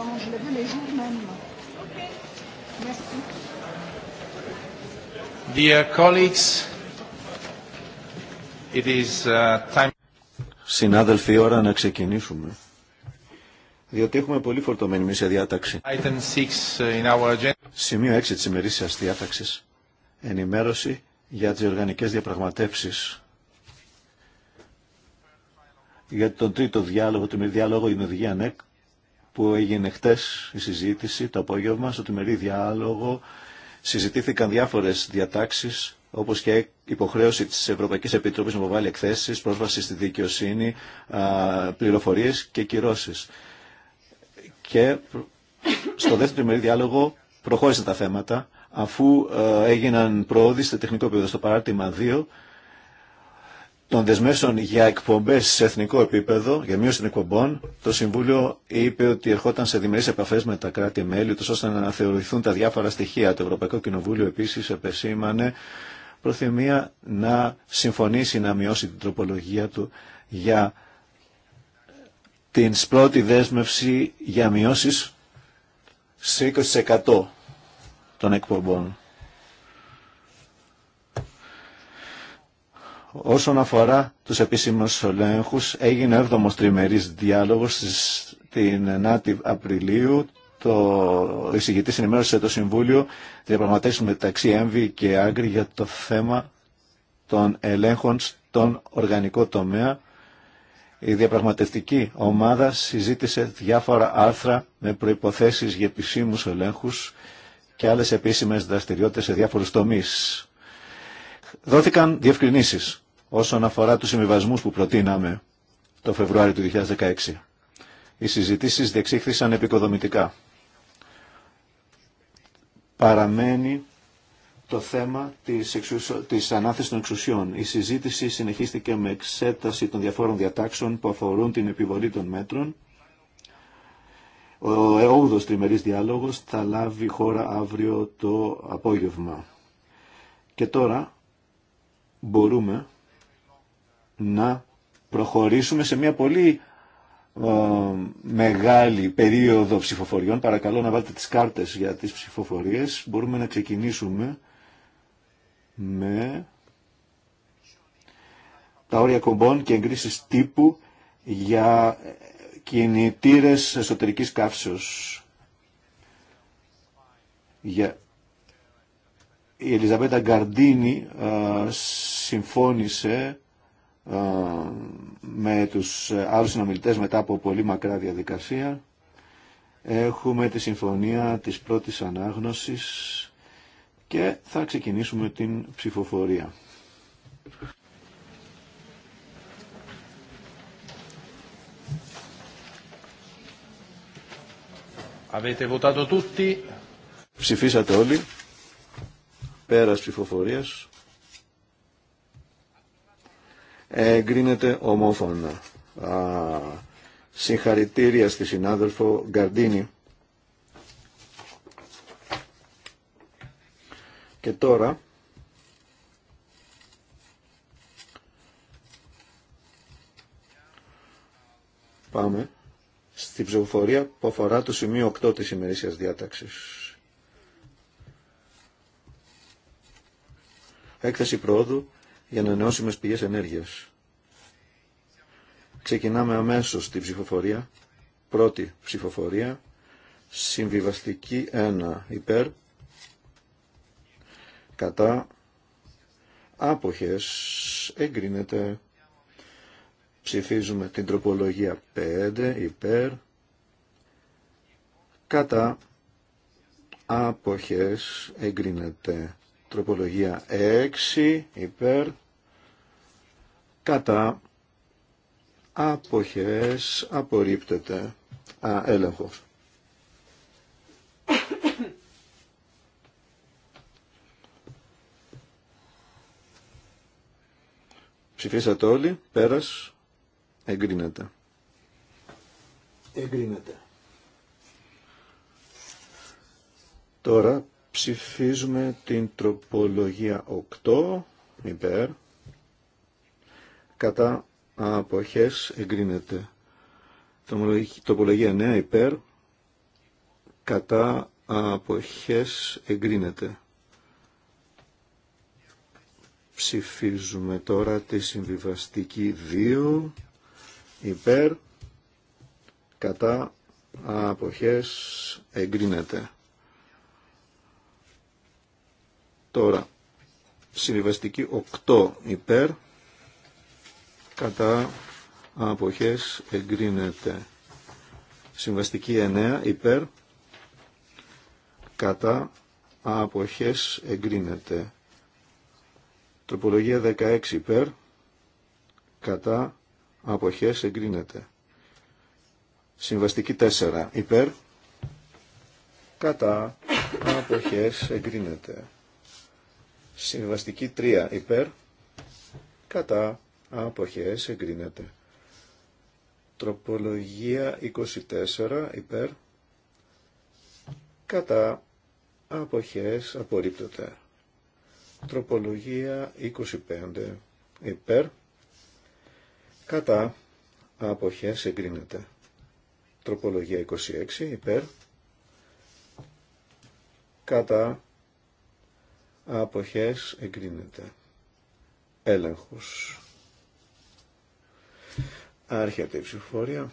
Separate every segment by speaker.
Speaker 1: on l'ai vu les jours même. Merci.
Speaker 2: Dear colleagues, it is uh, time...
Speaker 3: Συνάδελφοι, ώρα να ξεκινήσουμε. Διότι έχουμε πολύ φορτωμένη μισή διάταξη.
Speaker 1: Item 6 uh, in our
Speaker 3: agenda. Σημείο 6 της ημερήσιας διάταξης. Ενημέρωση για τις οργανικές διαπραγματεύσεις για τον τρίτο διάλογο, τον διάλογο η οδηγία ΝΕΚ που έγινε χτες η συζήτηση το απόγευμα στο τριμερή διάλογο. Συζητήθηκαν διάφορες διατάξεις όπως και υποχρέωση της Ευρωπαϊκής Επιτροπής να βάλει εκθέσεις, πρόσβαση στη δικαιοσύνη, πληροφορίες και κυρώσεις. Και στο δεύτερο τριμερή διάλογο προχώρησαν τα θέματα αφού ε, έγιναν πρόοδοι στο τεχνικό επίπεδο. Στο παράρτημα 2 των δεσμεύσεων για εκπομπέ σε εθνικό επίπεδο, για μείωση των εκπομπών, το Συμβούλιο είπε ότι ερχόταν σε διμερεί επαφέ με τα κράτη-μέλη, ώστε να αναθεωρηθούν τα διάφορα στοιχεία. Το Ευρωπαϊκό Κοινοβούλιο επίση επεσήμανε προθυμία να συμφωνήσει να μειώσει την τροπολογία του για την πρώτη δέσμευση για μειώσει σε 20% των εκπομπών. Όσον αφορά τους επίσημους ελέγχους, έγινε 7ο τριμερής διάλογος την 9η Απριλίου. Το εισηγητή ενημέρωσε το Συμβούλιο Διαπραγματεύσεων μεταξύ ΕΜΒΗ και Άγκρη για το θέμα των ελέγχων στον οργανικό τομέα. Η διαπραγματευτική ομάδα συζήτησε διάφορα άρθρα με προϋποθέσεις για επισήμους ελέγχους και άλλες επίσημες δραστηριότητες σε διάφορους τομείς. Δόθηκαν διευκρινήσεις όσον αφορά τους συμβιβασμού που προτείναμε το Φεβρουάριο του 2016. Οι συζητήσεις διεξήχθησαν επικοδομητικά. Παραμένει το θέμα της, εξουσο... της ανάθεσης των εξουσιών. Η συζήτηση συνεχίστηκε με εξέταση των διαφόρων διατάξεων που αφορούν την επιβολή των μέτρων. Ο εόδος τριμερής διάλογος θα λάβει χώρα αύριο το απόγευμα. Και τώρα μπορούμε να προχωρήσουμε σε μια πολύ ε, μεγάλη περίοδο ψηφοφοριών. Παρακαλώ να βάλετε τις κάρτες για τις ψηφοφορίες. Μπορούμε να ξεκινήσουμε με τα όρια κομπών και εγκρίσεις τύπου για κινητήρες εσωτερικής καύσεως. Για... Η Ελιζαβέτα Γκαρντίνη ε, συμφώνησε ε, με τους άλλους συνομιλητές μετά από πολύ μακρά διαδικασία. Έχουμε τη συμφωνία της πρώτης ανάγνωσης και θα ξεκινήσουμε την ψηφοφορία.
Speaker 1: Avete votato tutti.
Speaker 3: Ψηφίσατε όλοι. Πέρας ψηφοφορίας εγκρίνεται ομόφωνα. Α, συγχαρητήρια στη συνάδελφο Γκαρντίνη. Και τώρα πάμε στην ψηφοφορία που αφορά το σημείο 8 της ημερήσιας διάταξης. Έκθεση πρόοδου για ανανεώσιμες πηγές ενέργειας. Ξεκινάμε αμέσως την ψηφοφορία. Πρώτη ψηφοφορία. Συμβιβαστική 1 υπέρ. Κατά. Άποχες. Εγκρίνεται. Ψηφίζουμε την τροπολογία 5 υπέρ. Κατά. Άποχες. Εγκρίνεται. Τροπολογία 6 υπέρ κατά αποχές απορρίπτεται α, έλεγχος. Ψηφίσατε όλοι, πέρας, εγκρίνεται. Εγκρίνεται. Τώρα ψηφίζουμε την τροπολογία 8, υπέρ, κατά αποχές εγκρίνεται. Τοπολογία 9 υπέρ κατά αποχές εγκρίνεται. Ψηφίζουμε τώρα τη συμβιβαστική 2 υπέρ κατά αποχές εγκρίνεται. Τώρα, συμβιβαστική 8 υπέρ κατά αποχές εγκρίνεται. Συμβαστική 9 υπέρ κατά αποχές εγκρίνεται. Τροπολογία 16 υπέρ κατά αποχές εγκρίνεται. Συμβαστική 4 υπέρ κατά αποχές εγκρίνεται. Συμβαστική 3 υπέρ κατά αποχές εγκρίνεται. Τροπολογία 24 υπέρ κατά αποχές απορρίπτεται. Τροπολογία 25 υπέρ κατά αποχές εγκρίνεται. Τροπολογία 26 υπέρ κατά αποχές εγκρίνεται. Έλεγχος. Άρχεται η ψηφοφορία.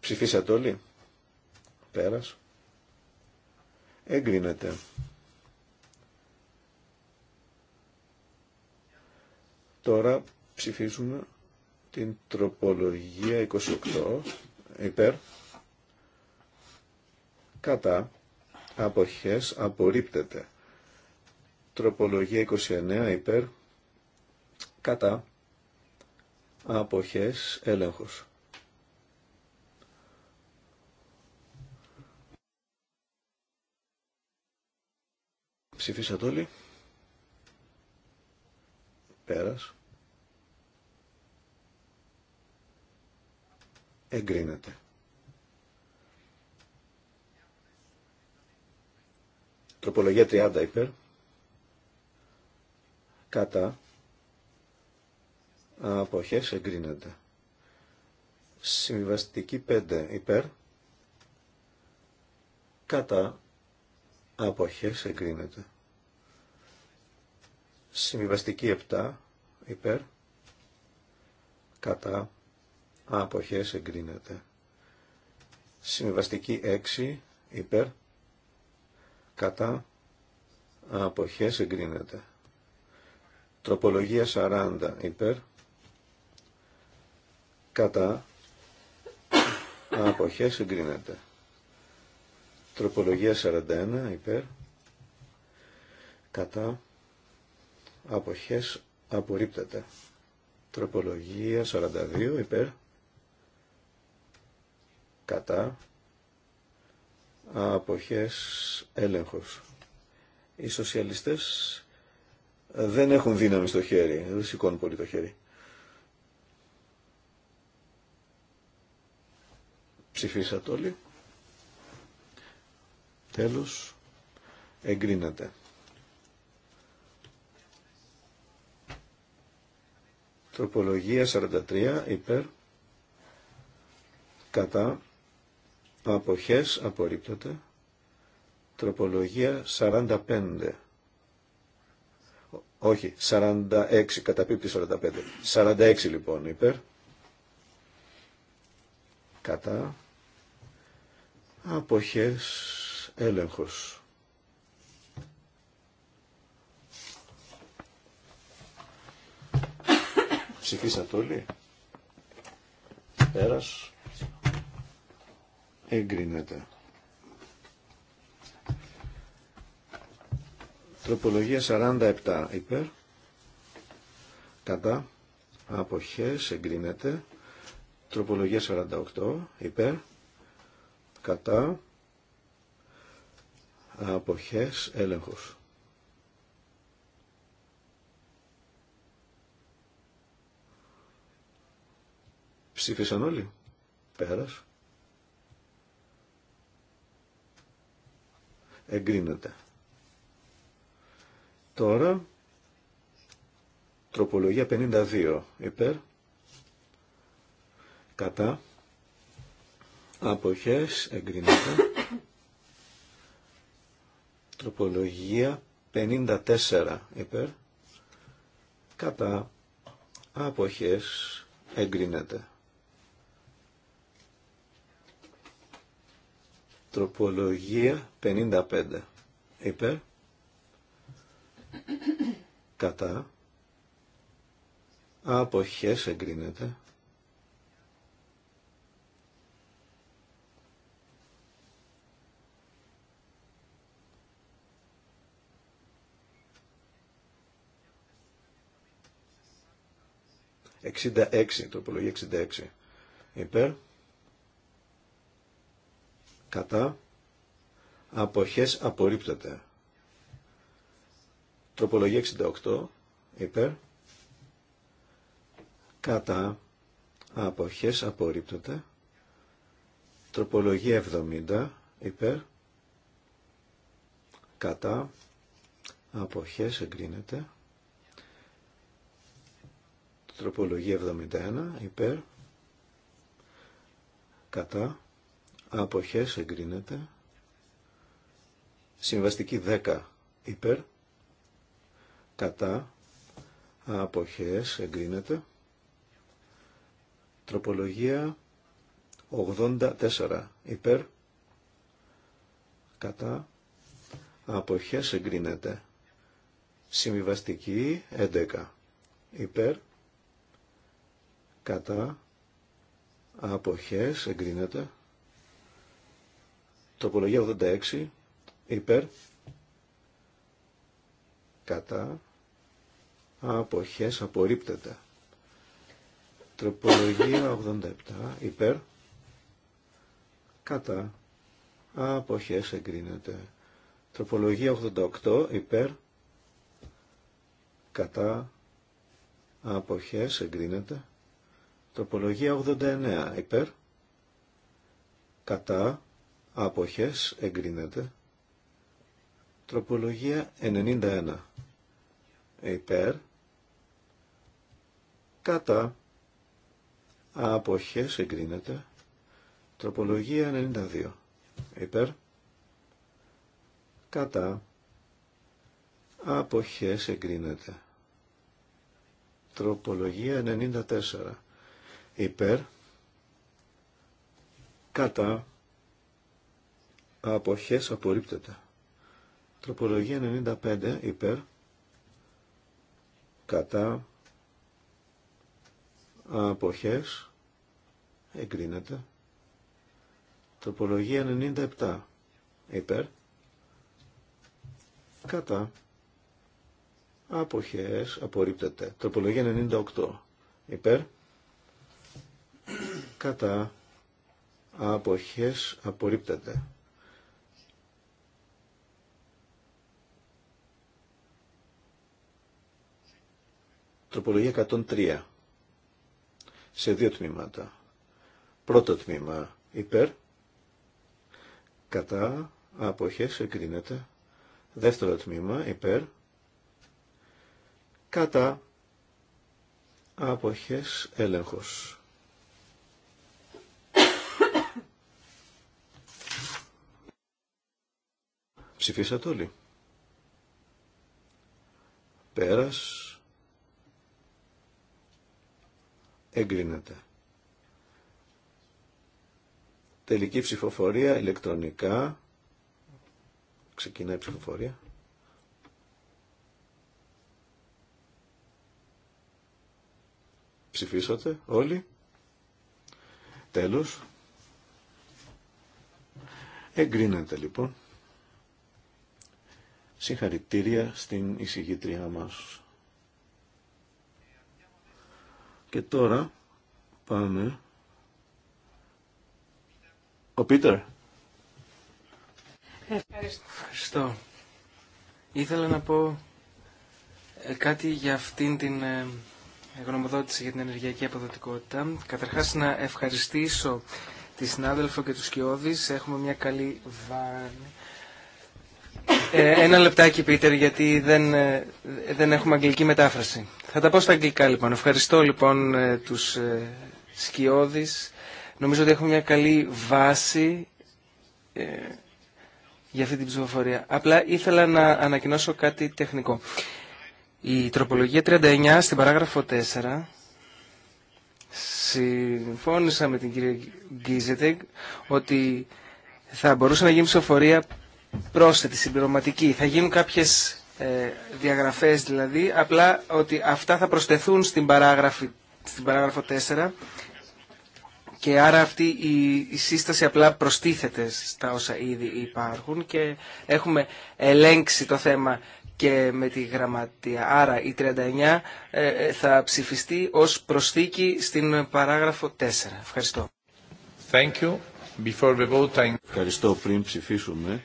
Speaker 3: Ψηφίσατε όλοι. Πέρας. Εγκρίνεται. Τώρα ψηφίζουμε την τροπολογία 28 υπέρ κατά αποχές απορρίπτεται. Τροπολογία 29 υπέρ κατά αποχές έλεγχος. Ψηφίσατε όλοι. Πέρας. Εγκρίνεται. Τροπολογία 30 υπέρ κατά αποχές εγκρίνεται. Συμβαστική 5 υπέρ κατά αποχές εγκρίνεται. Συμβαστική 7 υπέρ κατά αποχές εγκρίνεται. Συμβαστική 6 υπέρ κατά αποχές εγκρίνεται. Τροπολογία 40 υπέρ. Κατά. Αποχές συγκρίνεται. Τροπολογία 41 υπέρ. Κατά. Αποχές απορρίπτεται. Τροπολογία 42 υπέρ. Κατά. Αποχές έλεγχος. Οι σοσιαλιστές δεν έχουν δύναμη στο χέρι, δεν σηκώνουν πολύ το χέρι. Ψηφίσατε όλοι. Τέλος. εγκρίνεται Τροπολογία 43 υπέρ κατά αποχές απορρίπτεται. Τροπολογία 45 όχι, 46, καταπίπτει 45. 46 λοιπόν υπέρ. Κατά. Αποχές έλεγχος. Ψηφίσατε όλοι. Πέρας. Εγκρίνεται. Τροπολογία 47 υπέρ. Κατά. Αποχές εγκρίνεται. Τροπολογία 48 υπέρ. Κατά. Αποχές έλεγχος. Ψήφισαν όλοι. Πέρας. Εγκρίνεται. Τώρα, τροπολογία 52 υπέρ, κατά, αποχές, εγκρίνεται, τροπολογία 54 υπέρ, κατά, αποχές, εγκρίνεται. Τροπολογία 55 υπέρ, κατά αποχές εγκρίνεται Εξήντα έξι, τροπολογία εξήντα έξι. Υπέρ, κατά, αποχές απορρίπτεται. Τροπολογία 68 υπέρ κατά αποχές απορρίπτονται. Τροπολογία 70 υπέρ κατά αποχές εγκρίνεται. Τροπολογία 71 υπέρ κατά αποχές εγκρίνεται. Συμβαστική 10 υπέρ κατά αποχές εγκρίνεται τροπολογία 84 υπέρ κατά αποχές εγκρίνεται συμβιβαστική 11 υπέρ κατά αποχές εγκρίνεται τροπολογία 86 υπέρ κατά αποχές απορρίπτεται. Τροπολογία 87 υπέρ κατά αποχές εγκρίνεται. Τροπολογία 88 υπέρ κατά αποχές εγκρίνεται. Τροπολογία 89 υπέρ κατά αποχές εγκρίνεται. Τροπολογία 91 υπέρ κατά αποχές εγκρίνεται τροπολογία 92 υπέρ κατά αποχές εγκρίνεται τροπολογία 94 υπέρ κατά αποχές απορρίπτεται τροπολογία 95 υπέρ κατά αποχές εγκρίνεται τροπολογία 97 υπέρ κατά αποχές απορρίπτεται τροπολογία 98 υπέρ κατά αποχές απορρίπτεται Τροπολογία 103. Σε δύο τμήματα. Πρώτο τμήμα υπέρ, κατά, αποχές, εκκρίνεται. Δεύτερο τμήμα υπέρ, κατά, αποχές, έλεγχος. Ψηφίσατε όλοι. Πέρας εγκρίνεται. Τελική ψηφοφορία ηλεκτρονικά. Ξεκινάει η ψηφοφορία. Ψηφίσατε όλοι. Τέλος. Εγκρίνεται λοιπόν. Συγχαρητήρια στην εισηγήτριά μας. Και τώρα πάμε.
Speaker 2: Ο Πίτερ. Ευχαριστώ. Ήθελα να πω ε, κάτι για αυτήν την ε, γνωμοδότηση για την ενεργειακή αποδοτικότητα. Καταρχάς να ευχαριστήσω τη συνάδελφο και τους Κιώδης. Έχουμε μια καλή βάνη. Ε, ένα λεπτάκι, Πίτερ, γιατί δεν, δεν έχουμε αγγλική μετάφραση. Θα τα πω στα αγγλικά λοιπόν. Ευχαριστώ λοιπόν ε, τους ε, σκιώδεις. Νομίζω ότι έχουμε μια καλή βάση ε, για αυτή την ψηφοφορία. Απλά ήθελα να ανακοινώσω κάτι τεχνικό. Η τροπολογία 39 στην παράγραφο 4 συμφώνησα με την κυρία Γκίζετεγκ ότι θα μπορούσε να γίνει ψηφοφορία πρόσθετη, συμπληρωματική. Θα γίνουν κάποιες ε, διαγραφές δηλαδή, απλά ότι αυτά θα προσθεθούν στην, στην παράγραφο 4 και άρα αυτή η, σύσταση απλά προστίθεται στα όσα ήδη υπάρχουν και έχουμε ελέγξει το θέμα και με τη γραμματεία. Άρα η 39 ε, ε, θα ψηφιστεί ως προσθήκη στην παράγραφο 4. Ευχαριστώ.
Speaker 3: Thank you. Before the vote, Ευχαριστώ πριν ψηφίσουμε.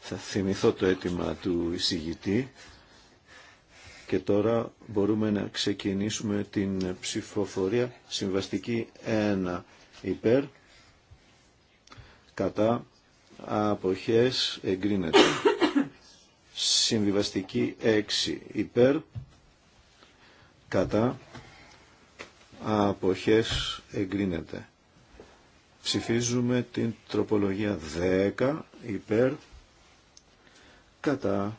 Speaker 3: Θα θυμηθώ το αίτημα του εισηγητή και τώρα μπορούμε να ξεκινήσουμε την ψηφοφορία συμβαστική 1 υπέρ κατά αποχές εγκρίνεται. Συμβιβαστική 6 υπέρ κατά αποχές εγκρίνεται. Ψηφίζουμε την τροπολογία 10 υπέρ κατά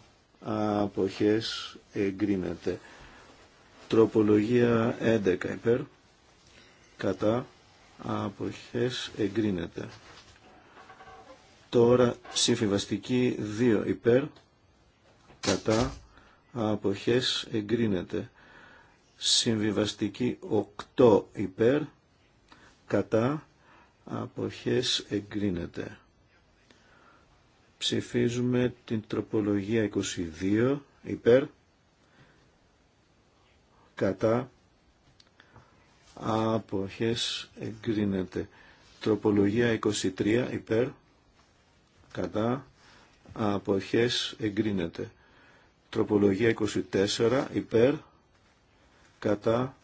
Speaker 3: αποχές εγκρίνεται. Τροπολογία 11 υπέρ κατά αποχές εγκρίνεται. Τώρα συμφιβαστική 2 υπέρ κατά αποχές εγκρίνεται. Συμβιβαστική 8 υπέρ κατά αποχές εγκρίνεται. Ψηφίζουμε την τροπολογία 22 υπέρ κατά αποχές εγκρίνεται. Τροπολογία 23 υπέρ κατά αποχές εγκρίνεται. Τροπολογία 24 υπέρ κατά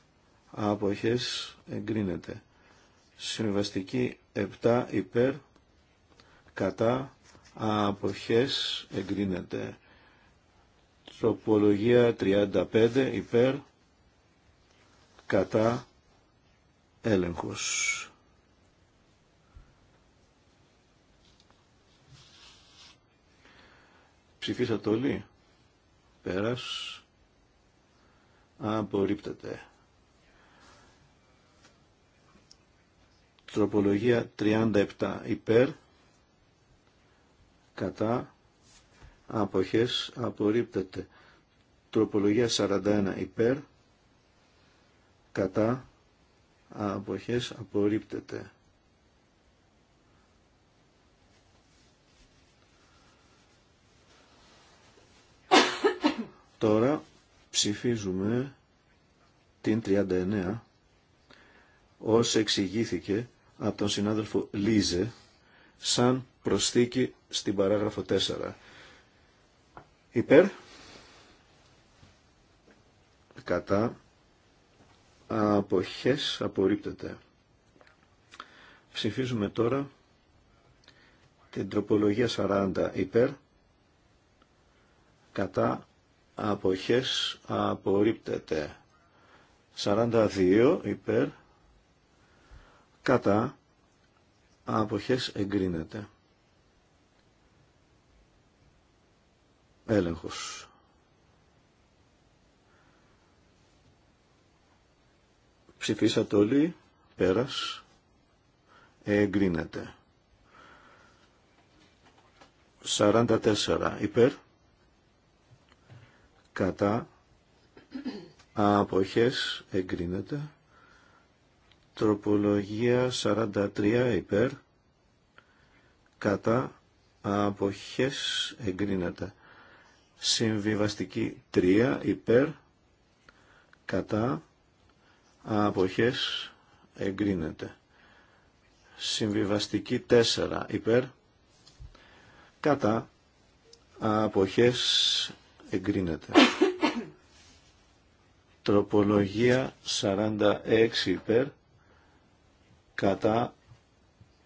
Speaker 3: αποχές εγκρίνεται. Συμβαστική 7 υπέρ κατά αποχές εγκρίνεται. Τροπολογία 35 υπέρ κατά έλεγχος. Ψηφίσατε όλοι. Πέρας. Απορρίπτεται. Τροπολογία 37 υπέρ κατά αποχές απορρίπτεται. Τροπολογία 41 υπέρ κατά αποχές απορρίπτεται. Τώρα ψηφίζουμε την 39 ως εξηγήθηκε από τον συνάδελφο Λίζε σαν προσθήκη στην παράγραφο 4. Υπέρ, κατά, αποχές απορρίπτεται. Ψηφίζουμε τώρα την τροπολογία 40 υπέρ, κατά, αποχές απορρίπτεται. 42 υπέρ, κατά, αποχές εγκρίνεται. έλεγχος. Ψηφίσατε όλοι, πέρας, εγκρίνεται. 44 υπέρ, κατά, αποχές, εγκρίνεται. Τροπολογία 43 υπέρ, κατά, αποχές, εγκρίνεται. Συμβιβαστική 3 υπέρ κατά αποχές εγκρίνεται. Συμβιβαστική 4 υπέρ κατά αποχές εγκρίνεται. Τροπολογία 46 υπέρ κατά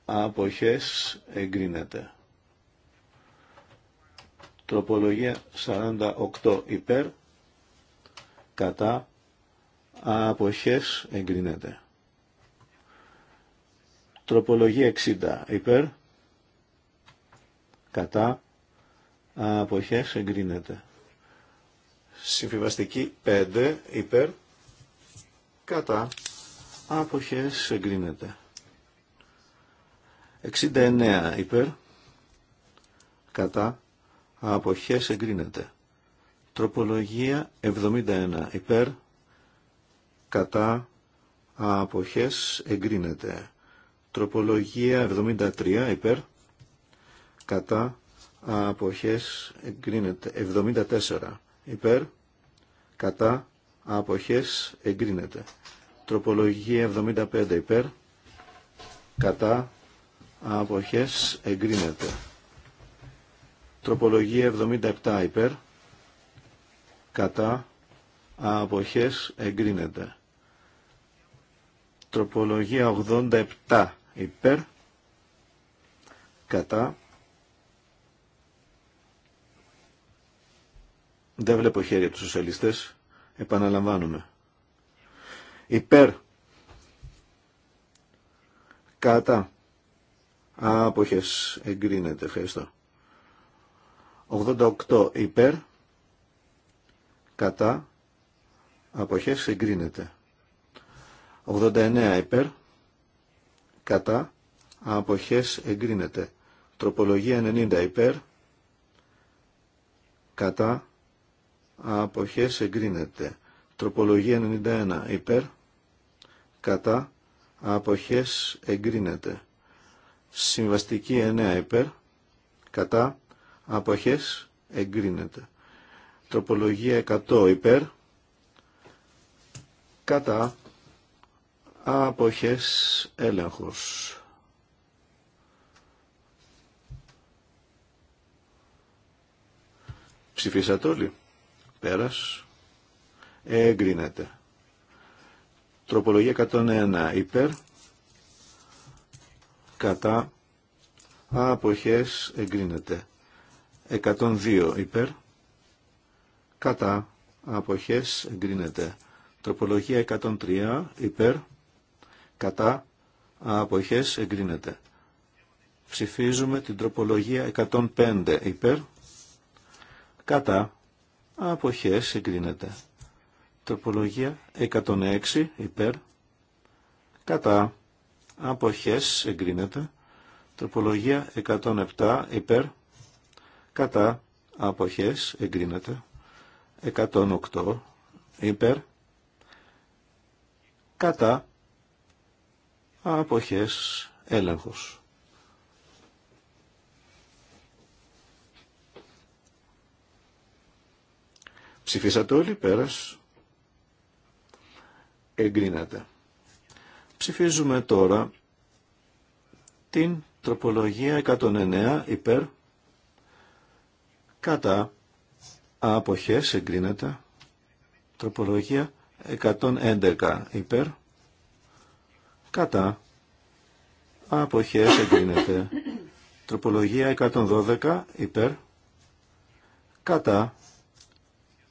Speaker 3: αποχές εγκρίνεται. Τροπολογία 48 υπέρ, κατά, αποχές εγκρίνεται. Τροπολογία 60 υπέρ, κατά, αποχές εγκρίνεται. Συμφιβαστική 5 υπέρ, κατά, αποχές εγκρίνεται. 69 υπέρ, κατά, αποχές εγκρίνεται. Τροπολογία 71 υπέρ κατά αποχές εγκρίνεται. Τροπολογία 73 υπέρ κατά αποχές εγκρίνεται. 74 υπέρ κατά αποχές εγκρίνεται. Τροπολογία 75 υπέρ κατά αποχές εγκρίνεται. Τροπολογία 77 υπέρ. Κατά. Αποχές εγκρίνεται. Τροπολογία 87 υπέρ. Κατά. Δεν βλέπω χέρια από τους σοσιαλιστές. Επαναλαμβάνουμε. Υπέρ. Κατά. Άποχες εγκρίνεται. Ευχαριστώ. 88 υπέρ, κατά, αποχές εγκρίνεται. 89 υπέρ, κατά, αποχές εγκρίνεται. Τροπολογία 90 υπέρ, κατά, αποχές εγκρίνεται. Τροπολογία 91 υπέρ, κατά, αποχές εγκρίνεται. Συμβαστική 9 υπέρ, κατά, αποχές εγκρίνεται. Τροπολογία 100 υπέρ κατά αποχές έλεγχος. Ψηφίσατε όλοι. Πέρας. Εγκρίνεται. Τροπολογία 101 υπέρ κατά αποχές εγκρίνεται. 102 υπέρ, κατά αποχές εγκρίνεται. Τροπολογία 103 υπέρ, κατά αποχές εγκρίνεται. Ψηφίζουμε την τροπολογία 105 υπέρ, κατά αποχές εγκρίνεται. Τροπολογία 106 υπέρ, κατά αποχές εγκρίνεται. Τροπολογία 107 υπέρ, κατά αποχές εγκρίνεται 108 υπέρ κατά αποχές έλεγχος. Ψηφίσατε όλοι, πέρας. Εγκρίνατε. Ψηφίζουμε τώρα την τροπολογία 109 υπέρ Κατά αποχές εγκρίνεται. Τροπολογία 111 υπέρ. Κατά αποχές εγκρίνεται. Τροπολογία 112 υπέρ. Κατά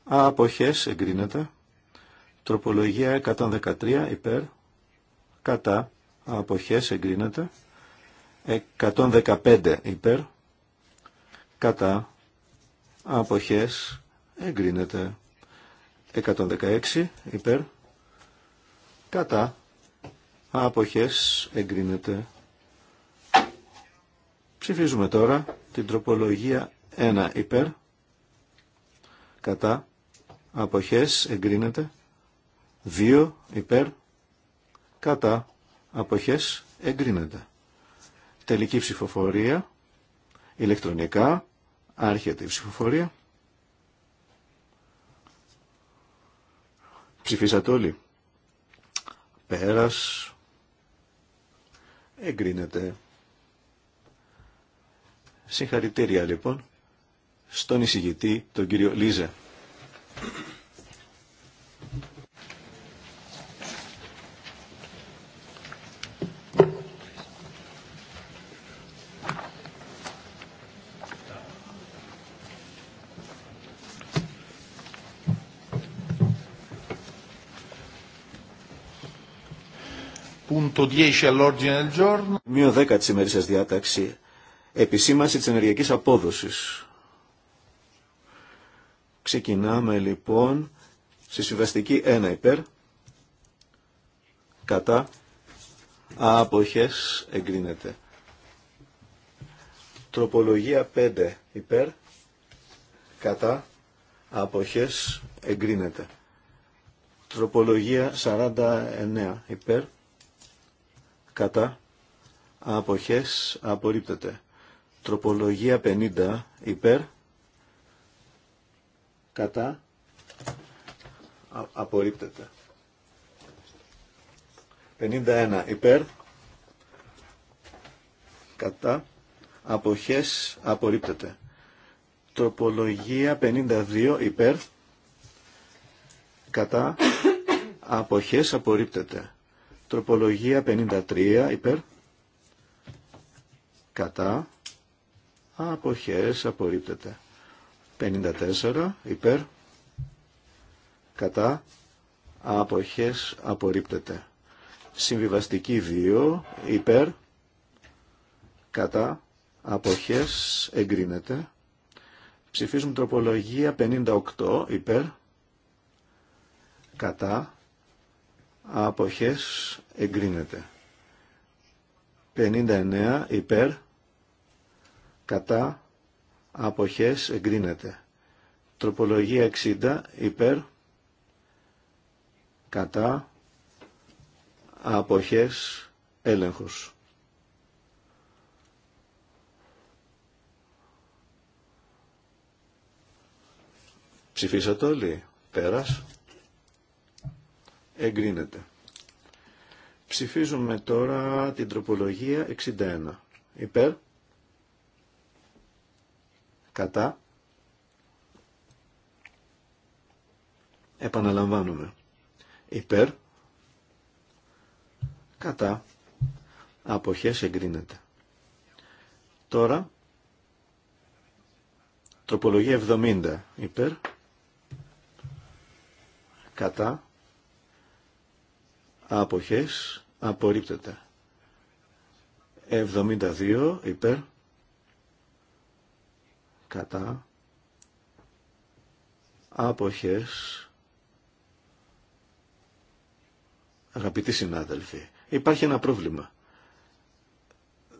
Speaker 3: αποχές εγκρίνεται. Τροπολογία 113 υπέρ. Κατά αποχές εγκρίνεται. 115 υπέρ. Κατά αποχές εγκρίνεται 116 υπέρ κατά αποχές εγκρίνεται ψηφίζουμε τώρα την τροπολογία 1 υπέρ κατά αποχές εγκρίνεται 2 υπέρ κατά αποχές εγκρίνεται τελική ψηφοφορία ηλεκτρονικά Άρχεται η ψηφοφορία. Ψηφίσατε όλοι. Πέρας. Εγκρίνεται. Συγχαρητήρια λοιπόν στον εισηγητή, τον κύριο Λίζε.
Speaker 1: punto 10 all'ordine
Speaker 3: del giorno. 10 της ημερήσιας διάταξη. Επισήμανση της ενεργειακής απόδοσης. Ξεκινάμε λοιπόν στη συμβαστική 1 υπέρ. Κατά. Αποχές εγκρίνεται. Τροπολογία 5 υπέρ. Κατά. Αποχές εγκρίνεται. Τροπολογία 49 υπέρ κατά αποχές απορρίπτεται. Τροπολογία 50 υπέρ κατά απορρίπτεται. 51 υπέρ κατά αποχές απορρίπτεται. Τροπολογία 52 υπέρ κατά αποχές απορρίπτεται. Τροπολογία 53 υπέρ. Κατά. Αποχές απορρίπτεται. 54 υπέρ. Κατά. Αποχές απορρίπτεται. Συμβιβαστική 2 υπέρ. Κατά. Αποχές εγκρίνεται. Ψηφίζουμε τροπολογία 58 υπέρ. Κατά αποχές εγκρίνεται. 59 υπέρ κατά αποχές εγκρίνεται. Τροπολογία 60 υπέρ κατά αποχές έλεγχος. Ψηφίσατε όλοι. Πέρας εγκρίνεται. Ψηφίζουμε τώρα την τροπολογία 61. Υπέρ. Κατά. Επαναλαμβάνουμε. Υπέρ. Κατά. Αποχές εγκρίνεται. Τώρα. Τροπολογία 70. Υπέρ. Κατά αποχές απορρίπτεται. 72 υπέρ κατά άποχες αγαπητοί συνάδελφοι υπάρχει ένα πρόβλημα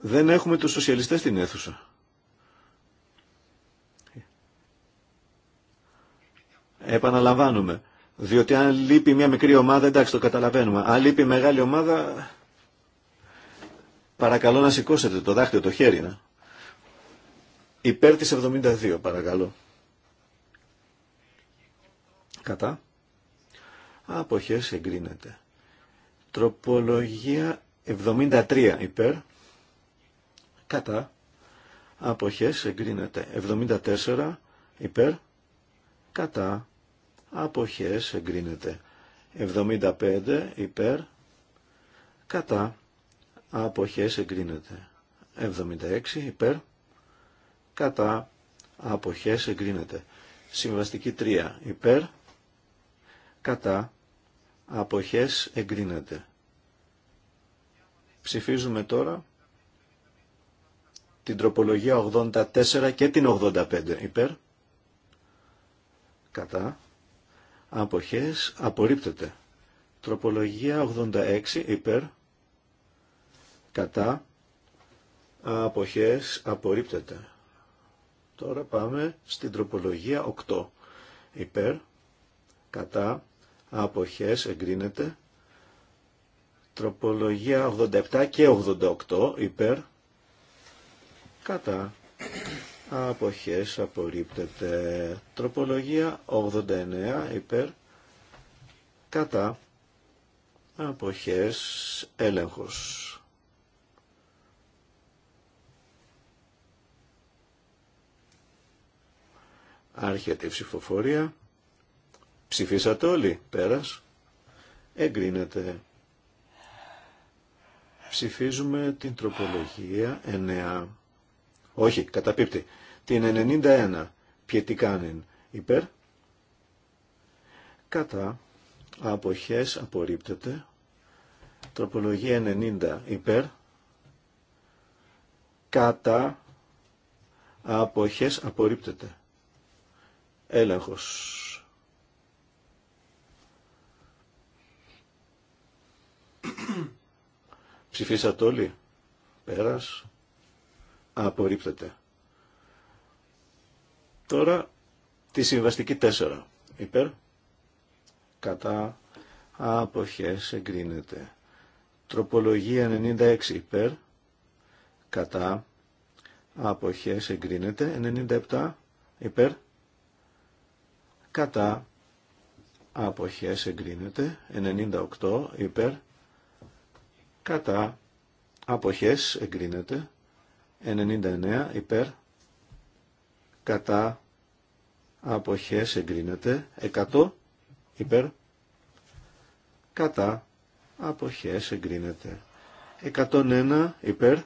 Speaker 3: δεν έχουμε τους σοσιαλιστές στην αίθουσα επαναλαμβάνουμε διότι αν λείπει μια μικρή ομάδα, εντάξει το καταλαβαίνουμε. Αν λείπει μεγάλη ομάδα, παρακαλώ να σηκώσετε το δάχτυο, το χέρι. Να. Υπέρ της 72 παρακαλώ. Κατά. Αποχές εγκρίνεται. Τροπολογία 73 υπέρ. Κατά. Αποχές εγκρίνεται. 74 υπέρ. Κατά αποχές εγκρίνεται 75 υπέρ κατά αποχές εγκρίνεται 76 υπέρ κατά αποχές εγκρίνεται συμβαστική 3 υπέρ κατά αποχές εγκρίνεται ψηφίζουμε τώρα την τροπολογία 84 και την 85 υπέρ κατά αποχές απορρίπτεται. Τροπολογία 86 υπέρ κατά αποχές απορρίπτεται. Τώρα πάμε στην τροπολογία 8 υπέρ κατά αποχές εγκρίνεται. Τροπολογία 87 και 88 υπέρ κατά αποχές απορρίπτεται. Τροπολογία 89 υπέρ κατά αποχές έλεγχος. Άρχεται η ψηφοφορία. Ψηφίσατε όλοι. Πέρας. Εγκρίνεται. Ψηφίζουμε την τροπολογία 9. Όχι, καταπίπτει. Την 91 πιετικάνεν υπέρ. Κατά αποχές απορρίπτεται. Τροπολογία 90 υπέρ. Κατά αποχές απορρίπτεται. Έλεγχος. Ψηφίσατε όλοι. Πέρας. Απορρίπτεται. Τώρα τη συμβαστική 4. Υπέρ. Κατά. Αποχές εγκρίνεται. Τροπολογία 96 υπέρ. Κατά. Αποχές εγκρίνεται. 97 υπέρ. Κατά. Αποχές εγκρίνεται. 98 υπέρ. Κατά. Αποχές εγκρίνεται. 99 υπέρ κατά αποχές εγκρίνεται 100 υπέρ κατά αποχές εγκρίνεται 101 υπέρ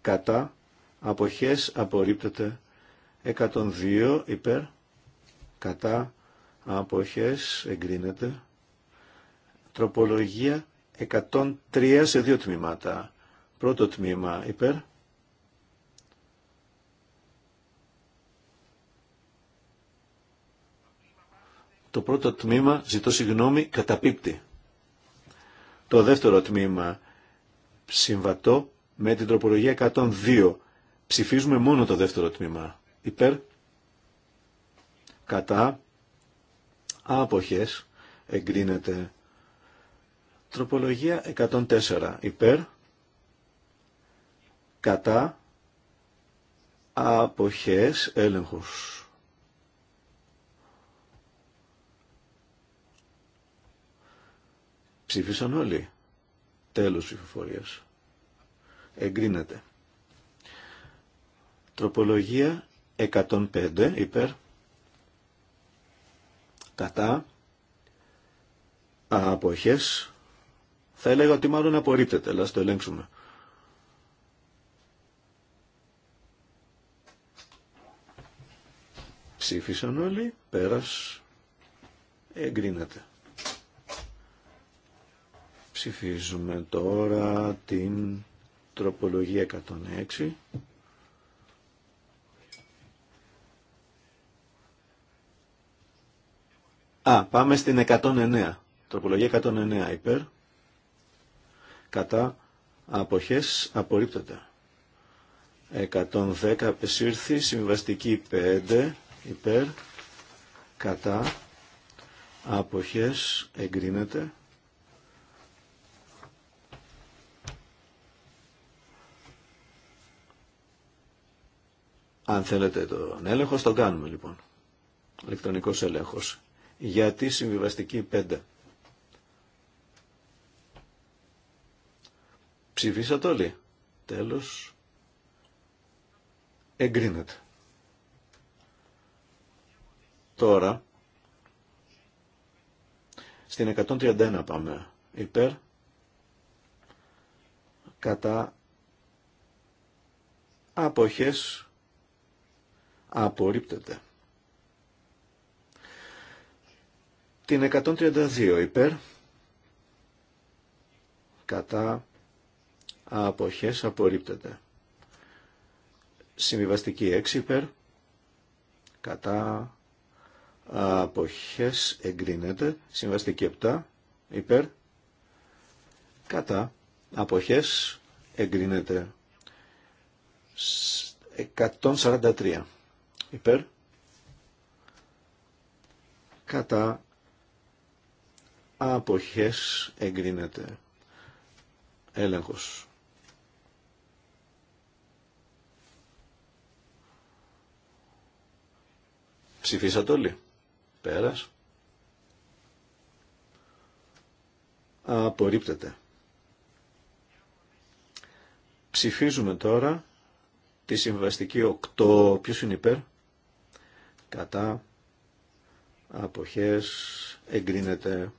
Speaker 3: κατά αποχές απορρίπτεται 102 υπέρ κατά αποχές εγκρίνεται τροπολογία 103 σε δύο τμήματα πρώτο τμήμα υπέρ Το πρώτο τμήμα, ζητώ συγγνώμη, καταπίπτει. Το δεύτερο τμήμα, συμβατό με την τροπολογία 102. Ψηφίζουμε μόνο το δεύτερο τμήμα. Υπέρ, κατά, άποχες, εγκρίνεται. Τροπολογία 104. Υπέρ, κατά, άποχες, έλεγχος. Ψήφισαν όλοι. Τέλος ψηφοφορίας. Εγκρίνεται. Τροπολογία 105 υπέρ. Κατά. Αποχές. Θα έλεγα ότι μάλλον απορρίπτεται, αλλά το ελέγξουμε. Ψήφισαν όλοι, πέρας, εγκρίνεται. Ψηφίζουμε τώρα την τροπολογία 106. Α, πάμε στην 109. Τροπολογία 109 υπέρ. Κατά αποχές απορρίπτεται. 110 απεσύρθη, συμβαστική 5 υπέρ. Κατά αποχές εγκρίνεται. Αν θέλετε τον έλεγχο, τον κάνουμε λοιπόν. Ηλεκτρονικός έλεγχος. Γιατί συμβιβαστική 5. Ψηφίσατε όλοι. Τέλος. Εγκρίνεται. Τώρα, στην 131 πάμε. Υπέρ, κατά, αποχές, απορρίπτεται. Την 132 υπέρ κατά αποχές απορρίπτεται. Συμβιβαστική 6 υπέρ κατά αποχές εγκρίνεται. Συμβαστική 7 υπέρ κατά αποχές εγκρίνεται. 143 υπέρ κατά αποχές εγκρίνεται έλεγχος. Ψηφίσατε όλοι. Πέρας. Απορρίπτεται. Ψηφίζουμε τώρα τη συμβαστική 8. Ποιος είναι υπέρ κατά αποχές εγκρίνεται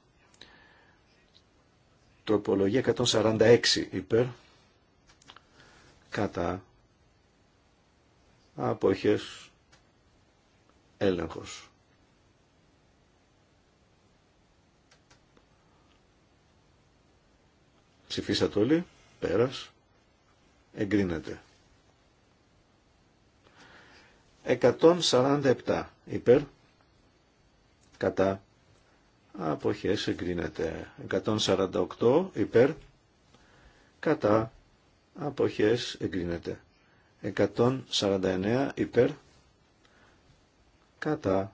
Speaker 3: τροπολογία 146 υπέρ κατά αποχές έλεγχος. Ψηφίσατε όλοι, πέρας, εγκρίνεται. 147 υπέρ κατά αποχές εγκρίνεται 148 υπέρ κατά αποχές εγκρίνεται 149 υπέρ κατά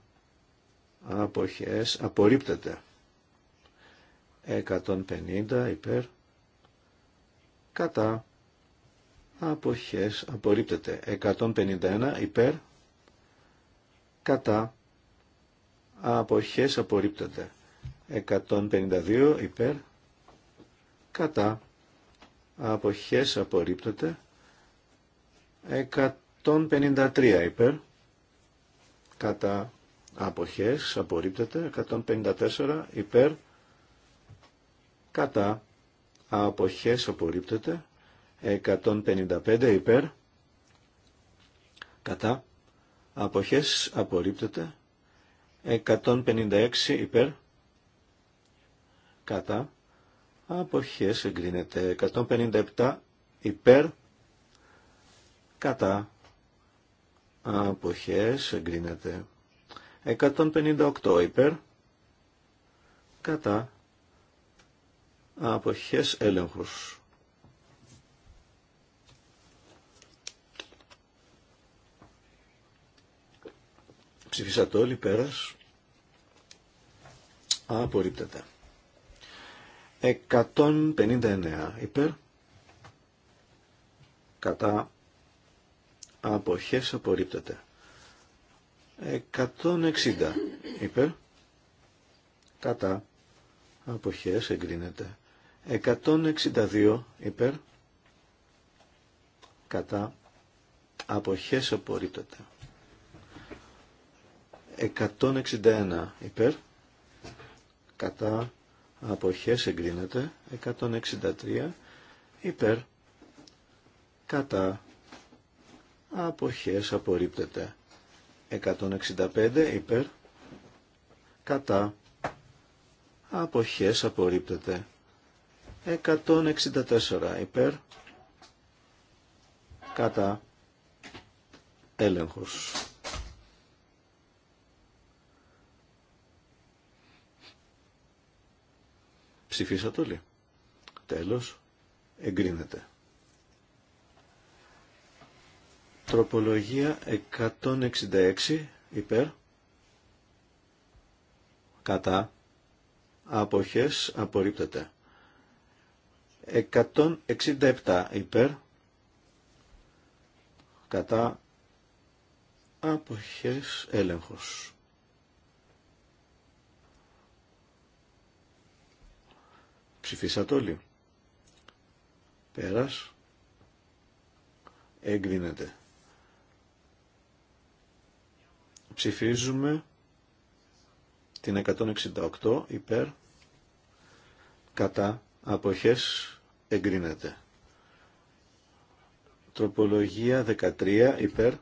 Speaker 3: αποχές απορρίπτεται 150 υπέρ κατά αποχές απορρίπτεται 151 υπέρ κατά αποχές απορρίπτεται 152 υπέρ κατά αποχές απορρίπτεται 153 υπέρ κατά αποχές απορρίπτεται 154 υπέρ κατά αποχές απορρίπτεται 155 υπέρ κατά αποχές απορρίπτεται 156 υπέρ κατά αποχές εγκρίνεται 157 υπέρ κατά αποχές εγκρίνεται 158 υπέρ κατά αποχές έλεγχος Ψηφίσατε όλοι πέρας. Απορρίπτεται. 159 υπέρ. Κατά αποχές απορρίπτεται. 160 υπέρ. Κατά αποχές εγκρίνεται. 162 υπέρ. Κατά αποχές απορρίπτεται. 161 υπέρ κατά αποχές εγκρίνεται 163 υπέρ κατά αποχές απορρίπτεται 165 υπέρ κατά αποχές απορρίπτεται 164 υπέρ κατά έλεγχος Ψηφίσατε όλοι. Τέλος. Εγκρίνεται. Τροπολογία 166 υπέρ. Κατά. Αποχές απορρίπτεται. 167 υπέρ. Κατά. Αποχές έλεγχος. Ψηφίσατε όλοι. Πέρας. Εγκρίνεται. Ψηφίζουμε την 168 υπέρ κατά αποχές εγκρίνεται. Τροπολογία 13 υπέρ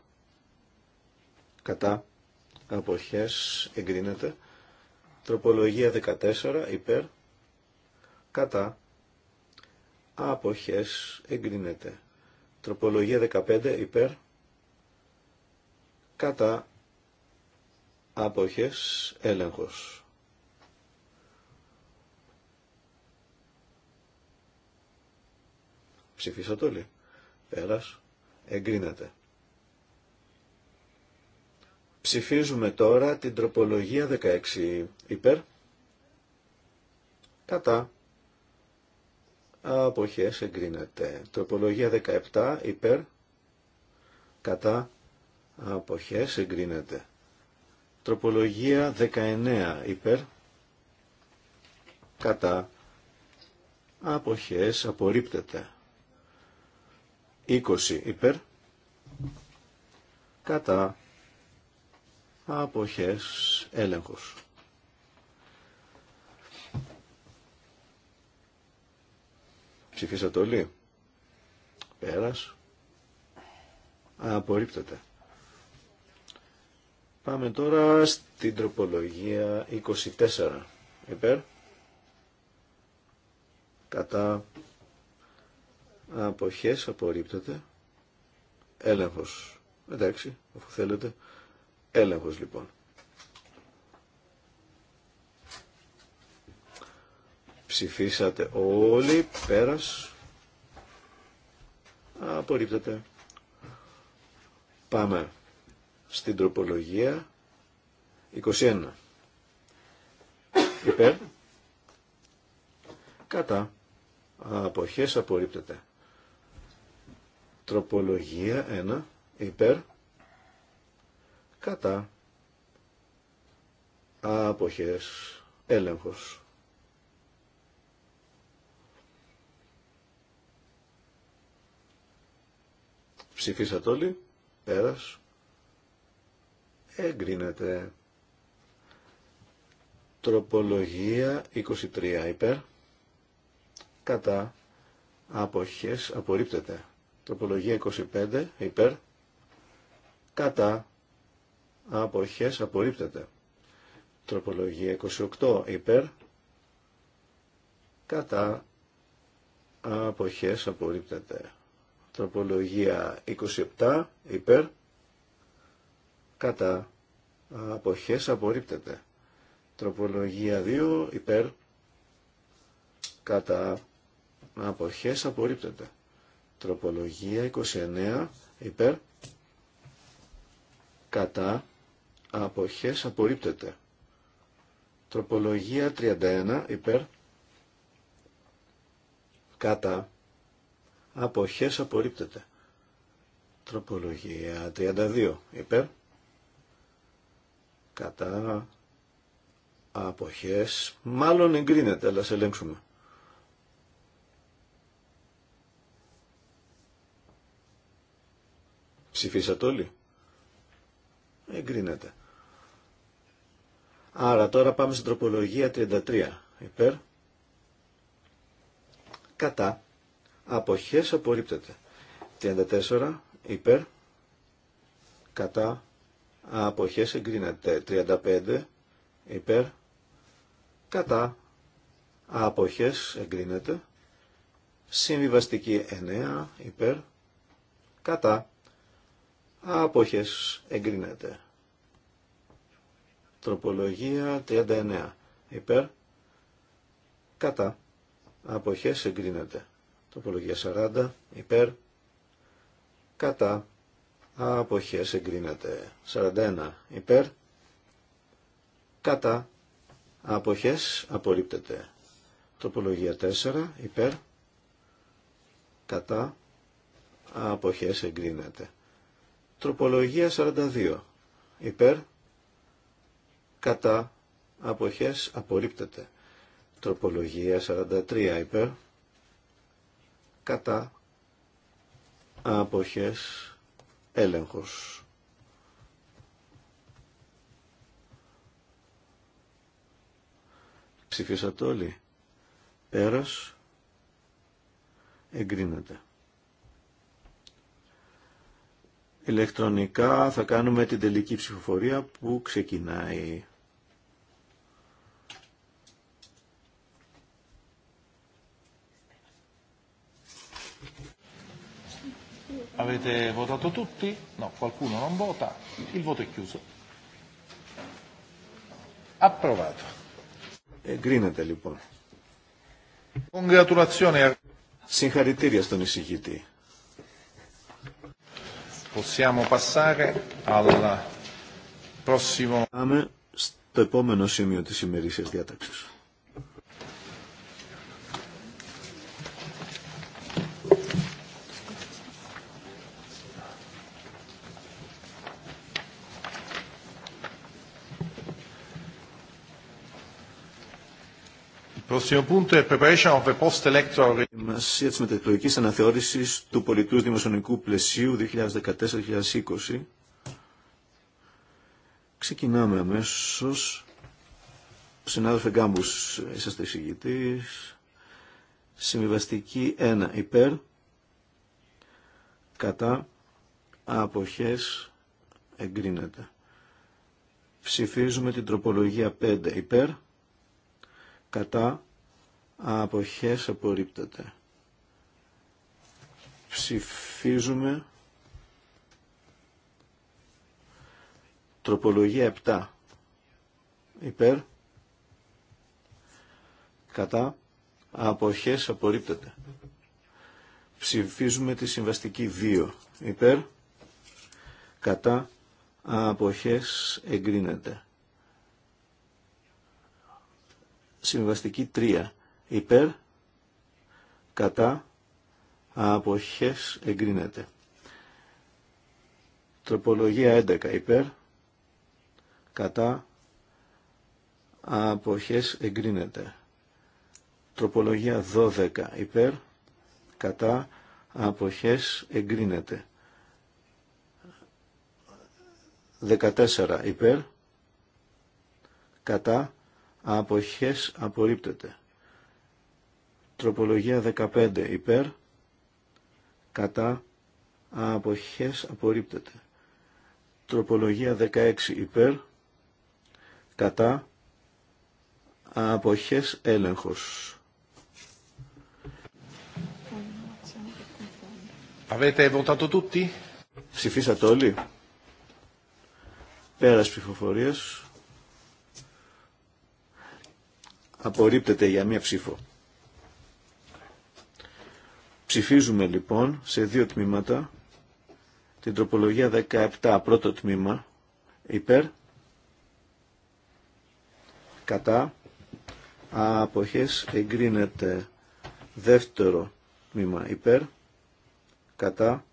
Speaker 3: κατά αποχές εγκρίνεται. Τροπολογία 14 υπέρ κατά άποχες εγκρίνεται. Τροπολογία 15 υπέρ κατά άποχες έλεγχος. Ψηφίσατε όλοι. Πέρας. Εγκρίνεται. Ψηφίζουμε τώρα την τροπολογία 16 υπέρ. Κατά αποχές εγκρίνεται. Τροπολογία 17 υπέρ κατά αποχές εγκρίνεται. Τροπολογία 19 υπέρ κατά αποχές απορρίπτεται. 20 υπέρ κατά αποχές έλεγχος. Ψηφίσατε όλοι. Πέρας. Απορρίπτεται. Πάμε τώρα στην τροπολογία 24. Υπέρ. Κατά αποχές απορρίπτεται. Έλεγχος. Εντάξει, αφού θέλετε. Έλεγχος λοιπόν. Ψηφίσατε όλοι. Πέρας. Απορρίπτεται. Πάμε στην τροπολογία 21. Υπέρ. Κατά. Αποχές απορρίπτεται. Τροπολογία 1. Υπέρ. Κατά. Αποχές. Έλεγχος. Ψηφίσατε όλοι. Πέρας. Εγκρίνεται. Τροπολογία 23 υπέρ. Κατά. Αποχές. Απορρίπτεται. Τροπολογία 25 υπέρ. Κατά. Αποχές. Απορρίπτεται. Τροπολογία 28 υπέρ. Κατά. Αποχές. Απορρίπτεται. Τροπολογία 27 υπέρ κατά αποχές απορρίπτεται. Τροπολογία 2 υπέρ κατά αποχές απορρίπτεται. Τροπολογία 29 υπέρ κατά αποχές απορρίπτεται. Τροπολογία 31 υπέρ κατά αποχές απορρίπτεται. Τροπολογία 32 υπέρ κατά αποχές μάλλον εγκρίνεται αλλά σε ελέγξουμε. Ψηφίσατε όλοι. Εγκρίνεται. Άρα τώρα πάμε στην τροπολογία 33 υπέρ κατά αποχές απορρίπτεται. 34 υπέρ κατά αποχές εγκρίνεται. 35 υπέρ κατά αποχές εγκρίνεται. Συμβιβαστική 9 υπέρ κατά αποχές εγκρίνεται. Τροπολογία 39 υπέρ κατά αποχές εγκρίνεται. Τοπολογία 40 υπέρ κατά αποχές εγκρίνεται. 41 υπέρ κατά αποχές απορρίπτεται. Τοπολογία 4 υπέρ κατά αποχές εγκρίνεται. Τροπολογία 42 υπέρ κατά αποχές απορρίπτεται. Τροπολογία 43 υπέρ κατά αποχές έλεγχος. Ψηφίσατε όλοι. Πέρας εγκρίνεται. Ηλεκτρονικά θα κάνουμε την τελική ψηφοφορία που ξεκινάει.
Speaker 1: Avete votato tutti? No, qualcuno non vota. Il voto
Speaker 3: è chiuso. Approvato. E Congratulazioni λοιπόν. Συγχαρητήρια στον εισηγητή.
Speaker 1: Possiamo passare
Speaker 3: al prossimo... Πάμε στο επόμενο σημείο της ημερήσιας διάταξης. Μας με τις μετεκλογικές αναθεώρηση του πολιτού δημοσιονομικού πλαισίου 2014-2020. Ξεκινάμε αμέσως. Συνάδελφε Γκάμπους, είσαστε εισηγητής. Συμβιβαστική 1 υπέρ. Κατά. Αποχές. Εγκρίνεται. Ψηφίζουμε την τροπολογία 5 υπέρ κατά αποχές απορρίπτεται. Ψηφίζουμε τροπολογία 7 υπέρ κατά αποχές απορρίπτεται. Ψηφίζουμε τη συμβαστική 2 υπέρ κατά αποχές εγκρίνεται. Συμβαστική 3 υπέρ, κατά, αποχές εγκρίνεται. Τροπολογία 11 υπέρ, κατά, αποχές εγκρίνεται. Τροπολογία 12 υπέρ, κατά, αποχές εγκρίνεται. 14 υπέρ, κατά, αποχές απορρίπτεται. Τροπολογία 15 υπέρ, κατά, αποχές απορρίπτεται. Τροπολογία 16 υπέρ, κατά, αποχές έλεγχος. Avete votato tutti? Ψηφίσατε όλοι. Πέρας ψηφοφορίας. Απορρίπτεται για μία ψήφο. Ψηφίζουμε λοιπόν σε δύο τμήματα την τροπολογία 17, πρώτο τμήμα, υπέρ, κατά, αποχές, εγκρίνεται δεύτερο τμήμα, υπέρ, κατά,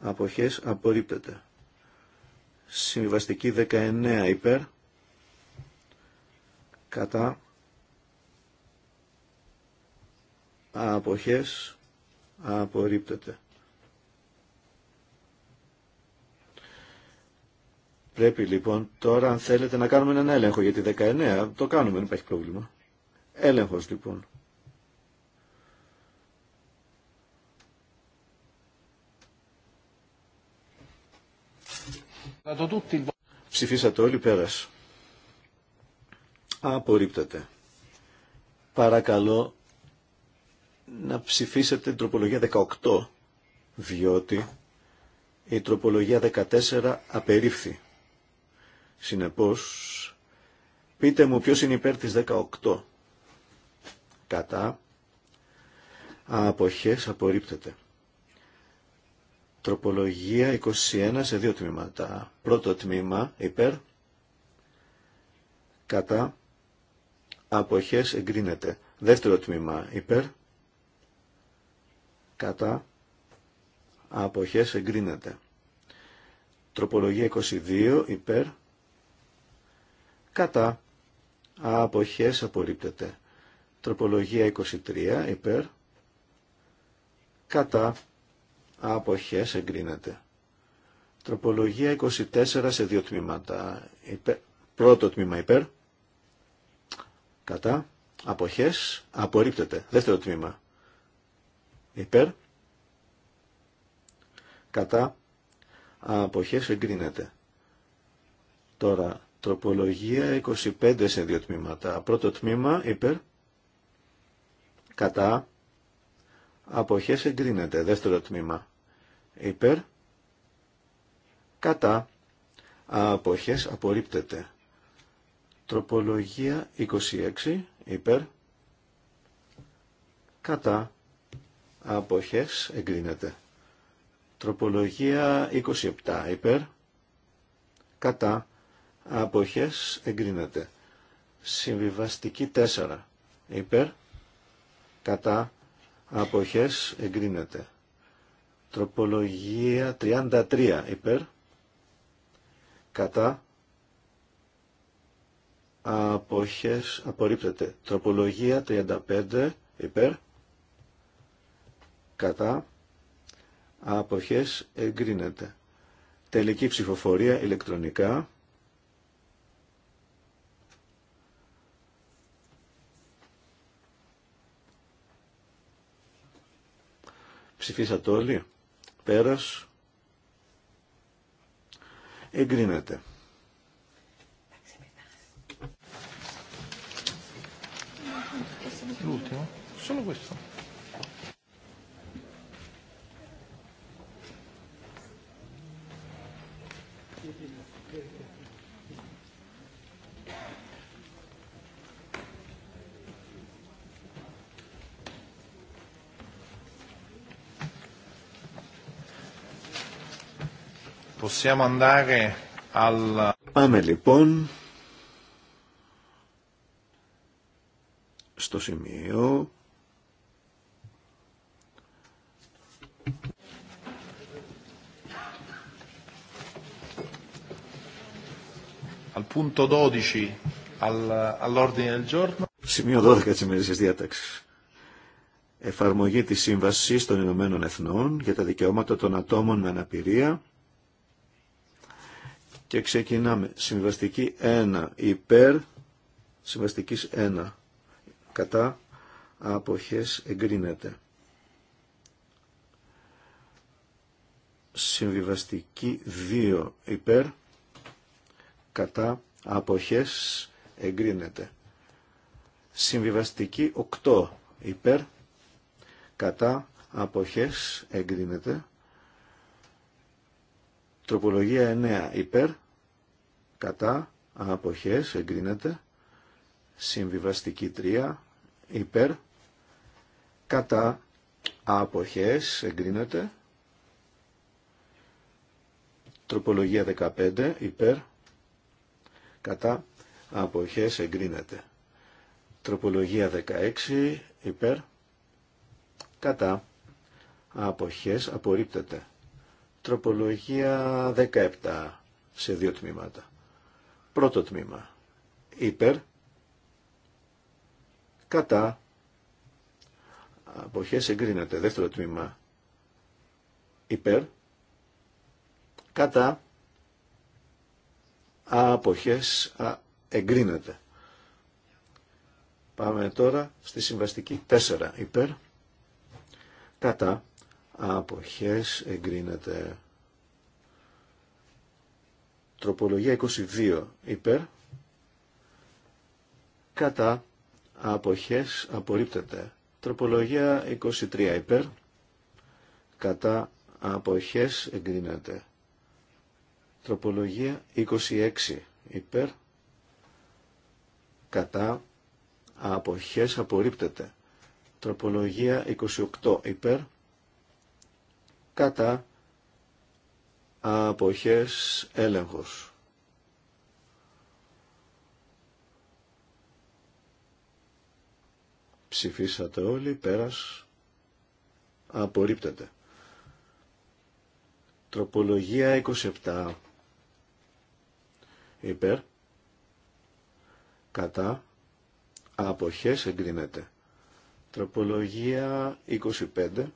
Speaker 3: αποχές, απορρίπτεται. Συμβαστική 19, υπέρ, κατά, αποχές, απορρίπτεται. Πρέπει λοιπόν τώρα αν θέλετε να κάνουμε έναν έλεγχο γιατί 19 το κάνουμε, δεν υπάρχει πρόβλημα. Έλεγχος λοιπόν. Ψηφίσατε όλοι πέρας. Απορρίπτεται. Παρακαλώ να ψηφίσετε την τροπολογία 18, διότι η τροπολογία 14 απερίφθη. Συνεπώς, πείτε μου ποιος είναι υπέρ της 18. Κατά. Αποχές απορρίπτεται. Τροπολογία 21 σε δύο τμήματα. Πρώτο τμήμα υπέρ. Κατά. Αποχές εγκρίνεται. Δεύτερο τμήμα υπέρ κατά αποχές εγκρίνεται. Τροπολογία 22 υπέρ κατά αποχές απορρίπτεται. Τροπολογία 23 υπέρ κατά αποχές εγκρίνεται. Τροπολογία 24 σε δύο τμήματα. πρώτο τμήμα υπέρ κατά αποχές απορρίπτεται. Δεύτερο τμήμα υπέρ, κατά, αποχές εγκρίνεται. Τώρα, τροπολογία 25 σε δύο τμήματα. Πρώτο τμήμα υπέρ, κατά, αποχές εγκρίνεται. Δεύτερο τμήμα υπέρ, κατά, αποχές απορρίπτεται. Τροπολογία 26 υπέρ, κατά, αποχές εγκρίνεται. Τροπολογία 27 υπέρ κατά αποχές εγκρίνεται. Συμβιβαστική 4 υπέρ κατά αποχές εγκρίνεται. Τροπολογία 33 υπέρ κατά αποχές απορρίπτεται. Τροπολογία 35 υπέρ κατά αποχές εγκρίνεται. Τελική ψηφοφορία ηλεκτρονικά. Ψηφίσατε όλοι. Πέρας. Εγκρίνεται. Πάμε λοιπόν στο σημείο 12 all'ordine del giorno. Σημείο 12 της ημερήσιας διάταξης. Εφαρμογή της Σύμβασης των Ηνωμένων Εθνών για τα δικαιώματα των ατόμων με αναπηρία και ξεκινάμε. Συμβαστική 1 υπέρ συμβαστικής 1 κατά αποχές εγκρίνεται. Συμβιβαστική 2 υπέρ κατά αποχές εγκρίνεται. Συμβιβαστική 8 υπέρ κατά αποχές εγκρίνεται. Τροπολογία 9 υπέρ, κατά, αποχές, εγκρίνεται. Συμβιβαστική 3 υπέρ, κατά, αποχές, εγκρίνεται. Τροπολογία 15 υπέρ, κατά, αποχές, εγκρίνεται. Τροπολογία 16 υπέρ, κατά, αποχές, απορρίπτεται. Τροπολογία 17 σε δύο τμήματα. Πρώτο τμήμα. Υπερ. Κατά. Αποχές εγκρίνεται. Δεύτερο τμήμα. Υπερ. Κατά. Αποχές εγκρίνεται. Πάμε τώρα στη συμβαστική 4. Υπερ. Κατά αποχές εγκρίνεται τροπολογία 22 υπέρ κατά αποχές απορρίπτεται τροπολογία 23 υπέρ κατά αποχές εγκρίνεται τροπολογία 26 υπέρ κατά αποχές απορρίπτεται τροπολογία 28 υπέρ κατά αποχές έλεγχος. Ψηφίσατε όλοι, πέρας, απορρίπτεται. Τροπολογία 27 υπέρ, κατά, αποχές εγκρίνεται. Τροπολογία 25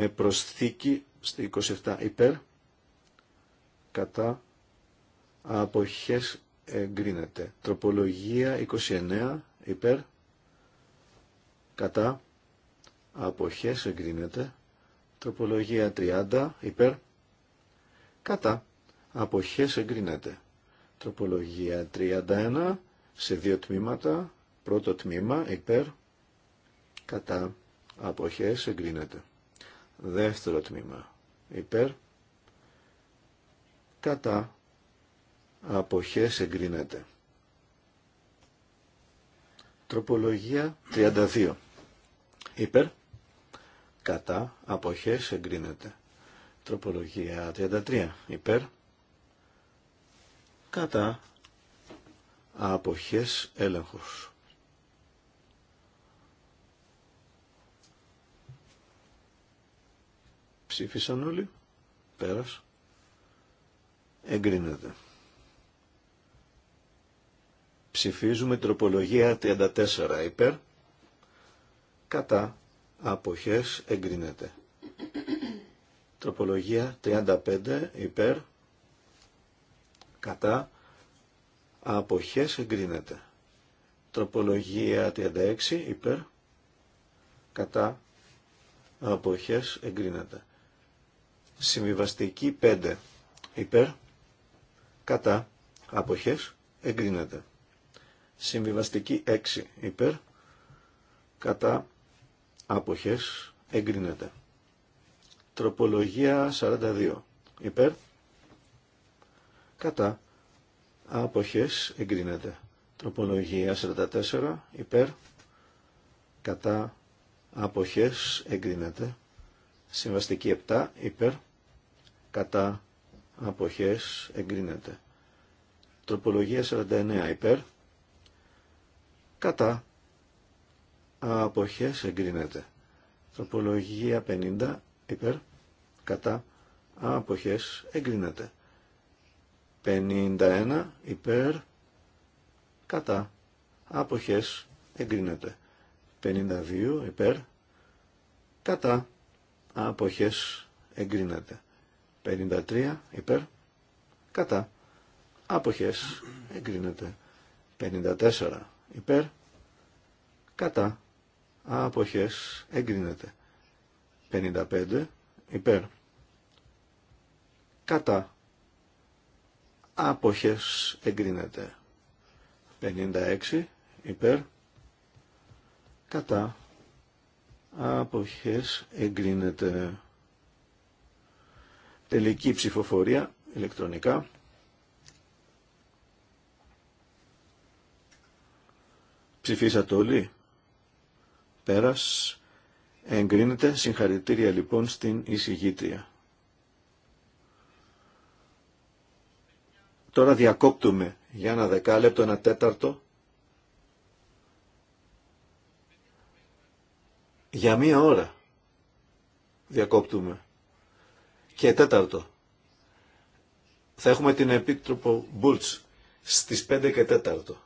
Speaker 3: με προσθήκη στη 27 υπέρ κατά αποχές εγκρίνεται. Τροπολογία 29 υπέρ κατά αποχές εγκρίνεται. Τροπολογία 30 υπέρ κατά αποχές εγκρίνεται. Τροπολογία 31 σε δύο τμήματα. Πρώτο τμήμα υπέρ κατά αποχές εγκρίνεται. Δεύτερο τμήμα. Υπέρ. Κατά. Αποχές εγκρίνεται. Τροπολογία 32. Υπέρ. Κατά. Αποχές εγκρίνεται. Τροπολογία 33. Υπέρ. Κατά. Αποχές έλεγχος. Ψήφισαν όλοι. Πέρας. Εγκρίνεται. Ψηφίζουμε τροπολογία 34 υπέρ. Κατά. Αποχές εγκρίνεται. Τροπολογία 35 υπέρ. Κατά. Αποχές εγκρίνεται. Τροπολογία 36 υπέρ. Κατά. Αποχές εγκρίνεται. Συμβιβαστική 5 υπέρ κατά αποχές εγκρίνεται. Συμβιβαστική 6 υπέρ κατά αποχές εγκρίνεται. Τροπολογία 42 υπέρ κατά αποχές εγκρίνεται. Τροπολογία 44 υπέρ κατά αποχές εγκρίνεται. Συμβαστική 7 υπέρ κατά αποχές εγκρίνεται. Τροπολογία 49 υπέρ κατά αποχές εγκρίνεται. Τροπολογία 50 υπέρ κατά αποχές εγκρίνεται. 51 υπέρ κατά αποχές εγκρίνεται. 52 υπέρ κατά αποχές εγκρίνεται. 53 υπέρ κατά άποχες εγκρίνεται 54 υπέρ κατά άποχες εγκρίνεται 55 υπέρ κατά άποχες εγκρίνεται 56 υπέρ κατά άποχες εγκρίνεται Τελική ψηφοφορία ηλεκτρονικά. Ψηφίσατε όλοι. Πέρας. Εγκρίνεται. Συγχαρητήρια λοιπόν στην εισηγήτρια. Τώρα διακόπτουμε για ένα δεκάλεπτο, ένα τέταρτο. Για μία ώρα διακόπτουμε. Και τέταρτο, θα έχουμε την Επίτροπο Μπούλτς στις 5 και τέταρτο.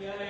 Speaker 3: Yeah.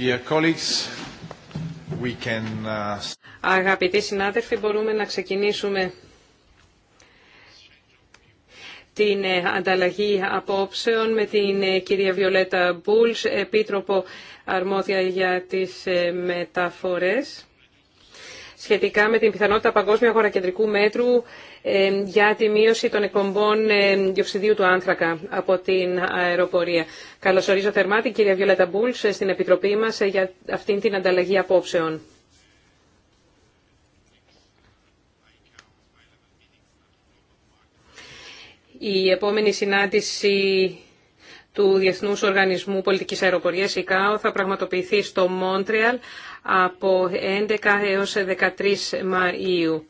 Speaker 3: Uh,
Speaker 4: Αγαπητοί συνάδελφοι, μπορούμε να ξεκινήσουμε την ε, ανταλλαγή απόψεων με την ε, κυρία Βιολέτα Μπούλς, Επίτροπο Αρμόδια για τις ε, Μεταφορές σχετικά με την πιθανότητα παγκόσμια αγορακεντρικού μέτρου ε, για τη μείωση των εκπομπών ε, διοξιδίου του άνθρακα από την αεροπορία. Καλωσορίζω θερμά την κυρία Βιολέτα Μπούλς ε, στην Επιτροπή μας για αυτήν την ανταλλαγή απόψεων. Η επόμενη συνάντηση του Διεθνούς Οργανισμού Πολιτικής Αεροπορίας, ΙΚΑΟ, θα πραγματοποιηθεί στο Μόντρεαλ από 11 έως 13 Μαΐου.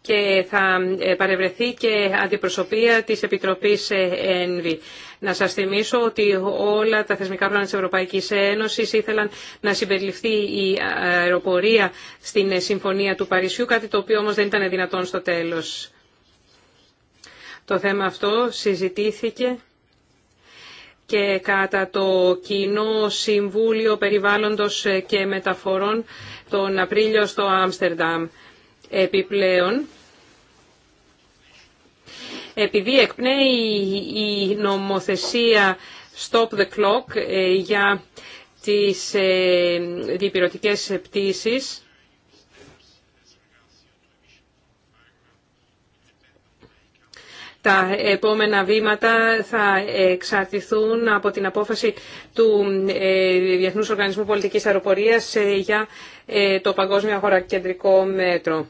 Speaker 4: Και θα ε, παρευρεθεί και αντιπροσωπεία της Επιτροπής ε, ΕΝΒΗ. Να σας θυμίσω ότι όλα τα θεσμικά πλάνα της Ευρωπαϊκής Ένωσης ήθελαν να συμπεριληφθεί η αεροπορία στην ε, Συμφωνία του Παρισιού, κάτι το οποίο όμως δεν ήταν δυνατόν στο τέλος. Το θέμα αυτό συζητήθηκε και κατά το Κοινό Συμβούλιο Περιβάλλοντος και Μεταφορών τον Απρίλιο στο Άμστερνταμ. Επιπλέον, επειδή εκπνέει η νομοθεσία Stop the Clock ε, για τις ε, διπυρωτικές πτήσεις, Τα επόμενα βήματα θα εξαρτηθούν από την απόφαση του ε, Διεθνούς Οργανισμού Πολιτικής Αεροπορίας ε, για ε, το Παγκόσμιο Αγορακεντρικό Μέτρο.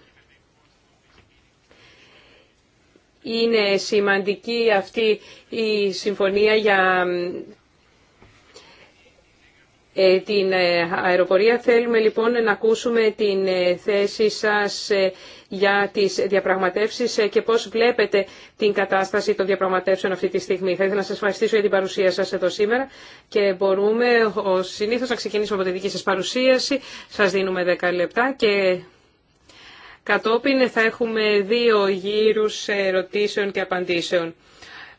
Speaker 4: Είναι σημαντική αυτή η συμφωνία για ε, την ε, αεροπορία. Θέλουμε λοιπόν να ακούσουμε την ε, θέση σας για τις διαπραγματεύσεις και πώς βλέπετε την κατάσταση των διαπραγματεύσεων αυτή τη στιγμή. Θα ήθελα να σας ευχαριστήσω για την παρουσία σας εδώ σήμερα και μπορούμε ως συνήθως να ξεκινήσουμε από τη δική σας παρουσίαση. Σας δίνουμε 10 λεπτά και κατόπιν θα έχουμε δύο γύρους ερωτήσεων και απαντήσεων.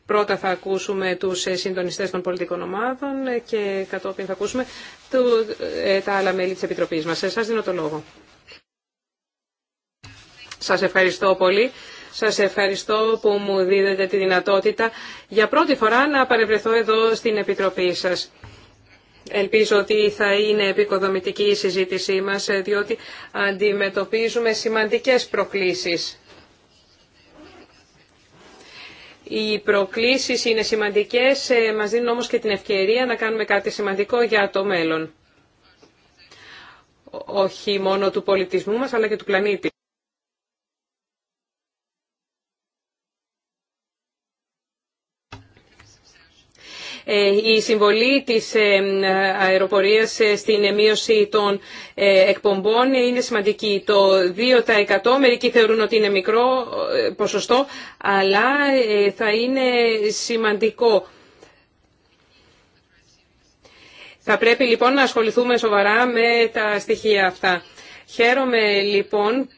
Speaker 4: Πρώτα θα ακούσουμε τους ε, συντονιστές των πολιτικών ομάδων ε, και κατόπιν θα ακούσουμε ε, τα άλλα μέλη της Επιτροπής μας. Σας δίνω το λόγο. Σας ευχαριστώ πολύ. Σας ευχαριστώ που μου δίδετε τη δυνατότητα για πρώτη φορά να παρευρεθώ εδώ στην Επιτροπή σας. Ελπίζω ότι θα είναι επικοδομητική η συζήτησή μας, διότι αντιμετωπίζουμε σημαντικές προκλήσεις. Οι προκλήσεις είναι σημαντικές, ε, μας δίνουν όμως και την ευκαιρία να κάνουμε κάτι σημαντικό για το μέλλον. Όχι μόνο του πολιτισμού μας, αλλά και του πλανήτη. Ε, η συμβολή της ε, αεροπορίας ε, στην μείωση των εκπομπών είναι σημαντική. Το 2% μερικοί θεωρούν ότι είναι μικρό ποσοστό, αλλά θα είναι σημαντικό. Θα πρέπει λοιπόν να ασχοληθούμε σοβαρά με τα στοιχεία αυτά. Χαίρομαι λοιπόν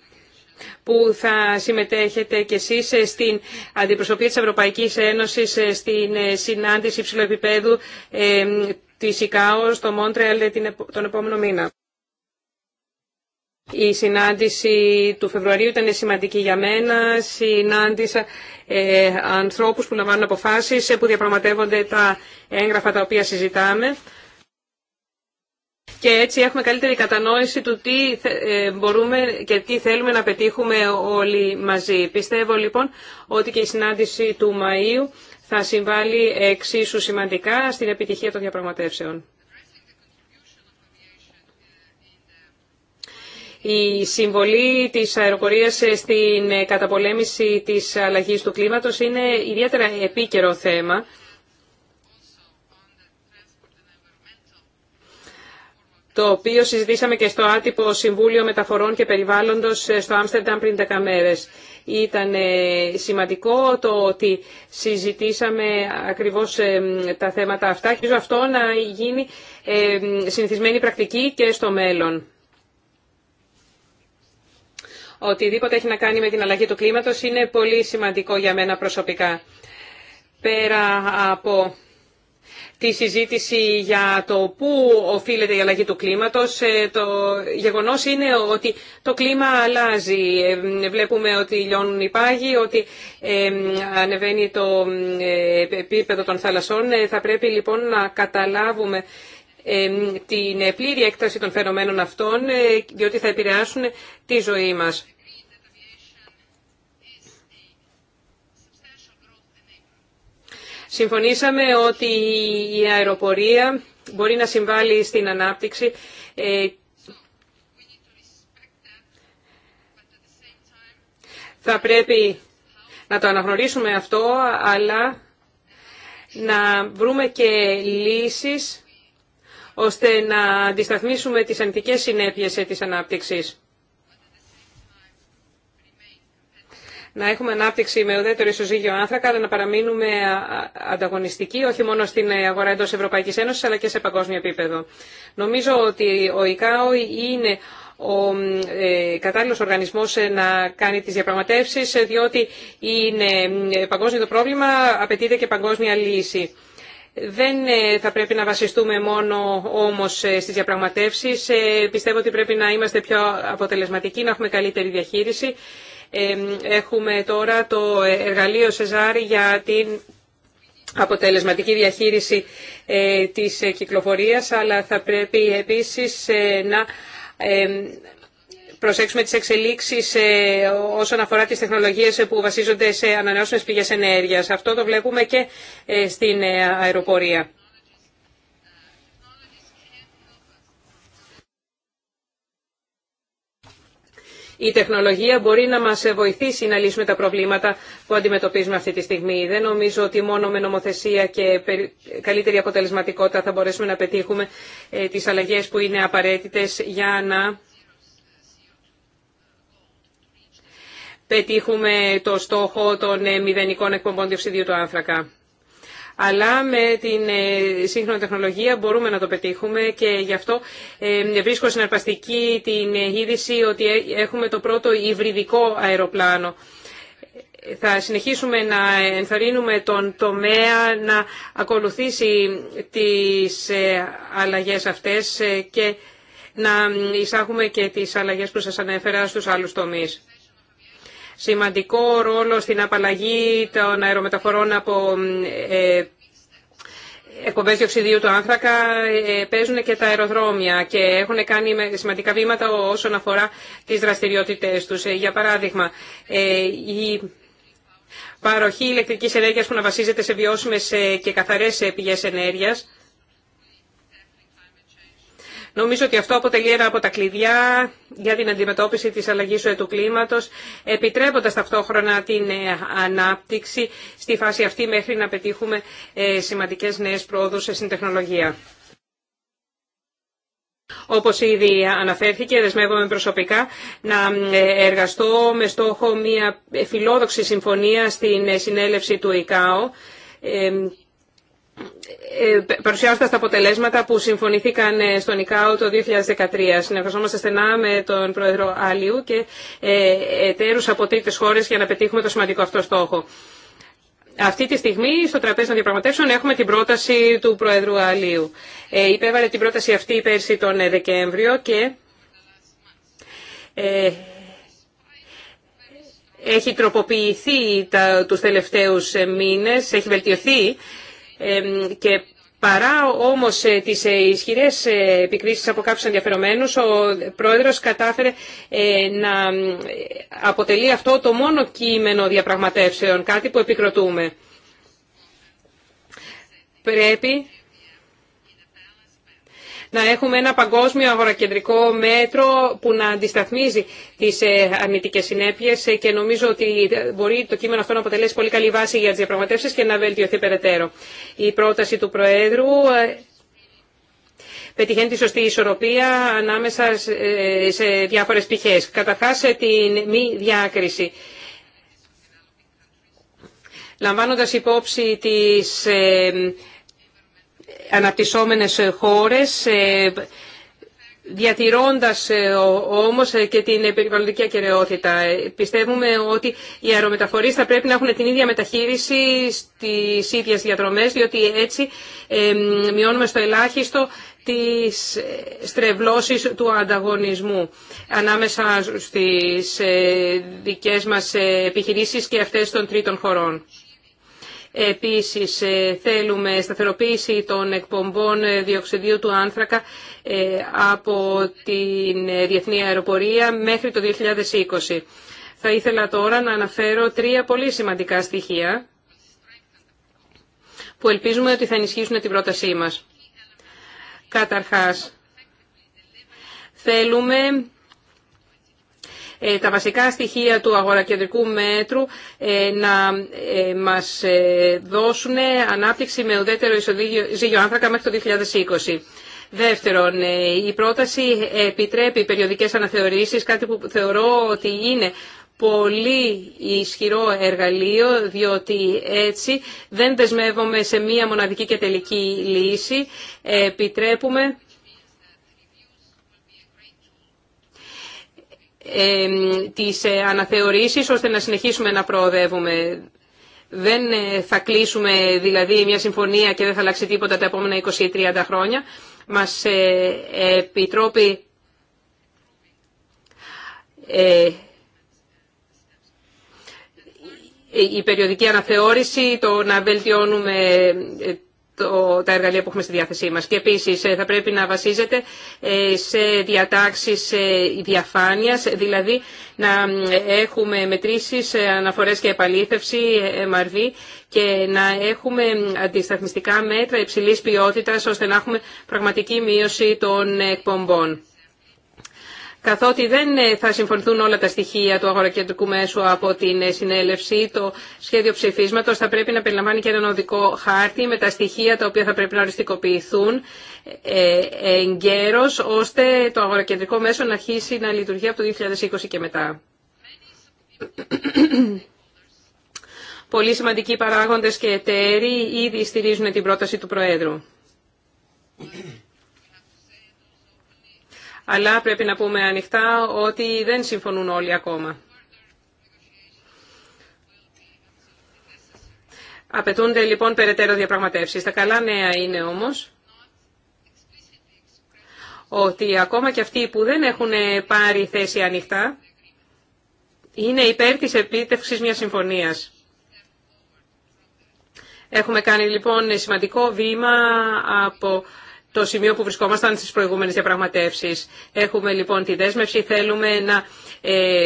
Speaker 4: που θα συμμετέχετε κι εσείς στην αντιπροσωπεία της Ευρωπαϊκής Ένωσης ε, στην ε, συνάντηση υψηλού επίπεδου ε, της το στο Μόντρεαλ τον επόμενο μήνα. Η συνάντηση του Φεβρουαρίου ήταν σημαντική για μένα. Συνάντησα ε, ανθρώπους που λαμβάνουν αποφάσεις, που διαπραγματεύονται τα έγγραφα τα οποία συζητάμε και έτσι έχουμε καλύτερη κατανόηση του τι ε, μπορούμε και τι θέλουμε να πετύχουμε όλοι μαζί. Πιστεύω λοιπόν ότι και η συνάντηση του Μαΐου θα συμβάλλει εξίσου σημαντικά στην επιτυχία των διαπραγματεύσεων. Η συμβολή της αεροπορίας στην καταπολέμηση της αλλαγής του κλίματος είναι ιδιαίτερα επίκαιρο θέμα το οποίο συζητήσαμε και στο άτυπο Συμβούλιο Μεταφορών και Περιβάλλοντος ε, στο Άμστερνταμ πριν 10 μέρες. Ήταν ε, σημαντικό το ότι συζητήσαμε ακριβώς ε, τα θέματα αυτά. Ελπίζω αυτό να γίνει συνηθισμένη πρακτική και στο μέλλον. Οτιδήποτε έχει να κάνει με την αλλαγή του κλίματος είναι πολύ σημαντικό για μένα προσωπικά. Πέρα από τη συζήτηση για το πού οφείλεται η αλλαγή του κλίματος. Ε, το γεγονός είναι ότι το κλίμα αλλάζει. Ε, βλέπουμε ότι λιώνουν οι πάγοι, ότι ε, ανεβαίνει το επίπεδο των θαλασσών. Θα πρέπει λοιπόν να καταλάβουμε την πλήρη έκταση των φαινομένων αυτών, διότι θα επηρεάσουν τη ζωή μας. Συμφωνήσαμε ότι η αεροπορία μπορεί να συμβάλλει στην ανάπτυξη ε, Θα πρέπει να το αναγνωρίσουμε αυτό, αλλά να βρούμε και λύσεις ώστε να αντισταθμίσουμε τις αντικές συνέπειες ε, της ανάπτυξης. να έχουμε ανάπτυξη με ουδέτερο ισοζύγιο άνθρακα, αλλά να παραμείνουμε ανταγωνιστικοί όχι μόνο στην αγορά εντό Ευρωπαϊκή Ένωση, αλλά και σε παγκόσμιο επίπεδο. Νομίζω ότι ο ΙΚΑΟ είναι ο ε, κατάλληλος οργανισμός ε, να κάνει τις διαπραγματεύσεις, ε, διότι είναι παγκόσμιο το πρόβλημα, απαιτείται και παγκόσμια λύση. Δεν θα πρέπει να βασιστούμε μόνο όμως στις διαπραγματεύσεις. Πιστεύω ότι πρέπει να είμαστε πιο αποτελεσματικοί, να έχουμε καλύτερη διαχείριση Έχουμε τώρα το εργαλείο Σεζάρι για την αποτελεσματική διαχείριση ε, της κυκλοφορίας, αλλά θα πρέπει επίσης ε, να προσέξουμε τις εξελίξεις ε, όσον αφορά τις τεχνολογίες που βασίζονται σε ανανεώσιμες πηγές ενέργειας. Αυτό το βλέπουμε και στην αεροπορία. η τεχνολογία μπορεί να μας βοηθήσει να λύσουμε τα προβλήματα που αντιμετωπίζουμε αυτή τη στιγμή. Δεν νομίζω ότι μόνο με νομοθεσία και καλύτερη αποτελεσματικότητα θα μπορέσουμε να πετύχουμε ε, τις αλλαγές που είναι απαραίτητες για να πετύχουμε το στόχο των ε, μηδενικών εκπομπών διοξιδίου του άνθρακα αλλά με την ε, σύγχρονη τεχνολογία μπορούμε να το πετύχουμε και γι' αυτό ε, βρίσκω συναρπαστική την είδηση ότι ε, έχουμε το πρώτο υβριδικό αεροπλάνο. Θα συνεχίσουμε να ενθαρρύνουμε τον τομέα να ακολουθήσει τις αλλαγές αυτές και να εισάγουμε και τις αλλαγές που σας ανέφερα στους άλλους τομείς σημαντικό ρόλο στην απαλλαγή των αερομεταφορών από ε, εκπομπές διοξιδίου του άνθρακα ε, παίζουν και τα αεροδρόμια και έχουν κάνει σημαντικά βήματα όσον αφορά τις δραστηριότητες τους. Ε, για παράδειγμα, η παροχή ηλεκτρικής ενέργειας που να βασίζεται σε βιώσιμες και καθαρές πηγές ενέργειας Νομίζω ότι αυτό αποτελεί ένα από τα κλειδιά για την αντιμετώπιση της αλλαγής του κλίματος, επιτρέποντας ταυτόχρονα την ε, ανάπτυξη στη φάση αυτή μέχρι να πετύχουμε ε, σημαντικές νέες πρόοδους στην τεχνολογία. Όπως ήδη αναφέρθηκε, δεσμεύομαι προσωπικά να ε, εργαστώ με στόχο μια φιλόδοξη συμφωνία στην συνέλευση του ΙΚΑΟ ε, παρουσιάζοντα τα αποτελέσματα που συμφωνηθήκαν ε, στον ΙΚΑΟ το 2013. Συνεργαζόμαστε στενά με τον Πρόεδρο Άλιου και ε, εταίρους από τρίτες χώρες για να πετύχουμε το σημαντικό αυτό στόχο. Αυτή τη στιγμή στο τραπέζι των διαπραγματεύσεων έχουμε την πρόταση του Πρόεδρου Αλίου. Ε, υπέβαλε την πρόταση αυτή πέρσι τον Δεκέμβριο και ε, έχει τροποποιηθεί τα, τους τελευταίους μήνες, έχει βελτιωθεί και Παρά όμως ε, τις ε, ισχυρές ε, επικρίσεις από κάποιους ενδιαφερομένους, ο Πρόεδρος κατάφερε να αποτελεί αυτό το μόνο κείμενο διαπραγματεύσεων, κάτι που επικροτούμε. Πρέπει να έχουμε ένα παγκόσμιο αγορακεντρικό μέτρο που να αντισταθμίζει τις ε, αρνητικές συνέπειες ε, και νομίζω ότι μπορεί το κείμενο αυτό να αποτελέσει πολύ καλή βάση για τις διαπραγματεύσεις και να βελτιωθεί περαιτέρω. Η πρόταση του Προέδρου ε, πετυχαίνει τη σωστή ισορροπία ανάμεσα σε διάφορες πτυχές. Καταρχάς, την μη διάκριση. Λαμβάνοντας υπόψη τις αναπτυσσόμενες χώρες, ε, διατηρώντας ε, όμως ε, και την περιβαλλοντική ακαιρεότητα. Πιστεύουμε ότι οι αερομεταφορείς θα πρέπει να έχουν την ίδια μεταχείριση στις ίδιες διαδρομές, διότι έτσι μειώνουμε στο ελάχιστο τις στρεβλώσεις του ανταγωνισμού ανάμεσα στις δικές μας επιχειρήσεις και αυτές των τρίτων χωρών. Επίσης, ε, θέλουμε σταθεροποίηση των εκπομπών ε, διοξιδίου του άνθρακα ε, από την διεθνή αεροπορία μέχρι το 2020. Θα ήθελα τώρα να αναφέρω τρία πολύ σημαντικά στοιχεία που ελπίζουμε ότι θα ενισχύσουν την πρότασή μας. Καταρχάς, θέλουμε ε, τα βασικά στοιχεία του αγορακεντρικού μέτρου ε, να ε, μας δώσουν ανάπτυξη με ουδέτερο ζύγιο άνθρακα μέχρι το 2020. Δεύτερον, η πρόταση επιτρέπει περιοδικές αναθεωρήσεις, κάτι που θεωρώ ότι είναι πολύ ισχυρό εργαλείο, διότι έτσι δεν δεσμεύομαι σε μία μοναδική και τελική λύση. Επιτρέπουμε τις ε, αναθεωρήσεις ώστε να συνεχίσουμε να προοδεύουμε. Δεν ε, θα κλείσουμε δηλαδή μια συμφωνία και δεν θα αλλάξει τίποτα τα επόμενα 20 ή 30 χρόνια. Μας ε, επιτρόπει περιοδική αναθεώρηση, το να βελτιώνουμε τα εργαλεία που έχουμε στη διάθεσή μας. Και επίσης ε, θα πρέπει να βασίζεται ε, σε διατάξεις ε, διαφάνειας, δηλαδή να έχουμε μετρήσεις, αναφορές και επαλήθευση, MRV, και να έχουμε αντισταθμιστικά μέτρα υψηλής ποιότητας, ώστε να έχουμε πραγματική μείωση των εκπομπών καθότι δεν ε, θα συμφωνηθούν όλα τα στοιχεία του αγορακεντρικού μέσου από την ε, συνέλευση. Το σχέδιο ψηφίσματος θα πρέπει να περιλαμβάνει και έναν οδικό χάρτη με τα στοιχεία τα οποία θα πρέπει να οριστικοποιηθούν ε, εγκαίρως, ώστε το αγορακεντρικό μέσο να αρχίσει να λειτουργεί από το 2020 και μετά. Πολύ σημαντικοί παράγοντες και εταίροι ήδη στηρίζουν την πρόταση του Προέδρου αλλά πρέπει να πούμε ανοιχτά ότι δεν συμφωνούν όλοι ακόμα. Απαιτούνται λοιπόν περαιτέρω διαπραγματεύσεις. Τα καλά νέα είναι όμως ότι ακόμα και αυτοί που δεν έχουν πάρει θέση ανοιχτά είναι υπέρ της επίτευξης μιας συμφωνίας. Έχουμε κάνει λοιπόν σημαντικό βήμα από το σημείο που βρισκόμασταν στις προηγούμενες διαπραγματεύσεις. Έχουμε λοιπόν τη δέσμευση, θέλουμε να ε,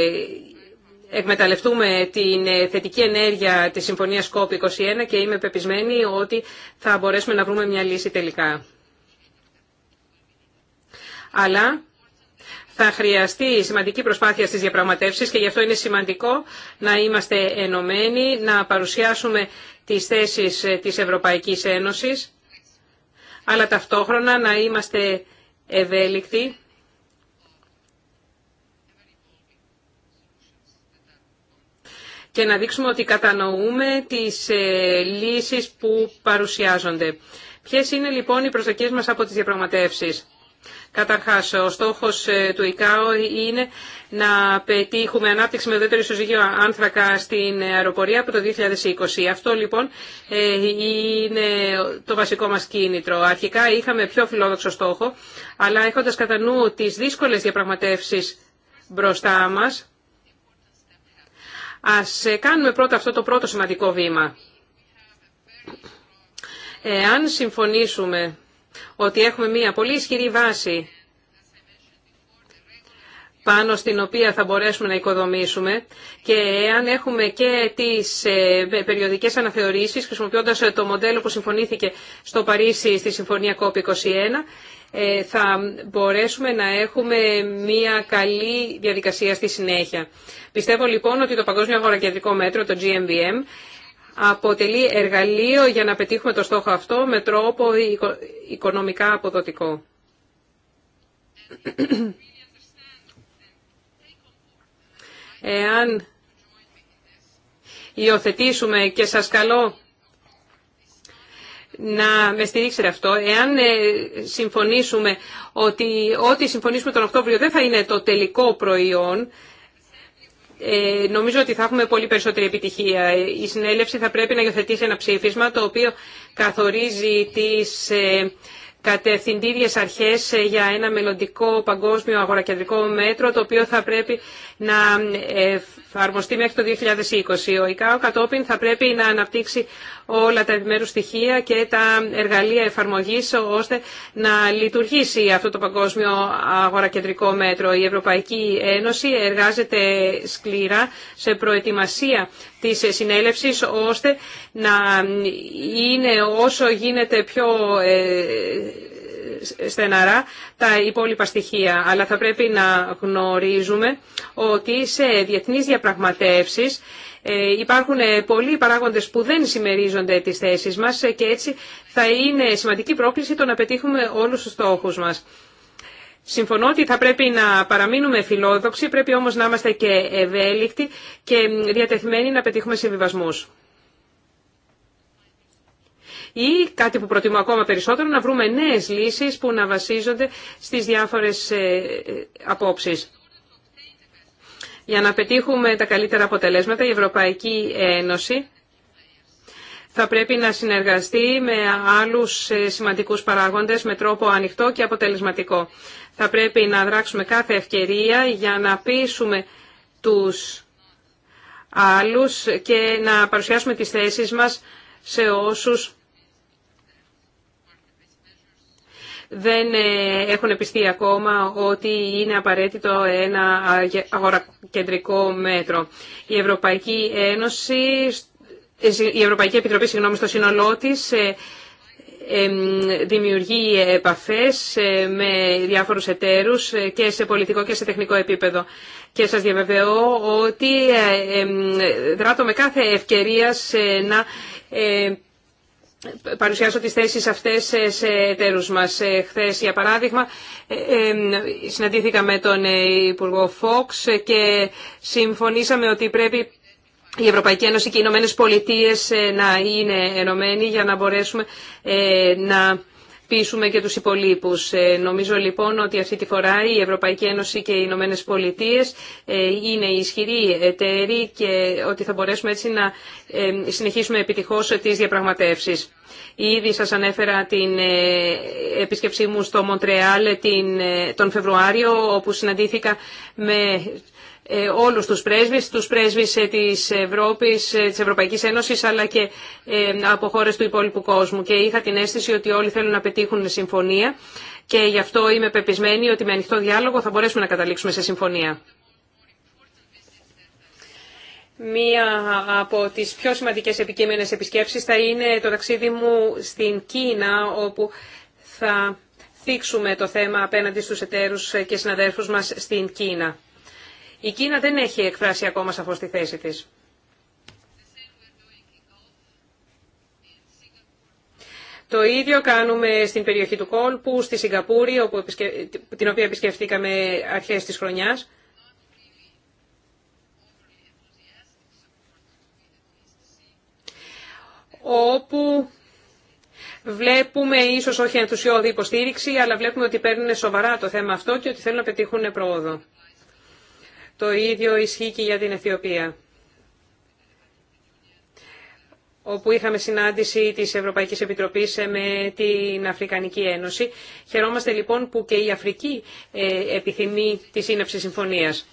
Speaker 4: εκμεταλλευτούμε την ε, θετική ενέργεια της Συμφωνίας COP21 και είμαι πεπισμένη ότι θα μπορέσουμε να βρούμε μια λύση τελικά. Αλλά θα χρειαστεί σημαντική προσπάθεια στις διαπραγματεύσεις και γι' αυτό είναι σημαντικό να είμαστε ενωμένοι, να παρουσιάσουμε τις θέσεις ε, της Ευρωπαϊκής Ένωσης αλλά ταυτόχρονα να είμαστε ευέλικτοι και να δείξουμε ότι κατανοούμε τις ε, λύσεις που παρουσιάζονται. Ποιες είναι λοιπόν οι προσδοκίες μας από τις διαπραγματεύσεις. Καταρχά, ο στόχος ε, του ΙΚΑΟ είναι να πετύχουμε ανάπτυξη με δεύτερο ισοζύγιο άνθρακα στην αεροπορία από το 2020. Αυτό λοιπόν ε, είναι το βασικό μας κίνητρο. Αρχικά είχαμε πιο φιλόδοξο στόχο, αλλά έχοντας κατά νου τι δύσκολες διαπραγματεύσεις μπροστά μας, ας ε, κάνουμε πρώτα αυτό το πρώτο σημαντικό βήμα. Εάν συμφωνήσουμε ότι έχουμε μία πολύ ισχυρή βάση πάνω στην οποία θα μπορέσουμε να οικοδομήσουμε και εάν έχουμε και τις ε, περιοδικές αναθεωρήσεις χρησιμοποιώντας ε, το μοντέλο που συμφωνήθηκε στο Παρίσι στη Συμφωνία COP21 ε, θα μπορέσουμε να έχουμε μια καλή διαδικασία στη συνέχεια. Πιστεύω λοιπόν ότι το Παγκόσμιο Αγορακεντρικό Μέτρο, το GMBM, αποτελεί εργαλείο για να πετύχουμε το στόχο αυτό με τρόπο οικονομικά αποδοτικό. Εάν υιοθετήσουμε και σας καλώ να με στηρίξετε αυτό. Εάν ε, συμφωνήσουμε ότι ό,τι συμφωνήσουμε τον Οκτώβριο δεν θα είναι το τελικό προϊόν, ε, νομίζω ότι θα έχουμε πολύ περισσότερη επιτυχία. Η συνέλευση θα πρέπει να υιοθετήσει ένα ψήφισμα το οποίο καθορίζει τις ε, κατευθυντήριες αρχές ε, για ένα μελλοντικό παγκόσμιο αγορακεντρικό μέτρο το οποίο θα πρέπει να εφαρμοστεί μέχρι το 2020. Ο ΙΚΑΟ κατόπιν θα πρέπει να αναπτύξει όλα τα επιμέρους στοιχεία και τα εργαλεία εφαρμογής ώστε να λειτουργήσει αυτό το παγκόσμιο αγορακεντρικό μέτρο. Η Ευρωπαϊκή Ένωση εργάζεται σκληρά σε προετοιμασία της συνέλευσης ώστε να είναι όσο γίνεται πιο ε, στεναρά τα υπόλοιπα στοιχεία. Αλλά θα πρέπει να γνωρίζουμε ότι σε διεθνείς διαπραγματεύσεις ε, υπάρχουν πολλοί παράγοντες που δεν συμμερίζονται τις θέσεις μας ε, και έτσι θα είναι σημαντική πρόκληση το να πετύχουμε όλους τους στόχους μας. Συμφωνώ ότι θα πρέπει να παραμείνουμε φιλόδοξοι, πρέπει όμως να είμαστε και ευέλικτοι και διατεθειμένοι να πετύχουμε συμβιβασμούς ή κάτι που προτιμώ ακόμα περισσότερο να βρούμε νέες λύσεις που να βασίζονται στις διάφορες ε, ε, απόψεις. Για να πετύχουμε τα καλύτερα αποτελέσματα η Ευρωπαϊκή Ένωση θα πρέπει να συνεργαστεί με άλλους ε, σημαντικούς παράγοντες με τρόπο ανοιχτό και αποτελεσματικό. Θα πρέπει να δράξουμε κάθε ευκαιρία για να πείσουμε τους άλλους και να παρουσιάσουμε τις θέσεις μας σε όσους δεν ε, έχουν πιστεί ακόμα ότι είναι απαραίτητο ένα αγορακεντρικό μέτρο. Η Ευρωπαϊκή Ένωση, ε, η Ευρωπαϊκή Επιτροπή, συγγνώμη, στο σύνολό της, ε, δημιουργεί επαφές με διάφορους εταίρους και σε πολιτικό και σε τεχνικό επίπεδο. Και σας διαβεβαιώ ότι δράτω με κάθε ευκαιρία να παρουσιάσω τις θέσεις αυτές σε εταίρους μας. Ε, χθες, για παράδειγμα, ε, ε, συναντήθηκα με τον Υπουργό Φόξ και συμφωνήσαμε ότι πρέπει η Ευρωπαϊκή Ένωση και οι Ηνωμένε Πολιτείε να είναι ενωμένοι για να μπορέσουμε να πείσουμε και τους υπολείπους. Ε, νομίζω λοιπόν ότι αυτή τη φορά η Ευρωπαϊκή Ένωση και οι Ηνωμένε Πολιτείε ε, είναι ισχυροί εταίροι και ότι θα μπορέσουμε έτσι να ε, συνεχίσουμε επιτυχώς τις διαπραγματεύσεις. Ήδη σας ανέφερα την επίσκεψή μου στο Μοντρεάλ τον Φεβρουάριο, όπου συναντήθηκα με ε, όλους τους πρέσβεις, τους πρέσβεις ε, της Ευρώπης, ε, της Ευρωπαϊκής Ένωσης αλλά και από χώρες του υπόλοιπου κόσμου και είχα την αίσθηση ότι όλοι θέλουν να πετύχουν συμφωνία και γι' αυτό είμαι πεπισμένη ότι με ανοιχτό διάλογο θα μπορέσουμε να καταλήξουμε σε συμφωνία. Μία από τις πιο σημαντικές επικείμενες επισκέψεις θα είναι το ταξίδι μου στην Κίνα όπου θα θίξουμε το θέμα απέναντι στους εταίρους και συναδέρφους μας στην Κίνα. Η Κίνα δεν έχει εκφράσει ακόμα σαφώ τη θέση της. Το ίδιο κάνουμε στην περιοχή του Κόλπου, στη Σιγκαπούρη, όπου την οποία επισκεφτήκαμε αρχές της χρονιάς. όπου βλέπουμε ίσως όχι ενθουσιώδη υποστήριξη, αλλά βλέπουμε ότι παίρνουν σοβαρά το θέμα αυτό και ότι θέλουν να πετύχουν πρόοδο. Το ίδιο ισχύει και για την Αιθιοπία όπου είχαμε συνάντηση της Ευρωπαϊκής Επιτροπής ε, με την Αφρικανική Ένωση. Χαιρόμαστε λοιπόν που και η Αφρική ε, επιθυμεί τη σύναψη συμφωνίας.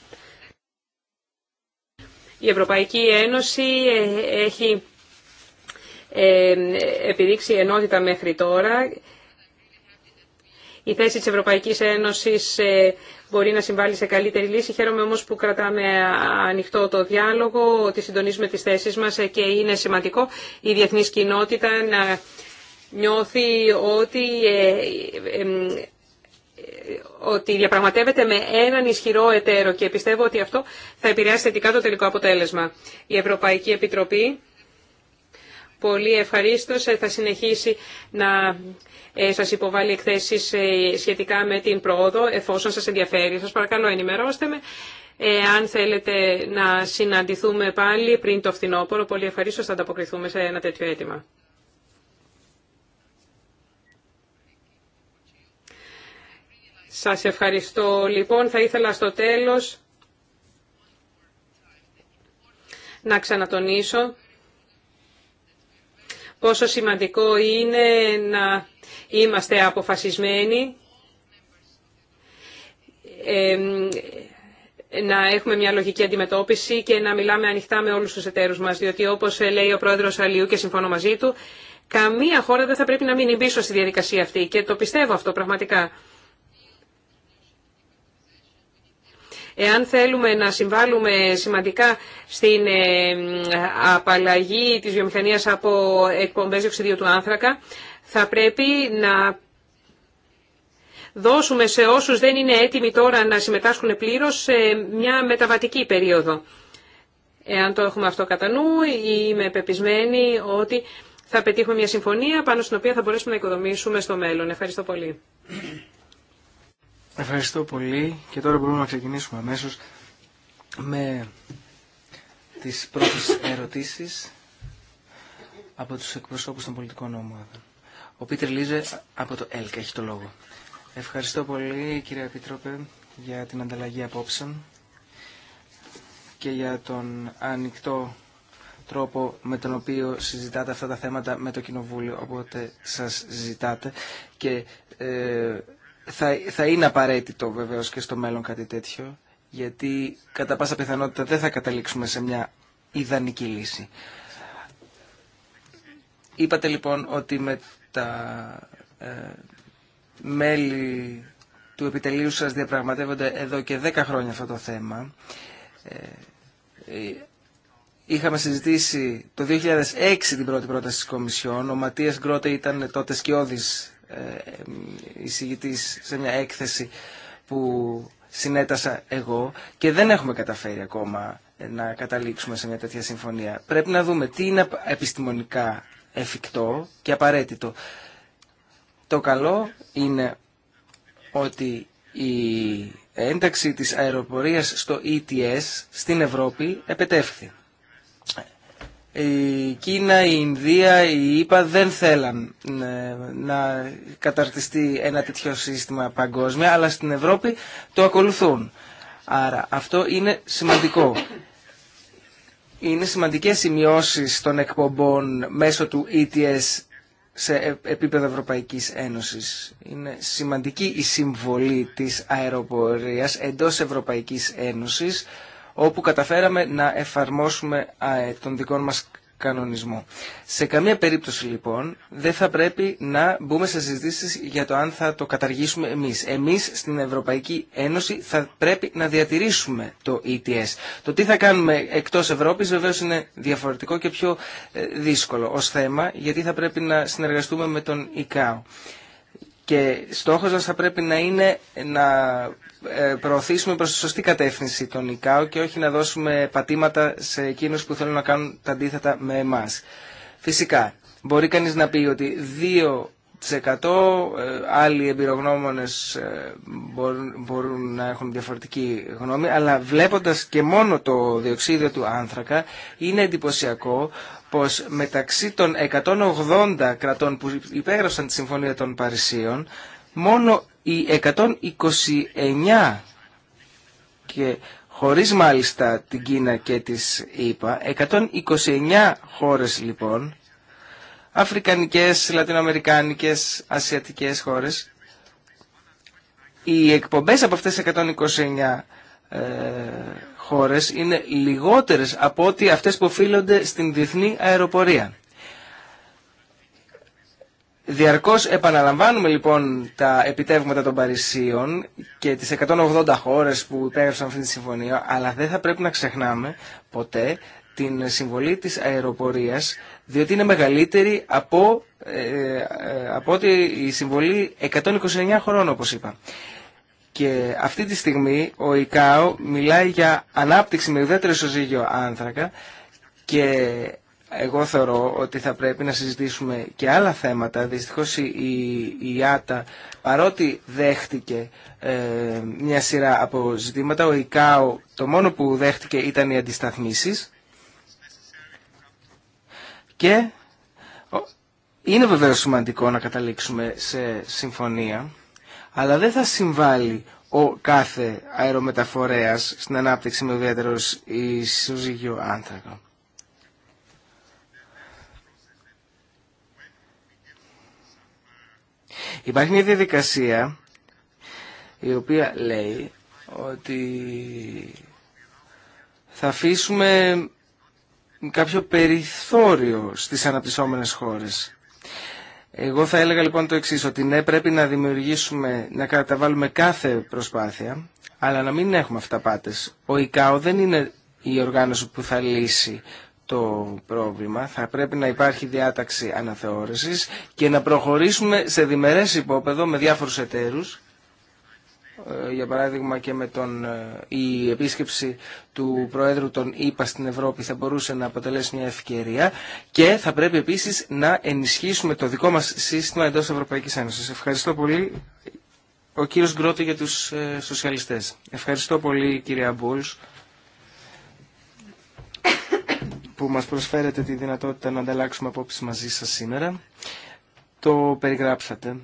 Speaker 4: Η Ευρωπαϊκή Ένωση ε, έχει επιδείξει ενότητα μέχρι τώρα. Η θέση της Ευρωπαϊκής Ένωσης μπορεί να συμβάλλει σε καλύτερη λύση. Χαίρομαι όμως που κρατάμε ανοιχτό το διάλογο, ότι συντονίζουμε τις θέσεις μας και είναι σημαντικό η διεθνής κοινότητα να νιώθει ότι ε, ε, ε, ότι διαπραγματεύεται με έναν ισχυρό εταίρο και πιστεύω ότι αυτό θα επηρεάσει θετικά το τελικό αποτέλεσμα. Η Ευρωπαϊκή Επιτροπή πολύ ευχαρίστως θα συνεχίσει να ε, σας υποβάλει εκθέσεις ε, σχετικά με την πρόοδο, εφόσον σας ενδιαφέρει. Σας παρακαλώ ενημερώστε με. Ε, αν θέλετε να συναντηθούμε πάλι πριν το φθινόπωρο, πολύ ευχαριστώ, θα ανταποκριθούμε σε ένα τέτοιο αίτημα. Σας ευχαριστώ. Λοιπόν, θα ήθελα στο τέλος να ξανατονίσω πόσο σημαντικό είναι να είμαστε αποφασισμένοι, να έχουμε μια λογική αντιμετώπιση και να μιλάμε ανοιχτά με όλους τους εταίρους μας, διότι όπως λέει ο πρόεδρος Αλιού και συμφωνώ μαζί του, καμία χώρα δεν θα πρέπει να μείνει πίσω στη διαδικασία αυτή και το πιστεύω αυτό πραγματικά. Εάν θέλουμε να συμβάλλουμε σημαντικά στην ε, απαλλαγή της βιομηχανίας από εκπομπές διοξιδίου του άνθρακα, θα πρέπει να δώσουμε σε όσους δεν είναι έτοιμοι τώρα να συμμετάσχουν πλήρως σε μια μεταβατική περίοδο. Εάν το έχουμε αυτό κατά νου, είμαι πεπισμένη ότι θα πετύχουμε μια συμφωνία πάνω στην οποία θα μπορέσουμε να οικοδομήσουμε στο μέλλον. Ευχαριστώ πολύ.
Speaker 2: Ευχαριστώ πολύ και τώρα μπορούμε να ξεκινήσουμε αμέσως με τις πρώτες ερωτήσεις από τους εκπροσώπους των πολιτικών ομάδων. Ο Πίτερ Λίζε από το ΕΛΚ έχει το λόγο. Ευχαριστώ πολύ κύριε Επίτροπε για την ανταλλαγή απόψεων και για τον ανοιχτό τρόπο με τον οποίο συζητάτε αυτά τα θέματα με το Κοινοβούλιο. Οπότε σας ζητάτε και ε, θα, θα είναι απαραίτητο βεβαίως και στο μέλλον κάτι τέτοιο, γιατί κατά πάσα πιθανότητα δεν θα καταλήξουμε σε μια ιδανική λύση. Είπατε λοιπόν ότι με τα ε, μέλη του επιτελείου σας διαπραγματεύονται εδώ και 10 χρόνια αυτό το θέμα. Ε, ε είχαμε συζητήσει το 2006 την πρώτη πρόταση της Κομισιόν. Ο Ματίας Γκρότε ήταν τότε σκιώδης ε, εισηγητή σε μια έκθεση που συνέτασα εγώ και δεν έχουμε καταφέρει ακόμα να καταλήξουμε σε μια τέτοια συμφωνία. Πρέπει να δούμε τι είναι επιστημονικά εφικτό και απαραίτητο. Το καλό είναι ότι η ένταξη της αεροπορίας στο ETS στην Ευρώπη επετεύχθη η ε, Κίνα, η Ινδία, η ΙΠΑ δεν θέλαν ε, να καταρτιστεί ένα τέτοιο σύστημα παγκόσμια, αλλά στην Ευρώπη το ακολουθούν. Άρα αυτό είναι σημαντικό. Είναι σημαντικές σημειώσεις των εκπομπών μέσω του ETS σε ε, επίπεδο Ευρωπαϊκής Ένωσης. Είναι σημαντική η συμβολή της αεροπορίας εντός Ευρωπαϊκής Ένωσης όπου καταφέραμε να εφαρμόσουμε ε, τον δικό μας κανονισμό. Σε καμία περίπτωση λοιπόν δεν θα πρέπει να μπούμε σε συζητήσεις για το αν θα το καταργήσουμε εμείς. Εμείς στην Ευρωπαϊκή Ένωση θα πρέπει να διατηρήσουμε το ETS. Το τι θα κάνουμε εκτός Ευρώπης βεβαίως είναι διαφορετικό και πιο ε, δύσκολο ως θέμα γιατί θα πρέπει να συνεργαστούμε με τον ICAO. Και στόχος μας θα πρέπει να είναι να ε, προωθήσουμε προ τη σωστή κατεύθυνση τον ΙΚΑΟ και όχι να δώσουμε πατήματα σε εκείνου που θέλουν να κάνουν τα αντίθετα με εμάς. Φυσικά, μπορεί κανείς να πει ότι 2% ε, Άλλοι εμπειρογνώμονε ε, μπορούν, να έχουν διαφορετική γνώμη, αλλά βλέποντας και μόνο το διοξίδιο του άνθρακα, είναι εντυπωσιακό πως μεταξύ των 180 κρατών που υπέγραψαν τη Συμφωνία των Παρισίων, μόνο οι 129 και χωρίς μάλιστα την Κίνα και τις ΗΠΑ, 129 χώρες λοιπόν, αφρικανικές, λατινοαμερικάνικες, ασιατικές χώρες, οι εκπομπές από αυτές τις 129 ε, χώρες είναι λιγότερες από ό,τι αυτές που οφείλονται στην διεθνή αεροπορία. Διαρκώς επαναλαμβάνουμε λοιπόν τα επιτεύγματα των Παρισίων και τις 180 χώρες που υπέγραψαν αυτή τη συμφωνία, αλλά δεν θα πρέπει να ξεχνάμε ποτέ την συμβολή της αεροπορίας, διότι είναι μεγαλύτερη από, ε, ε από ότι η συμβολή 129 χωρών όπως είπα. Και αυτή τη στιγμή ο ΙΚΑΟ μιλάει για ανάπτυξη με ουδέτερο ισοζύγιο άνθρακα και εγώ θεωρώ ότι θα πρέπει να συζητήσουμε και άλλα θέματα. Δυστυχώς η, η παρότι δέχτηκε ε, μια σειρά από ζητήματα, ο ΙΚΑΟ το μόνο που δέχτηκε ήταν οι αντισταθμίσεις και είναι βεβαίως σημαντικό να καταλήξουμε σε συμφωνία, αλλά δεν θα συμβάλλει ο κάθε αερομεταφορέας στην ανάπτυξη με ιδιαίτερο ισοζύγιο άνθρακα. Υπάρχει μια διαδικασία η οποία λέει ότι θα αφήσουμε κάποιο περιθώριο στις αναπτυσσόμενες χώρες. Εγώ θα έλεγα λοιπόν το εξής, ότι ναι πρέπει να δημιουργήσουμε, να καταβάλουμε κάθε προσπάθεια, αλλά να μην έχουμε αυταπάτες. Ο ΙΚΑΟ δεν είναι η οργάνωση που θα λύσει το πρόβλημα, θα πρέπει να υπάρχει διάταξη αναθεώρησης και να προχωρήσουμε σε διμερές υπόπεδο με διάφορους εταίρους, ε, για παράδειγμα και με τον, ε, η επίσκεψη του Προέδρου των ΗΠΑ στην Ευρώπη θα μπορούσε να αποτελέσει μια ευκαιρία και θα πρέπει επίσης να ενισχύσουμε το δικό μας σύστημα εντός Ευρωπαϊκής Ένωσης. Ευχαριστώ πολύ ο κύριος Γκρότη για τους ε, σοσιαλιστές. Ευχαριστώ πολύ κυρία Μπούλς που μας προσφέρετε τη δυνατότητα να ανταλλάξουμε απόψεις μαζί σας σήμερα. Το περιγράψατε.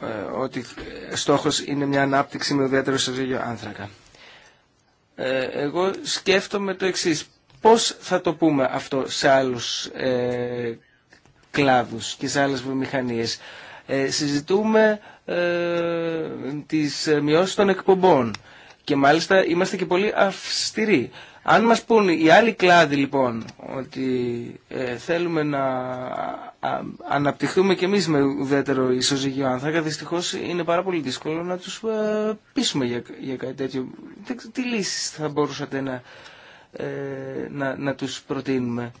Speaker 2: Ε, ότι ε, στόχος είναι μια ανάπτυξη με ιδιαίτερο ίδιο άνθρακα. Ε, εγώ σκέφτομαι το εξής. Πώς θα το πούμε αυτό σε άλλους ε, κλάδους και σε άλλες βιομηχανίες. Ε, συζητούμε ε, τις μειώσεις των εκπομπών. Και μάλιστα είμαστε και πολύ αυστηροί. Αν μας πούν οι άλλοι κλάδοι λοιπόν ότι ε, θέλουμε να αναπτυχθούμε και εμείς με ουδέτερο ισοζυγείο άνθρακα, δυστυχώς είναι πάρα πολύ δύσκολο να τους ε, πείσουμε για, για κάτι τέτοιο. Τι λύσεις θα μπορούσατε να, ε, να, να τους προτείνουμε.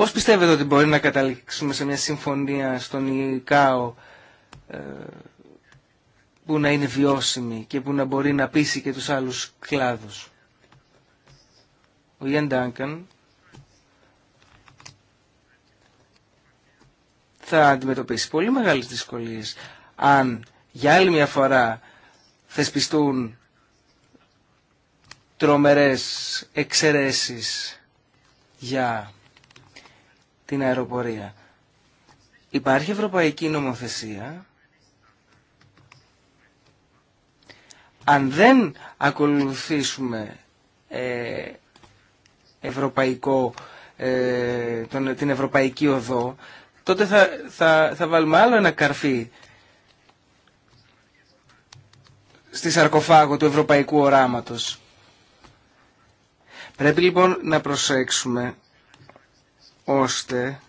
Speaker 2: Πώ πιστεύετε ότι μπορεί να καταλήξουμε σε μια συμφωνία στον ΙΚΑΟ ε, που να είναι βιώσιμη και που να μπορεί να πείσει και τους άλλους κλάδους. Ο Ιεν Ντάγκαν θα αντιμετωπίσει πολύ μεγάλες δυσκολίες αν για άλλη μια φορά θεσπιστούν τρομερές εξαιρέσεις για την αεροπορία. Υπάρχει ευρωπαϊκή νομοθεσία. Αν δεν ακολουθήσουμε ε, ευρωπαϊκό, ε, την ευρωπαϊκή οδό, τότε θα, θα, θα βάλουμε άλλο ένα καρφί στη σαρκοφάγο του ευρωπαϊκού οράματος. Πρέπει λοιπόν να προσέξουμε ώστε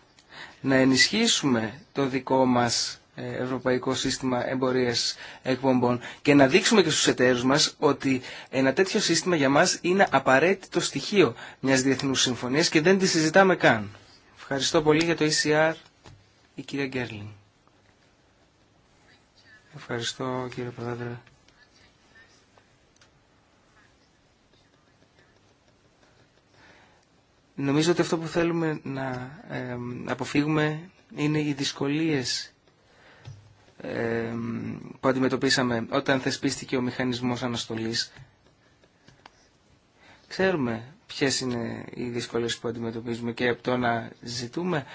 Speaker 2: να ενισχύσουμε το δικό μας ε, ευρωπαϊκό σύστημα εμπορίας εκπομπών και να δείξουμε και στους εταίρους μας ότι ένα τέτοιο σύστημα για μας είναι απαραίτητο στοιχείο μιας διεθνούς συμφωνίας και δεν τη συζητάμε καν. Ευχαριστώ πολύ για το ECR η κυρία Γκέρλιν. Ευχαριστώ κύριε Πρόεδρε. Νομίζω ότι αυτό που θέλουμε να αποφύγουμε είναι οι δυσκολίες που αντιμετωπίσαμε όταν θεσπίστηκε ο μηχανισμός αναστολής. Ξέρουμε ποιες είναι οι δυσκολίες που αντιμετωπίζουμε και από το να ζητούμε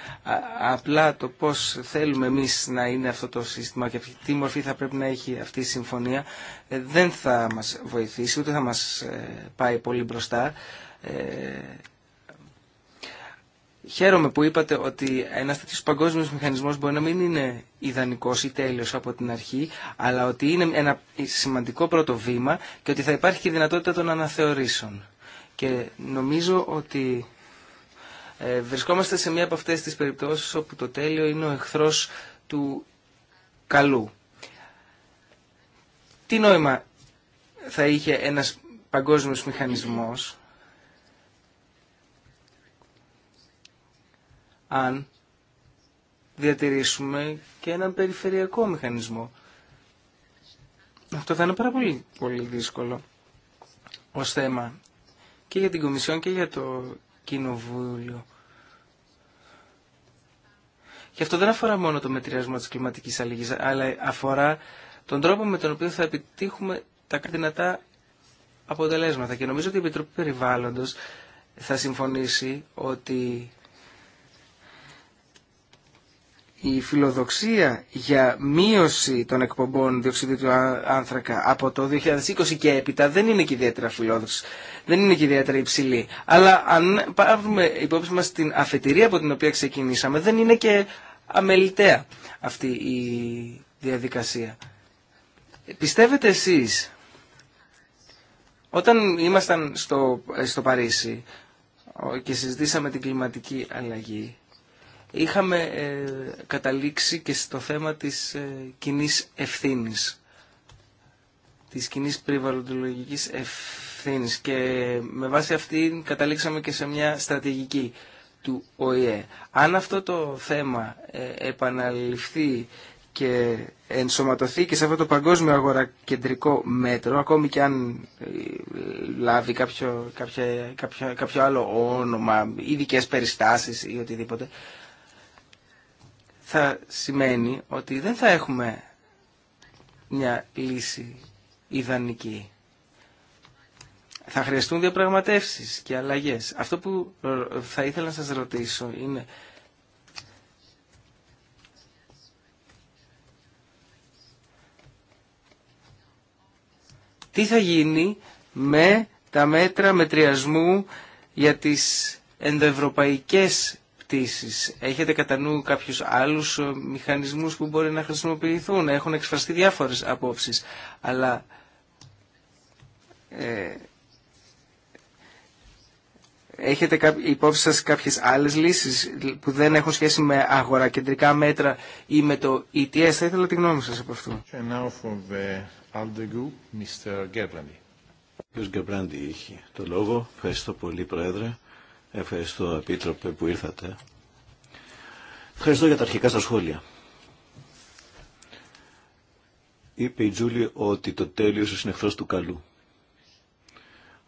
Speaker 2: απλά το πώς θέλουμε εμείς να είναι αυτό το σύστημα και τι μορφή θα πρέπει να έχει αυτή η συμφωνία ε, δεν θα μας βοηθήσει ούτε θα μας ε, πάει πολύ μπροστά ε, Χαίρομαι που είπατε ότι ένα τέτοιο παγκόσμιο μηχανισμό μπορεί να μην είναι ιδανικό ή τέλειο από την αρχή, αλλά ότι είναι ένα σημαντικό πρώτο βήμα και ότι θα υπάρχει και η δυνατότητα των αναθεωρήσεων. Και νομίζω ότι ε, βρισκόμαστε σε μία από αυτές τις περιπτώσεις όπου το τέλειο είναι ο εχθρός του καλού. Τι νόημα θα είχε ένας παγκόσμιος μηχανισμός αν διατηρήσουμε και έναν περιφερειακό μηχανισμό. Αυτό θα είναι πάρα πολύ, δύσκολο ως θέμα και για την Κομισιόν και για το Κοινοβούλιο. Και αυτό δεν αφορά μόνο το μετριασμό της κλιματικής αλλά αφορά τον τρόπο με τον οποίο θα επιτύχουμε τα δυνατά αποτελέσματα. Και νομίζω ότι η Επιτροπή Περιβάλλοντος θα συμφωνήσει ότι η φιλοδοξία για μείωση των εκπομπών διοξιδίου του άνθρακα από το 2020 και έπειτα δεν είναι και ιδιαίτερα φιλόδοξη, δεν είναι και ιδιαίτερα υψηλή. Αλλά αν πάρουμε υπόψη μας την αφετηρία από την οποία ξεκινήσαμε, δεν είναι και αμεληταία αυτή η διαδικασία. Πιστεύετε εσείς, όταν ήμασταν στο, ε, στο Παρίσι και συζητήσαμε την κλιματική αλλαγή, είχαμε ε, καταλήξει και στο θέμα της ε, κοινή ευθύνης της κοινή περιβαλλοντολογικής ευθύνης και με βάση αυτήν καταλήξαμε και σε μια στρατηγική του ΟΗΕ. Αν αυτό το θέμα ε, επαναληφθεί και ενσωματωθεί και σε αυτό το παγκόσμιο αγορακεντρικό μέτρο, ακόμη και αν λάβει κάποιο, κάποιο, κάποιο, άλλο όνομα, ειδικέ περιστάσεις ή οτιδήποτε, θα σημαίνει ότι δεν θα έχουμε μια λύση ιδανική. Θα χρειαστούν διαπραγματεύσεις και αλλαγές. Αυτό που θα ήθελα να σας ρωτήσω είναι τι θα γίνει με τα μέτρα μετριασμού για τις ενδοευρωπαϊκές Έχετε κατά νου κάποιους άλλους ε, μηχανισμούς που μπορεί να χρησιμοποιηθούν. Έχουν εξφραστεί διάφορες απόψεις. Αλλά ε, έχετε υπόψη σας κάποιες άλλες λύσεις που δεν έχουν σχέση με αγορακεντρικά μέτρα ή με το ETS. Θα ήθελα τη γνώμη σας από αυτό.
Speaker 3: το λόγο. Ευχαριστώ πολύ, Πρόεδρε. Ευχαριστώ, Επίτροπε, που ήρθατε. Ευχαριστώ για τα αρχικά σας σχόλια. Είπε η Τζούλη ότι το τέλειος είναι εχθρός του καλού.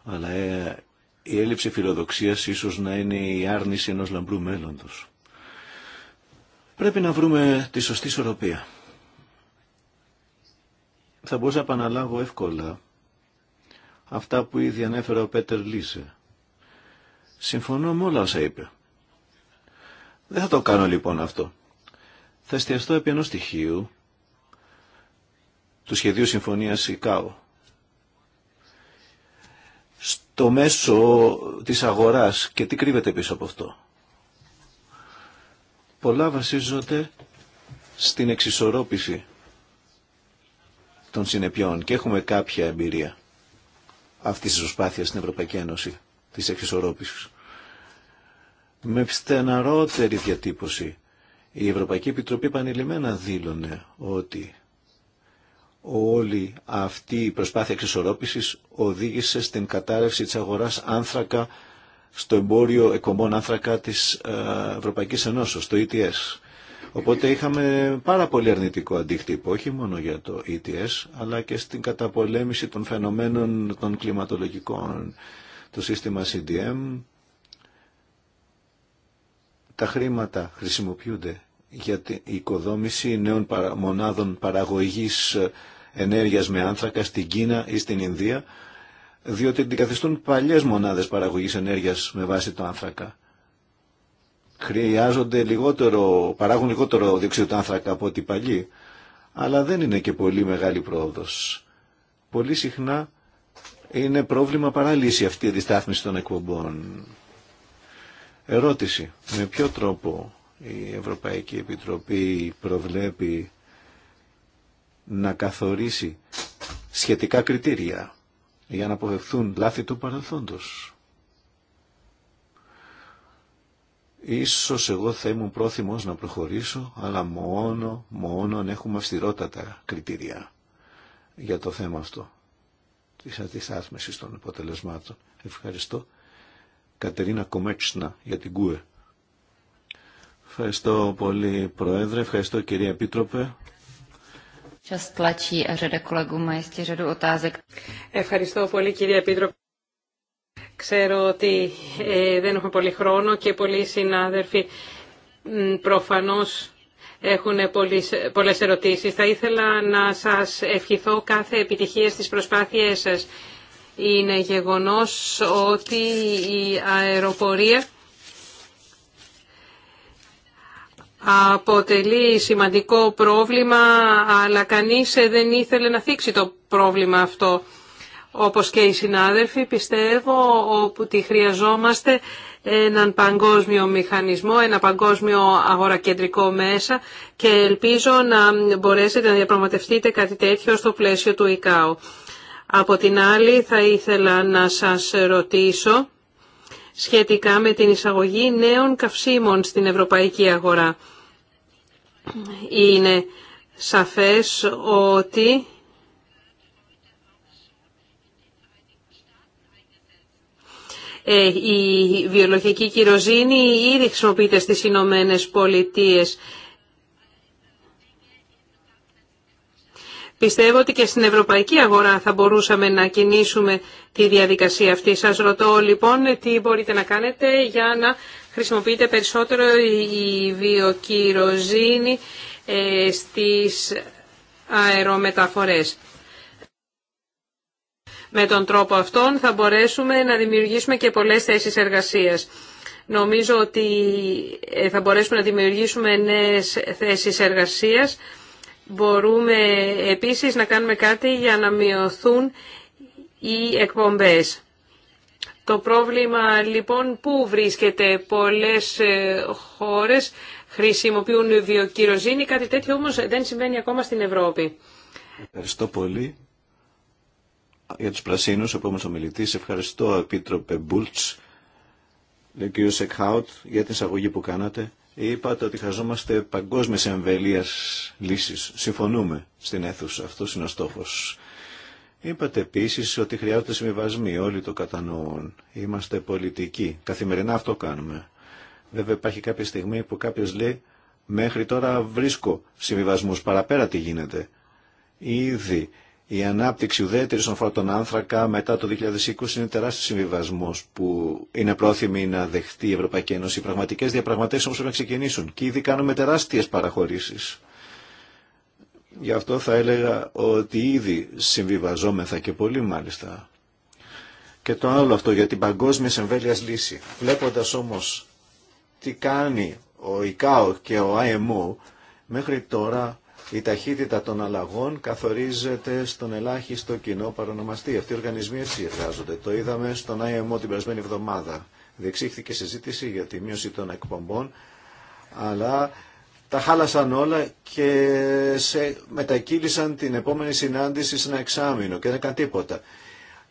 Speaker 3: Αλλά ε, η έλλειψη φιλοδοξίας ίσως να είναι η άρνηση ενός λαμπρού μέλλοντος. Πρέπει να βρούμε τη σωστή ισορροπία. Θα μπορούσα να επαναλάβω εύκολα αυτά που ήδη ανέφερε ο Πέτερ Λίσε Συμφωνώ με όλα όσα είπε. Δεν θα το κάνω λοιπόν αυτό. Θα εστιαστώ επί ενός στοιχείου του σχεδίου συμφωνίας ΙΚΑΟ. Στο μέσο της αγοράς και τι κρύβεται πίσω από αυτό. Πολλά βασίζονται στην εξισορρόπηση των συνεπειών και έχουμε κάποια εμπειρία αυτής της προσπάθειας στην Ευρωπαϊκή Ένωση της εξισορρόπησης. Με στεναρότερη διατύπωση, η Ευρωπαϊκή Επιτροπή επανειλημμένα δήλωνε ότι όλη αυτή η προσπάθεια εξισορρόπησης οδήγησε στην κατάρρευση της αγοράς άνθρακα στο εμπόριο εκομών άνθρακα της ε, Ευρωπαϊκής Ενώσεως, το ETS. Οπότε είχαμε πάρα πολύ αρνητικό αντίκτυπο, όχι μόνο για το ETS, αλλά και στην καταπολέμηση των φαινομένων των κλιματολογικών το σύστημα CDM. Τα χρήματα χρησιμοποιούνται για την οικοδόμηση νέων μονάδων παραγωγής ενέργειας με άνθρακα στην Κίνα ή στην Ινδία, διότι αντικαθιστούν παλιές μονάδες παραγωγής ενέργειας με βάση το άνθρακα. Χρειάζονται λιγότερο, παράγουν λιγότερο διοξείδιο του άνθρακα από ό,τι παλιοί, αλλά δεν είναι και πολύ μεγάλη πρόοδος. Πολύ συχνά είναι πρόβλημα παρά λύση αυτή η διστάθμιση των εκπομπών. Ερώτηση. Με ποιο τρόπο η Ευρωπαϊκή Επιτροπή προβλέπει να καθορίσει σχετικά κριτήρια για να αποφευθούν λάθη του παρελθόντος. Ίσως εγώ θα ήμουν πρόθυμος να προχωρήσω, αλλά μόνο, μόνο αν έχουμε αυστηρότατα κριτήρια για το θέμα αυτό της αντιστάθμισης των αποτελεσμάτων. Ευχαριστώ. Κατερίνα Κομέτσνα για την ΚΟΕ. Ευχαριστώ πολύ Προέδρε, ευχαριστώ κυρία Επίτροπε.
Speaker 4: Ευχαριστώ πολύ κυρία Επίτροπε. Ξέρω ότι ε, δεν έχουμε πολύ χρόνο και πολλοί συνάδελφοι προφανώς έχουν πολλές ερωτήσεις. Θα ήθελα να σας ευχηθώ κάθε επιτυχία στις προσπάθειές σας. Είναι γεγονός ότι η αεροπορία αποτελεί σημαντικό πρόβλημα, αλλά κανείς δεν ήθελε να θίξει το πρόβλημα αυτό. Όπως και οι συνάδελφοι, πιστεύω ότι χρειαζόμαστε έναν παγκόσμιο μηχανισμό, ένα παγκόσμιο αγορακεντρικό μέσα και ελπίζω να μπορέσετε να διαπραγματευτείτε κάτι τέτοιο στο πλαίσιο του ΙΚΑΟ. Από την άλλη θα ήθελα να σας ρωτήσω σχετικά με την εισαγωγή νέων καυσίμων στην ευρωπαϊκή αγορά. Είναι σαφές ότι Ε, η βιολογική κυροζήνη ήδη χρησιμοποιείται στις Ηνωμένε Πολιτείε. Πιστεύω ότι και στην ευρωπαϊκή αγορά θα μπορούσαμε να κινήσουμε τη διαδικασία αυτή. Σας ρωτώ λοιπόν τι μπορείτε να κάνετε για να χρησιμοποιείτε περισσότερο η βιοκυροζήνη ε, στις αερομεταφορές. Με τον τρόπο αυτόν θα μπορέσουμε να δημιουργήσουμε και πολλές θέσεις εργασίας. Νομίζω ότι ε, θα μπορέσουμε να δημιουργήσουμε νέες θέσεις εργασίας. Μπορούμε επίσης να κάνουμε κάτι για να μειωθούν οι εκπομπές. Το πρόβλημα λοιπόν που βρίσκεται πολλές ε, χώρες χρησιμοποιούν βιοκυροζίνη, κάτι τέτοιο όμως δεν συμβαίνει ακόμα στην Ευρώπη.
Speaker 3: Ευχαριστώ πολύ. Για τους πρασίνους, ο επόμενος ομιλητής, ευχαριστώ Επίτροπε Μπούλτς, λέει ο κ. Σεκχάουτ, για την εισαγωγή που κάνατε. Είπατε ότι χαζόμαστε παγκόσμιες εμβελίας λύσεις. Συμφωνούμε στην αίθουσα. Αυτό είναι ο στόχος. Είπατε επίση ότι χρειάζονται συμβιβασμοί. Όλοι το κατανοούν. Είμαστε πολιτικοί. Καθημερινά αυτό κάνουμε. Βέβαια υπάρχει κάποια στιγμή που κάποιο λέει μέχρι τώρα βρίσκω συμβιβασμού. Παραπέρα τι γίνεται. Ήδη η ανάπτυξη ουδέτερη στον αφορά τον άνθρακα μετά το 2020 είναι τεράστιο συμβιβασμό που είναι πρόθυμη να δεχτεί η Ευρωπαϊκή Ένωση. Οι πραγματικέ διαπραγματεύσει όμω πρέπει να ξεκινήσουν και ήδη κάνουμε τεράστιε παραχωρήσει. Γι' αυτό θα έλεγα ότι ήδη συμβιβαζόμεθα και πολύ μάλιστα. Και το άλλο αυτό για την παγκόσμια εμβέλεια λύση. Βλέποντα όμω τι κάνει ο ΙΚΑΟ και ο ΑΕΜΟ μέχρι τώρα η ταχύτητα των αλλαγών καθορίζεται στον ελάχιστο κοινό παρονομαστή. Αυτοί οι οργανισμοί έτσι εργάζονται. Το είδαμε στον IMO την περασμένη εβδομάδα. Διεξήχθηκε συζήτηση για τη μείωση των εκπομπών, αλλά τα χάλασαν όλα και σε μετακύλησαν την επόμενη συνάντηση σε ένα εξάμεινο και δεν έκανε τίποτα.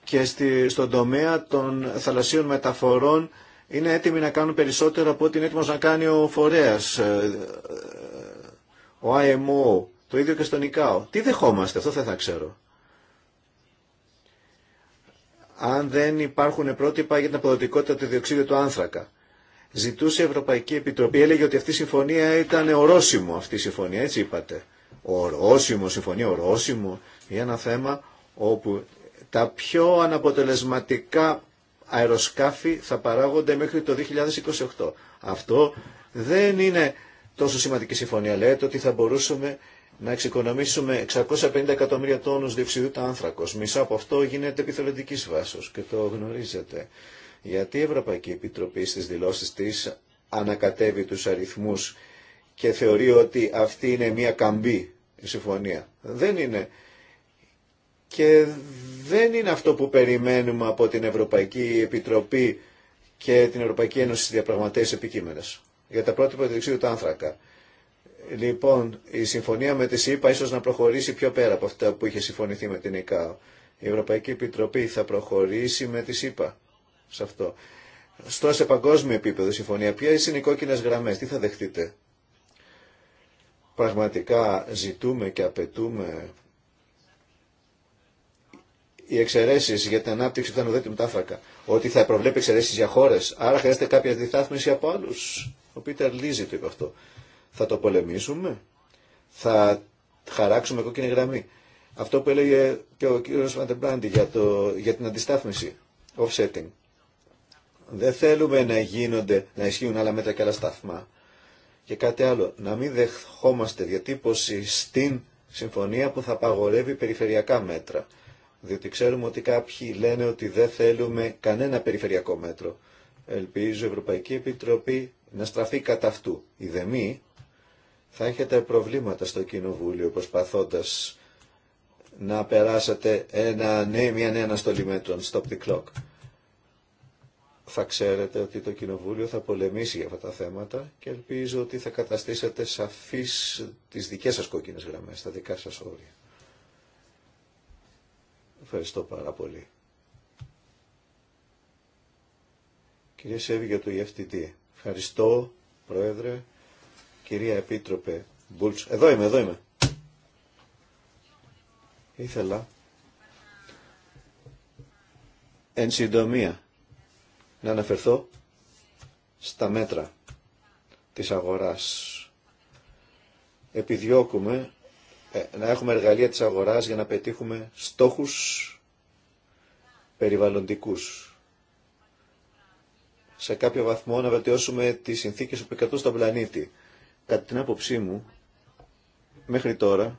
Speaker 3: Και στη, στον τομέα των θαλασσίων μεταφορών είναι έτοιμοι να κάνουν περισσότερο από ό,τι είναι έτοιμος να κάνει ο φορέας ο ΑΕΜΟ, το ίδιο και στον ΙΚΑΟ. Τι δεχόμαστε, αυτό δεν θα ξέρω. Αν δεν υπάρχουν πρότυπα για την αποδοτικότητα του διοξίδιου του άνθρακα. Ζητούσε η Ευρωπαϊκή Επιτροπή, έλεγε ότι αυτή η συμφωνία ήταν ορόσημο αυτή η συμφωνία, έτσι είπατε. Ορόσημο, συμφωνία ορόσημο, για ένα θέμα όπου τα πιο αναποτελεσματικά αεροσκάφη θα παράγονται μέχρι το 2028. Αυτό δεν είναι τόσο σημαντική συμφωνία. Λέτε ότι θα μπορούσαμε να εξοικονομήσουμε 650 εκατομμύρια τόνους διοξιδίου του άνθρακος. Μισό από αυτό γίνεται επιθελοντικής βάσος και το γνωρίζετε. Γιατί η Ευρωπαϊκή Επιτροπή στις δηλώσεις της ανακατεύει τους αριθμούς και θεωρεί ότι αυτή είναι μια καμπή η συμφωνία. Δεν είναι. Και δεν είναι αυτό που περιμένουμε από την Ευρωπαϊκή Επιτροπή και την Ευρωπαϊκή Ένωση στις διαπραγματεύσεις επικείμενες για τα πρότυπα διοξείδου του άνθρακα. Λοιπόν, η συμφωνία με τη ΣΥΠΑ ίσως να προχωρήσει πιο πέρα από αυτά που είχε συμφωνηθεί με την ΕΚΑΟ. Η Ευρωπαϊκή Επιτροπή θα προχωρήσει με τη ΣΥΠΑ σε αυτό. Στο σε παγκόσμιο επίπεδο συμφωνία, ποιε είναι οι κόκκινε γραμμέ, τι θα δεχτείτε. Πραγματικά ζητούμε και απαιτούμε οι εξαιρέσει για την ανάπτυξη του ανωδέτου μετάφρακα. Ότι θα προβλέπει εξαιρέσει για χώρε. Άρα χρειάζεται κάποια διθάθμιση από άλλου ο Πίτερ Λίζη το είπε αυτό. Θα το πολεμήσουμε, θα χαράξουμε κόκκινη γραμμή. Αυτό που έλεγε και ο κύριος Βαντεμπράντη για, το, για την αντιστάθμιση, offsetting. Δεν θέλουμε να γίνονται, να ισχύουν άλλα μέτρα και άλλα σταθμά. Και κάτι άλλο, να μην δεχόμαστε διατύπωση στην συμφωνία που θα απαγορεύει περιφερειακά μέτρα. Διότι ξέρουμε ότι κάποιοι λένε ότι δεν θέλουμε κανένα περιφερειακό μέτρο. Ελπίζω η Ευρωπαϊκή Επιτροπή να στραφεί κατά αυτού. Η δεμή θα έχετε προβλήματα στο Κοινοβούλιο προσπαθώντας να περάσετε ένα νέο ναι, μια νέα ναι, αναστολή μέτρων, stop the clock. Θα ξέρετε ότι το Κοινοβούλιο θα πολεμήσει για αυτά τα θέματα και ελπίζω ότι θα καταστήσετε σαφείς τις δικές σας κόκκινες γραμμές, τα δικά σας όρια. Ευχαριστώ πάρα πολύ. Κυρία για το EFTD. Ευχαριστώ, Πρόεδρε, κυρία Επίτροπε Μπούλτς. Εδώ είμαι, εδώ είμαι. Ήθελα, εν συντομία, να αναφερθώ στα μέτρα της αγοράς. Επιδιώκουμε ε, να έχουμε εργαλεία της αγοράς για να πετύχουμε στόχους περιβαλλοντικούς σε κάποιο βαθμό να βελτιώσουμε τι συνθήκε που επικρατούν στον πλανήτη. Κατά την άποψή μου, μέχρι τώρα,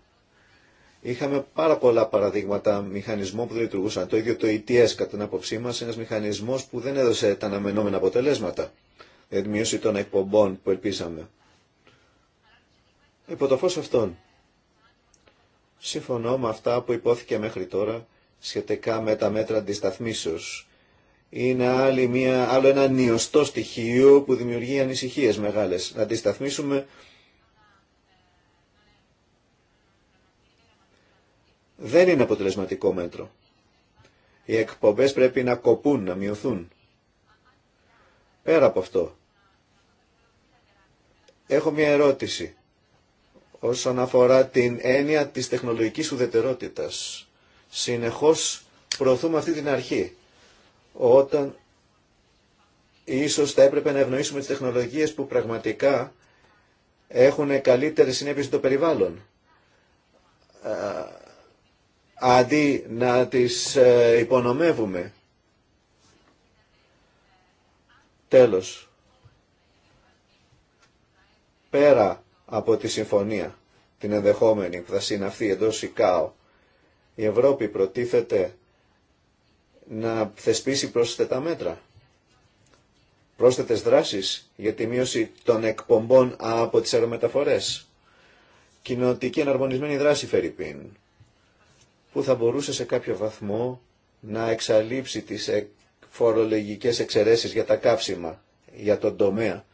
Speaker 3: είχαμε πάρα πολλά παραδείγματα μηχανισμών που δεν λειτουργούσαν. Το ίδιο το ETS, κατά την άποψή μα, ένα μηχανισμό που δεν έδωσε τα αναμενόμενα αποτελέσματα. Δηλαδή, μείωση των εκπομπών που ελπίζαμε. Υπό το φως αυτών, συμφωνώ με αυτά που υπόθηκε μέχρι τώρα σχετικά με τα μέτρα αντισταθμίσεως είναι άλλη μια, άλλο ένα νιωστό στοιχείο που δημιουργεί ανησυχίες μεγάλες. Να αντισταθμίσουμε δεν είναι αποτελεσματικό μέτρο. Οι εκπομπές πρέπει να κοπούν, να μειωθούν. Πέρα από αυτό, έχω μια ερώτηση όσον αφορά την έννοια της τεχνολογικής ουδετερότητας. Συνεχώς προωθούμε αυτή την αρχή όταν ίσως θα έπρεπε να ευνοήσουμε τις τεχνολογίες που πραγματικά έχουν καλύτερη συνέπειες στο περιβάλλον. Αντί να τις ε, υπονομεύουμε. Τέλος. Πέρα από τη συμφωνία, την ενδεχόμενη που θα συναυθεί εντός ΙΚΑΟ, η Ευρώπη προτίθεται να θεσπίσει πρόσθετα μέτρα. Πρόσθετες δράσεις για τη μείωση των εκπομπών από τις αερομεταφορές. Κοινοτική εναρμονισμένη δράση Φερρυπίν, που θα μπορούσε σε κάποιο βαθμό να εξαλείψει τις φορολογικές εξαιρέσεις για τα κάψιμα, για τον τομέα,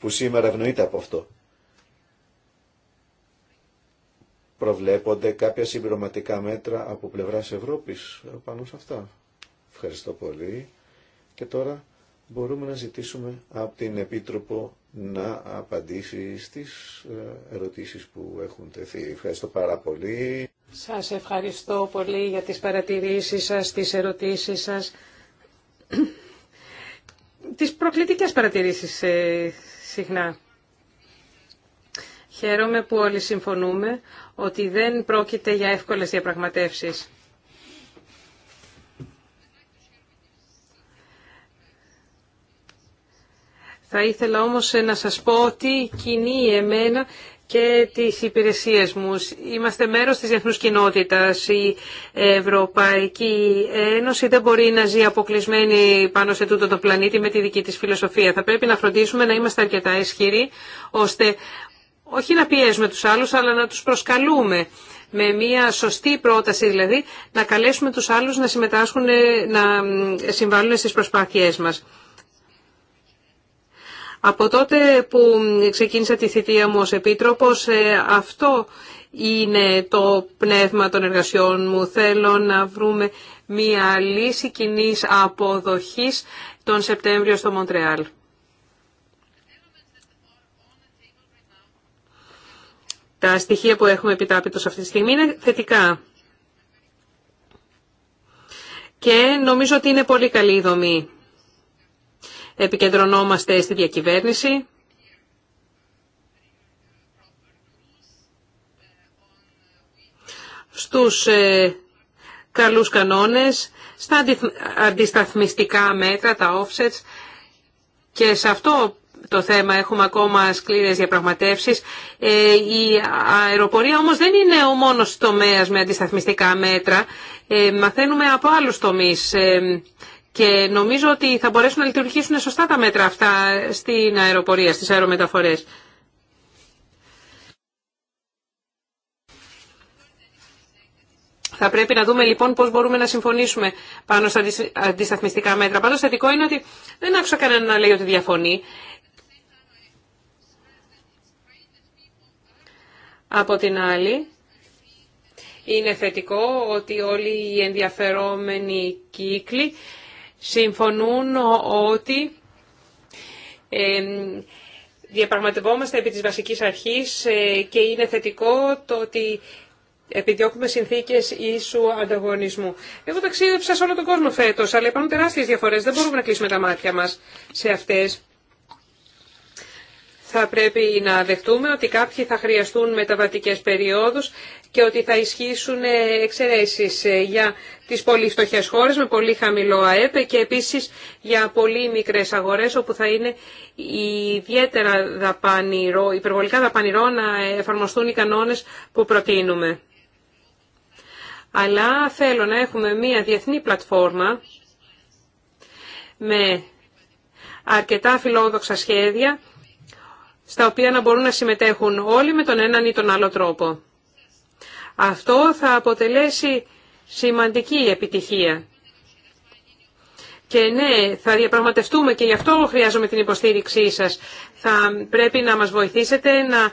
Speaker 3: που σήμερα ευνοείται από αυτό. προβλέπονται κάποια συμπληρωματικά μέτρα από πλευράς Ευρώπης πάνω σε αυτά. Ευχαριστώ πολύ. Και τώρα μπορούμε να ζητήσουμε από την Επίτροπο να απαντήσει στις ε, ερωτήσεις που έχουν τεθεί. Ευχαριστώ πάρα πολύ.
Speaker 4: Σας ευχαριστώ πολύ για τις παρατηρήσεις σας, τις ερωτήσεις σας, τις προκλητικές παρατηρήσεις ε, συχνά. Χαίρομαι που όλοι συμφωνούμε ότι δεν πρόκειται για εύκολες διαπραγματεύσεις. Θα ήθελα όμως να σας πω ότι κοινεί εμένα και τις υπηρεσίες μου. Είμαστε μέρος της διεθνούς κοινότητας. Η Ευρωπαϊκή Ένωση δεν μπορεί να ζει αποκλεισμένη πάνω σε τούτο το πλανήτη με τη δική της φιλοσοφία. Θα πρέπει να φροντίσουμε να είμαστε αρκετά ισχυροί, ώστε όχι να πιέζουμε τους άλλους, αλλά να τους προσκαλούμε. Με μια σωστή πρόταση δηλαδή, να καλέσουμε τους άλλους να συμμετάσχουν, ε, να ε, συμβάλλουν στις προσπάθειές μας. Από τότε που ξεκίνησα τη θητεία μου ως Επίτροπος, ε, αυτό είναι το πνεύμα των εργασιών μου. Θέλω να βρούμε μια λύση κοινή αποδοχής τον Σεπτέμβριο στο Μοντρεάλ. Τα στοιχεία που έχουμε επιτάπητος αυτή τη στιγμή είναι θετικά. Και νομίζω ότι είναι πολύ καλή η δομή. Επικεντρωνόμαστε στη διακυβέρνηση. Στους ε, καλούς κανόνες, στα αντισταθμιστικά μέτρα, τα offsets και σε αυτό το θέμα. Έχουμε ακόμα σκλήρες διαπραγματεύσεις. Ε, η αεροπορία όμως δεν είναι ο μόνος τομέας με αντισταθμιστικά μέτρα. Ε, μαθαίνουμε από άλλους τομείς. Ε, και νομίζω ότι θα μπορέσουν να λειτουργήσουν σωστά τα μέτρα αυτά στην αεροπορία, στις αερομεταφορές. Θα πρέπει να δούμε λοιπόν πως μπορούμε να συμφωνήσουμε πάνω στα αντισταθμιστικά μέτρα. Πάντω θετικό είναι ότι δεν άκουσα κανέναν να λέει ότι διαφωνεί. Από την άλλη, είναι θετικό ότι όλοι οι ενδιαφερόμενοι κύκλοι συμφωνούν ότι διαπραγματευόμαστε επί της βασικής αρχής ε, και είναι θετικό το ότι επιδιώκουμε συνθήκες ίσου ανταγωνισμού. Εγώ ταξίδεψα σε όλο τον κόσμο φέτος, αλλά υπάρχουν τεράστιες διαφορές. Δεν μπορούμε να κλείσουμε τα μάτια μας σε αυτές θα πρέπει να δεχτούμε ότι κάποιοι θα χρειαστούν μεταβατικές περιόδους και ότι θα ισχύσουν ε, εξαιρέσεις ε, για τις πολύ φτωχές χώρες με πολύ χαμηλό ΑΕΠ και επίσης για πολύ μικρές αγορές όπου θα είναι ιδιαίτερα δαπανηρό, υπερβολικά δαπανηρό να εφαρμοστούν οι κανόνες που προτείνουμε. Αλλά θέλω να έχουμε μια διεθνή πλατφόρμα με αρκετά φιλόδοξα σχέδια στα οποία να μπορούν να συμμετέχουν όλοι με τον έναν ή τον άλλο τρόπο. Αυτό θα αποτελέσει σημαντική επιτυχία. Και ναι, θα διαπραγματευτούμε και γι' αυτό χρειάζομαι την υποστήριξή σας. Θα πρέπει να μας βοηθήσετε να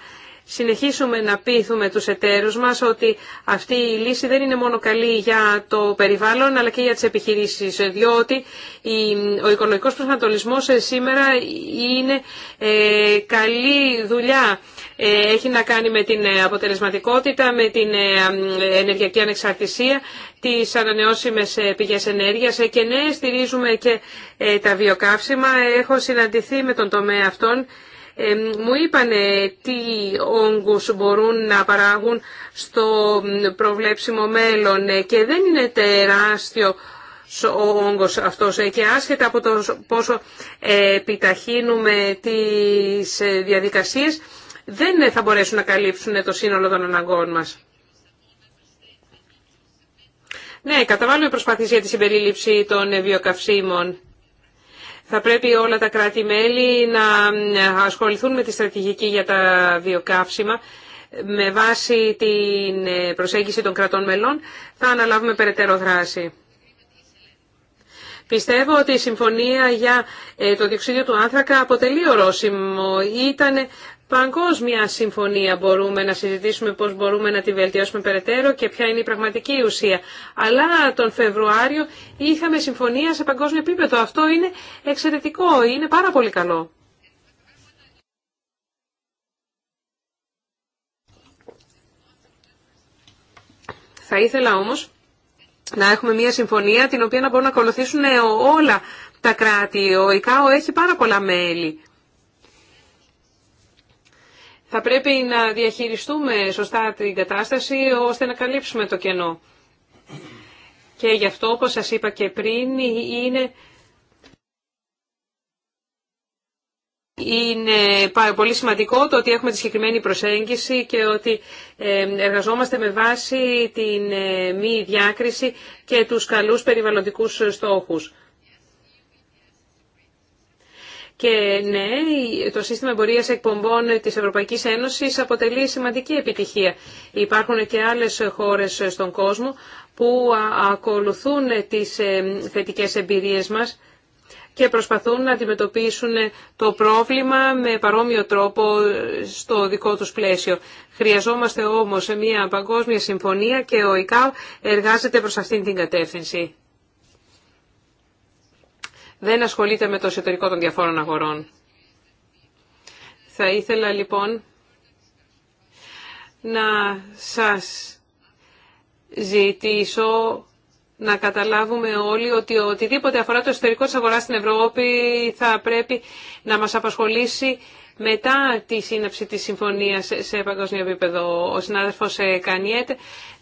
Speaker 4: συνεχίσουμε να πείθουμε τους εταίρους μας ότι αυτή η λύση δεν είναι μόνο καλή για το περιβάλλον αλλά και για τις επιχειρήσεις, διότι ο οικολογικός προσανατολισμός σήμερα είναι ε, καλή δουλειά. Ε, έχει να κάνει με την αποτελεσματικότητα, με την ε, ενεργειακή ανεξαρτησία, τις ανανεώσιμες πηγές ενέργειας και ναι, στηρίζουμε και τα βιοκαύσιμα. Έχω συναντηθεί με τον τομέα αυτών ε, μου είπαν τι όγκους μπορούν να παράγουν στο προβλέψιμο μέλλον ε, και δεν είναι τεράστιο ο όγκος αυτός ε, και άσχετα από το πόσο επιταχύνουμε τις διαδικασίες δεν θα μπορέσουν να καλύψουν το σύνολο των αναγκών μας. Ναι, καταβάλουμε προσπάθειες για τη συμπερίληψη των βιοκαυσίμων. Θα πρέπει όλα τα κράτη-μέλη να ε, ασχοληθούν με τη στρατηγική για τα βιοκαύσιμα με βάση την ε, προσέγγιση των κρατών μελών θα αναλάβουμε περαιτέρω δράση. Πιστεύω ότι η συμφωνία για ε, το διοξίδιο του άνθρακα αποτελεί ορόσημο. Ήταν παγκόσμια συμφωνία μπορούμε να συζητήσουμε πώς μπορούμε να τη βελτιώσουμε περαιτέρω και ποια είναι η πραγματική ουσία. Αλλά τον Φεβρουάριο είχαμε συμφωνία σε παγκόσμιο επίπεδο. Αυτό είναι εξαιρετικό, είναι πάρα πολύ καλό. Θα ήθελα όμως να έχουμε μια συμφωνία την οποία να μπορούν να ακολουθήσουν όλα τα κράτη. Ο ΙΚΑΟ έχει πάρα πολλά μέλη. Θα πρέπει να διαχειριστούμε σωστά την κατάσταση ώστε να καλύψουμε το κενό. Και γι' αυτό, όπως σας είπα και πριν, είναι... Είναι πολύ σημαντικό το ότι έχουμε τη συγκεκριμένη προσέγγιση και ότι ε, εργαζόμαστε με βάση την ε, μη διάκριση και τους καλούς περιβαλλοντικούς στόχους. Και ναι, το σύστημα εμπορία εκπομπών της Ευρωπαϊκή Ένωσης αποτελεί σημαντική επιτυχία. Υπάρχουν και άλλες χώρες στον κόσμο που ακολουθούν τι ε, θετικέ εμπειρίε μας και προσπαθούν να αντιμετωπίσουν το πρόβλημα με παρόμοιο τρόπο στο δικό τους πλαίσιο. Χρειαζόμαστε όμως μια παγκόσμια συμφωνία και ο ΙΚΑΟ εργάζεται προς αυτήν την κατεύθυνση δεν ασχολείται με το εσωτερικό των διαφόρων αγορών. Θα ήθελα λοιπόν να σας ζητήσω να καταλάβουμε όλοι ότι οτιδήποτε αφορά το εσωτερικό της αγοράς στην Ευρώπη θα πρέπει να μας απασχολήσει μετά τη σύναψη της συμφωνίας σε παγκόσμιο επίπεδο. Ο συνάδελφος Κανιέτ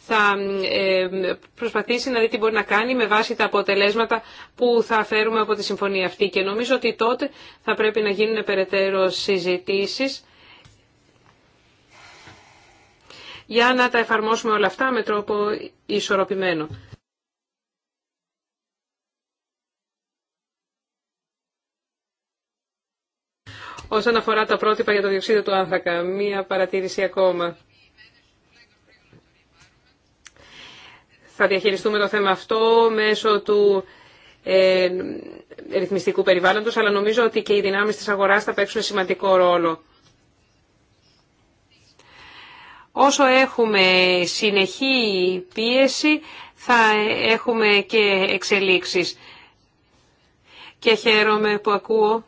Speaker 4: θα ε, προσπαθήσει να δει τι μπορεί να κάνει με βάση τα αποτελέσματα που θα φέρουμε από τη συμφωνία αυτή. Και νομίζω ότι τότε θα πρέπει να γίνουν περαιτέρω συζητήσεις για να τα εφαρμόσουμε όλα αυτά με τρόπο ισορροπημένο. Όσον αφορά τα πρότυπα για το διοξείδιο του άνθρακα, μία παρατήρηση ακόμα. θα διαχειριστούμε το θέμα αυτό μέσω του ε, ρυθμιστικού περιβάλλοντος, αλλά νομίζω ότι και οι δυνάμεις της αγοράς θα παίξουν σημαντικό ρόλο. Όσο έχουμε συνεχή πίεση, θα έχουμε και εξελίξεις. Και χαίρομαι που ακούω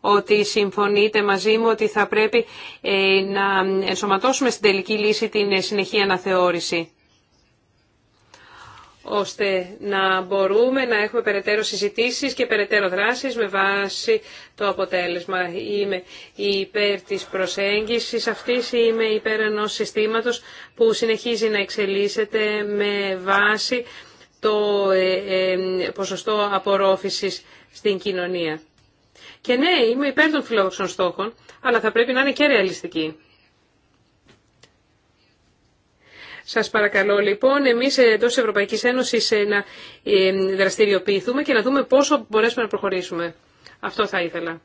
Speaker 4: ότι συμφωνείτε μαζί μου ότι θα πρέπει ε, να ενσωματώσουμε στην τελική λύση την συνεχή αναθεώρηση ώστε να μπορούμε να έχουμε περαιτέρω συζητήσεις και περαιτέρω δράσεις με βάση το αποτέλεσμα. Είμαι υπέρ της προσέγγισης αυτής, είμαι υπέρ ενός συστήματος που συνεχίζει να εξελίσσεται με βάση το ε, ε, ποσοστό απορρόφησης στην κοινωνία. Και ναι, είμαι υπέρ των φιλόδοξων στόχων, αλλά θα πρέπει να είναι και ρεαλιστική. Σας παρακαλώ λοιπόν εμείς εντός της Ευρωπαϊκής Ένωσης ε, να ε, δραστηριοποιηθούμε και να δούμε πόσο μπορέσουμε να προχωρήσουμε. Αυτό θα ήθελα.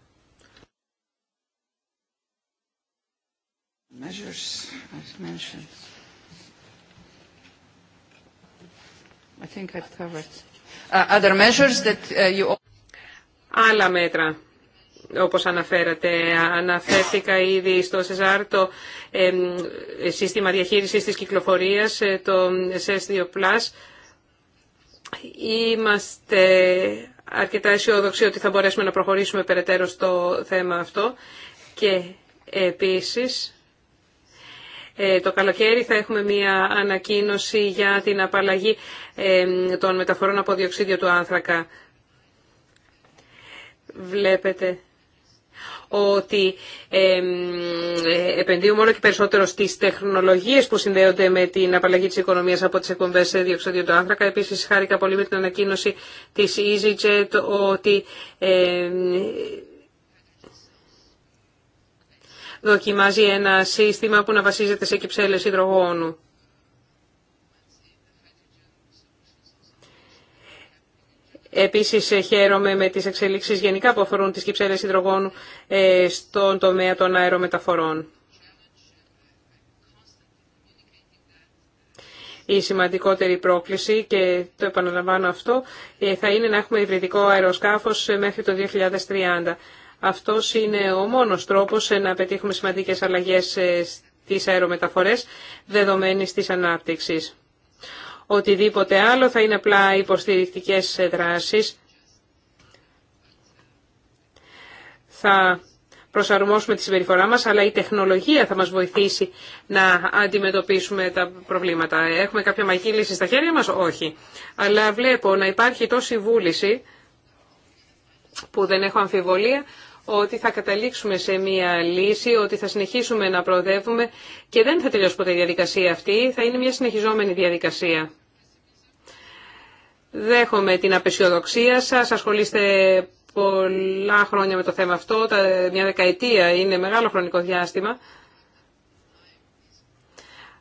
Speaker 4: Άλλα μέτρα όπως αναφέρατε. Αναφέρθηκα ήδη στο ΣΕΖΑΡ το σύστημα διαχείρισης της κυκλοφορίας, ε, το SES2+. Είμαστε αρκετά αισιόδοξοι ότι θα μπορέσουμε να προχωρήσουμε περαιτέρω στο θέμα αυτό και επίσης ε, το καλοκαίρι θα έχουμε μια ανακοίνωση για την απαλλαγή των μεταφορών από διοξίδιο του άνθρακα. Βλέπετε ότι ε, επενδύουμε όλο και περισσότερο στις τεχνολογίες που συνδέονται με την απαλλαγή της οικονομίας από τις εκπομπές διοξιδίου του άνθρακα. Επίσης, χάρηκα πολύ με την ανακοίνωση της EasyJet ότι δοκιμάζει ένα σύστημα που να βασίζεται σε κυψέλες υδρογόνου. Επίσης ε, χαίρομαι με τις εξελίξεις γενικά που αφορούν τις κυψέλε υδρογόνου ε, στον τομέα των αερομεταφορών. η σημαντικότερη πρόκληση και το επαναλαμβάνω αυτό ε, θα είναι να έχουμε υβριδικό αεροσκάφος μέχρι το 2030. Αυτό είναι ο μόνος τρόπος να πετύχουμε σημαντικές αλλαγές στις αερομεταφορές δεδομένης της ανάπτυξης οτιδήποτε άλλο θα είναι απλά υποστηρικτικές δράσεις. Θα προσαρμόσουμε τη συμπεριφορά μας, αλλά η τεχνολογία θα μας βοηθήσει να αντιμετωπίσουμε τα προβλήματα. Έχουμε κάποια μαγική λύση στα χέρια μας, όχι. Αλλά βλέπω να υπάρχει τόση βούληση που δεν έχω αμφιβολία ότι θα καταλήξουμε σε μία λύση, ότι θα συνεχίσουμε να προοδεύουμε και δεν θα τελειώσει ποτέ η διαδικασία αυτή, θα είναι μια συνεχιζόμενη διαδικασία. Δέχομαι την απεσιοδοξία σας, ασχολείστε πολλά χρόνια με το θέμα αυτό, μια δεκαετία είναι μεγάλο χρονικό διάστημα,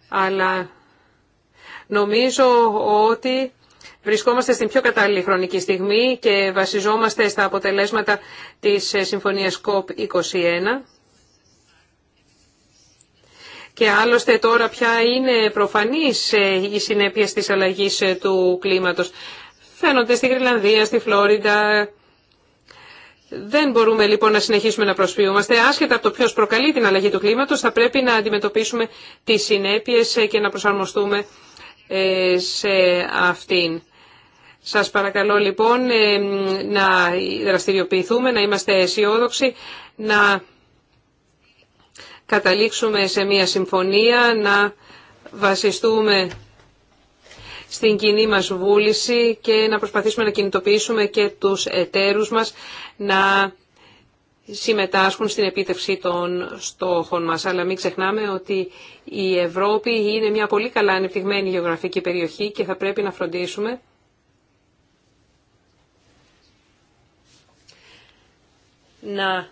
Speaker 4: αλλά νομίζω ότι Βρισκόμαστε στην πιο κατάλληλη χρονική στιγμή και βασιζόμαστε στα αποτελέσματα της ε, Συμφωνίας COP21. Και άλλωστε τώρα πια είναι προφανής ε, οι συνέπεια της αλλαγής ε, του κλίματος. Φαίνονται στη Γρυλανδία, στη Φλόριντα. Δεν μπορούμε λοιπόν να συνεχίσουμε να προσποιούμαστε. Άσχετα από το ποιος προκαλεί την αλλαγή του κλίματος, θα πρέπει να αντιμετωπίσουμε τις συνέπειες και να προσαρμοστούμε σε αυτήν. Σας παρακαλώ λοιπόν ε, να δραστηριοποιηθούμε, να είμαστε αισιόδοξοι, να καταλήξουμε σε μια συμφωνία, να βασιστούμε στην κοινή μας βούληση και να προσπαθήσουμε να κινητοποιήσουμε και τους εταίρους μας να συμμετάσχουν στην επίτευξη των στόχων μας. Αλλά μην ξεχνάμε ότι η Ευρώπη είναι μια πολύ καλά ανεπτυγμένη γεωγραφική περιοχή και θα πρέπει να φροντίσουμε να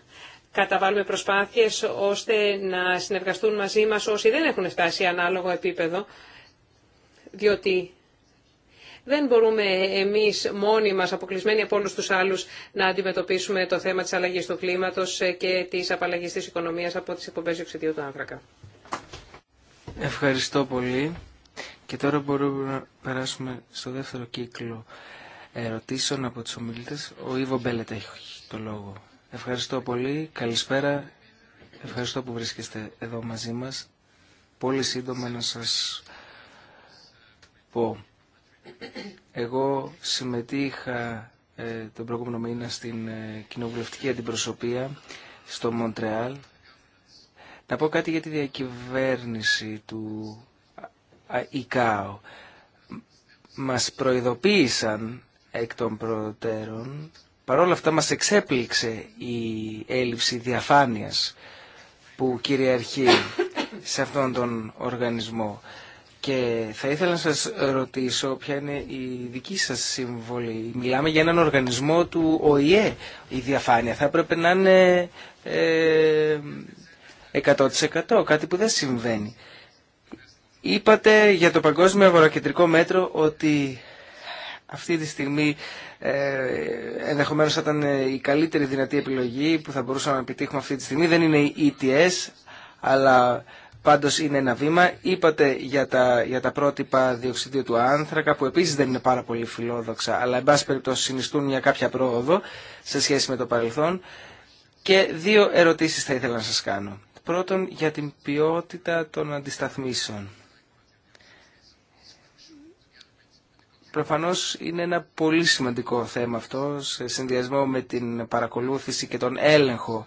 Speaker 4: καταβάλουμε προσπάθειες ώστε να συνεργαστούν μαζί μας όσοι δεν έχουν φτάσει ανάλογο επίπεδο, διότι δεν μπορούμε εμείς μόνοι μας, αποκλεισμένοι από όλους τους άλλους, να αντιμετωπίσουμε το θέμα της αλλαγής του κλίματος και της απαλλαγής της οικονομίας από τις εκπομπές διοξιδίου του άνθρακα.
Speaker 2: Ευχαριστώ πολύ. Και τώρα μπορούμε να περάσουμε στο δεύτερο κύκλο ερωτήσεων από τους ομιλητές. Ο Ιβο Μπέλετ έχει το λόγο. Ευχαριστώ πολύ. Καλησπέρα. Ευχαριστώ που βρίσκεστε εδώ μαζί μας. Πολύ σύντομα να σας πω. Εγώ συμμετείχα ε, τον προηγούμενο μήνα στην ε, κοινοβουλευτική αντιπροσωπεία στο Μοντρεάλ. Να πω κάτι για τη διακυβέρνηση του ΙΚΑΟ. Μας προειδοποίησαν εκ των προτέρων Παρ' όλα αυτά μας εξέπληξε η έλλειψη διαφάνειας που κυριαρχεί σε αυτόν τον οργανισμό. Και θα ήθελα να σας ρωτήσω ποια είναι η δική σας συμβολή. Μιλάμε για έναν οργανισμό του ΟΗΕ. Η διαφάνεια θα έπρεπε να είναι 100% ε, κάτι που δεν συμβαίνει. Είπατε για το Παγκόσμιο Αγορακεντρικό Μέτρο ότι αυτή τη στιγμή ε, ενδεχομένως θα ήταν ε, η καλύτερη δυνατή επιλογή που θα μπορούσαμε να επιτύχουμε αυτή τη στιγμή. Δεν είναι η ETS, αλλά πάντως είναι ένα βήμα. Είπατε για τα, για τα πρότυπα διοξιδίου του άνθρακα, που επίσης δεν είναι πάρα πολύ φιλόδοξα, αλλά εν πάση περιπτώσει συνιστούν για κάποια πρόοδο σε σχέση με το παρελθόν. Και δύο ερωτήσεις θα ήθελα να σας κάνω. Πρώτον, για την ποιότητα των αντισταθμίσεων. Προφανώς είναι ένα πολύ σημαντικό θέμα αυτό σε συνδυασμό με την παρακολούθηση και τον έλεγχο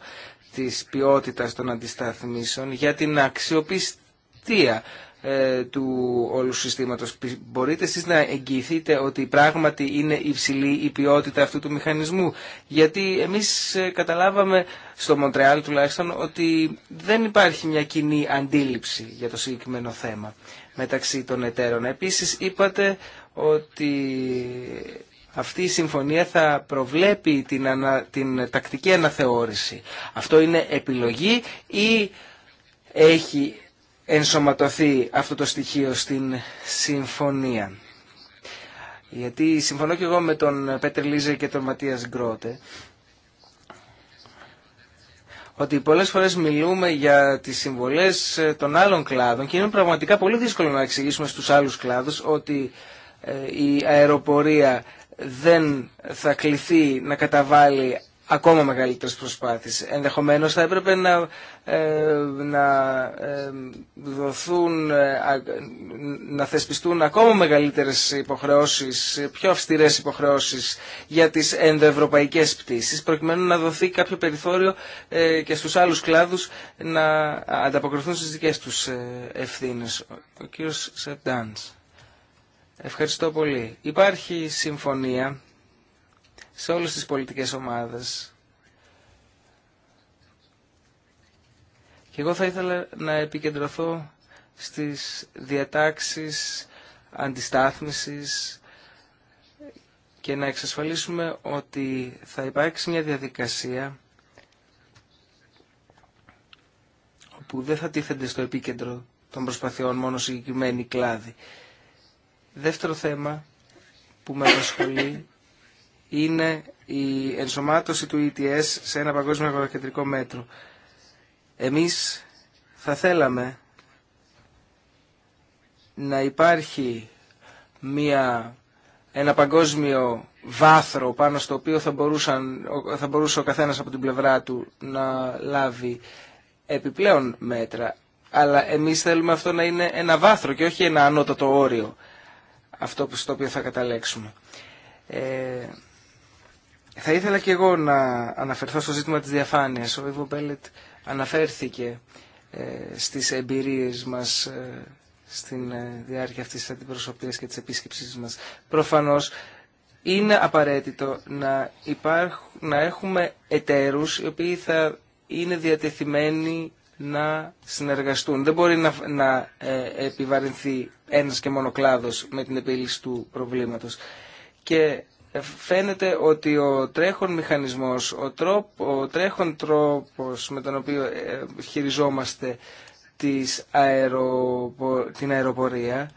Speaker 2: της ποιότητα των αντισταθμίσεων για την αξιοπιστία ε, του όλου συστήματος. Μπορείτε εσείς να εγγυηθείτε ότι πράγματι είναι υψηλή η ποιότητα αυτού του μηχανισμού. Γιατί εμείς ε, καταλάβαμε στο Μοντρεάλ τουλάχιστον ότι δεν υπάρχει μια κοινή αντίληψη για το συγκεκριμένο θέμα μεταξύ των εταίρων. Επίσης είπατε ότι αυτή η συμφωνία θα προβλέπει την, την τακτική αναθεώρηση. Αυτό είναι επιλογή ή έχει ενσωματωθεί αυτό το στοιχείο στην συμφωνία. Γιατί συμφωνώ και εγώ με τον Πέτρε Λίζε και τον Ματίας Γκρότε ότι πολλές φορές μιλούμε για τις συμβολές των άλλων κλάδων και είναι πραγματικά πολύ δύσκολο να εξηγήσουμε στους άλλους κλάδους ότι η αεροπορία δεν θα κληθεί να καταβάλει ακόμα μεγαλύτερες προσπάθειες. Ενδεχομένως θα έπρεπε να, ε, να ε, ε, να θεσπιστούν ακόμα μεγαλύτερες υποχρεώσεις, πιο αυστηρές υποχρεώσεις για τις ενδοευρωπαϊκές πτήσεις, προκειμένου να δοθεί κάποιο περιθώριο ε, και στους άλλους κλάδους να ανταποκριθούν στις δικές τους ευθύνες. Ο κύριος Σεπτάνς. Ευχαριστώ πολύ. Υπάρχει συμφωνία σε όλες τις πολιτικές ομάδες. Και εγώ θα ήθελα να επικεντρωθώ στις διατάξεις αντιστάθμισης και να εξασφαλίσουμε ότι θα υπάρξει μια διαδικασία όπου δεν θα τίθενται στο επίκεντρο των προσπαθειών μόνο συγκεκριμένη κλάδη. Δεύτερο θέμα που με απασχολεί είναι η ενσωμάτωση του ETS σε ένα παγκόσμιο ευρωκεντρικό μέτρο. Εμείς θα θέλαμε να υπάρχει μια, ένα παγκόσμιο βάθρο πάνω στο οποίο θα, μπορούσαν, θα μπορούσε ο καθένας από την πλευρά του να λάβει επιπλέον μέτρα. Αλλά εμείς θέλουμε αυτό να είναι ένα βάθρο και όχι ένα ανώτατο όριο αυτό που στο οποίο θα καταλέξουμε. Ε, θα ήθελα και εγώ να αναφερθώ στο ζήτημα της διαφάνειας. Ο Ιβο Μπέλετ αναφέρθηκε ε, στις εμπειρίες μας ε, στην ε, διάρκεια αυτής της αντιπροσωπείας και της επίσκεψής μας. Προφανώς είναι απαραίτητο να, υπάρχ, να έχουμε εταίρους οι οποίοι θα είναι διατεθειμένοι να συνεργαστούν. Δεν μπορεί να, να ε, επιβαρυνθεί ένας και μόνο κλάδος με την επίλυση του προβλήματος. Και ε, φαίνεται ότι ο τρέχον μηχανισμός, ο, τρόπο, ο τρέχον τρόπος με τον οποίο ε, χειριζόμαστε της την αεροπορία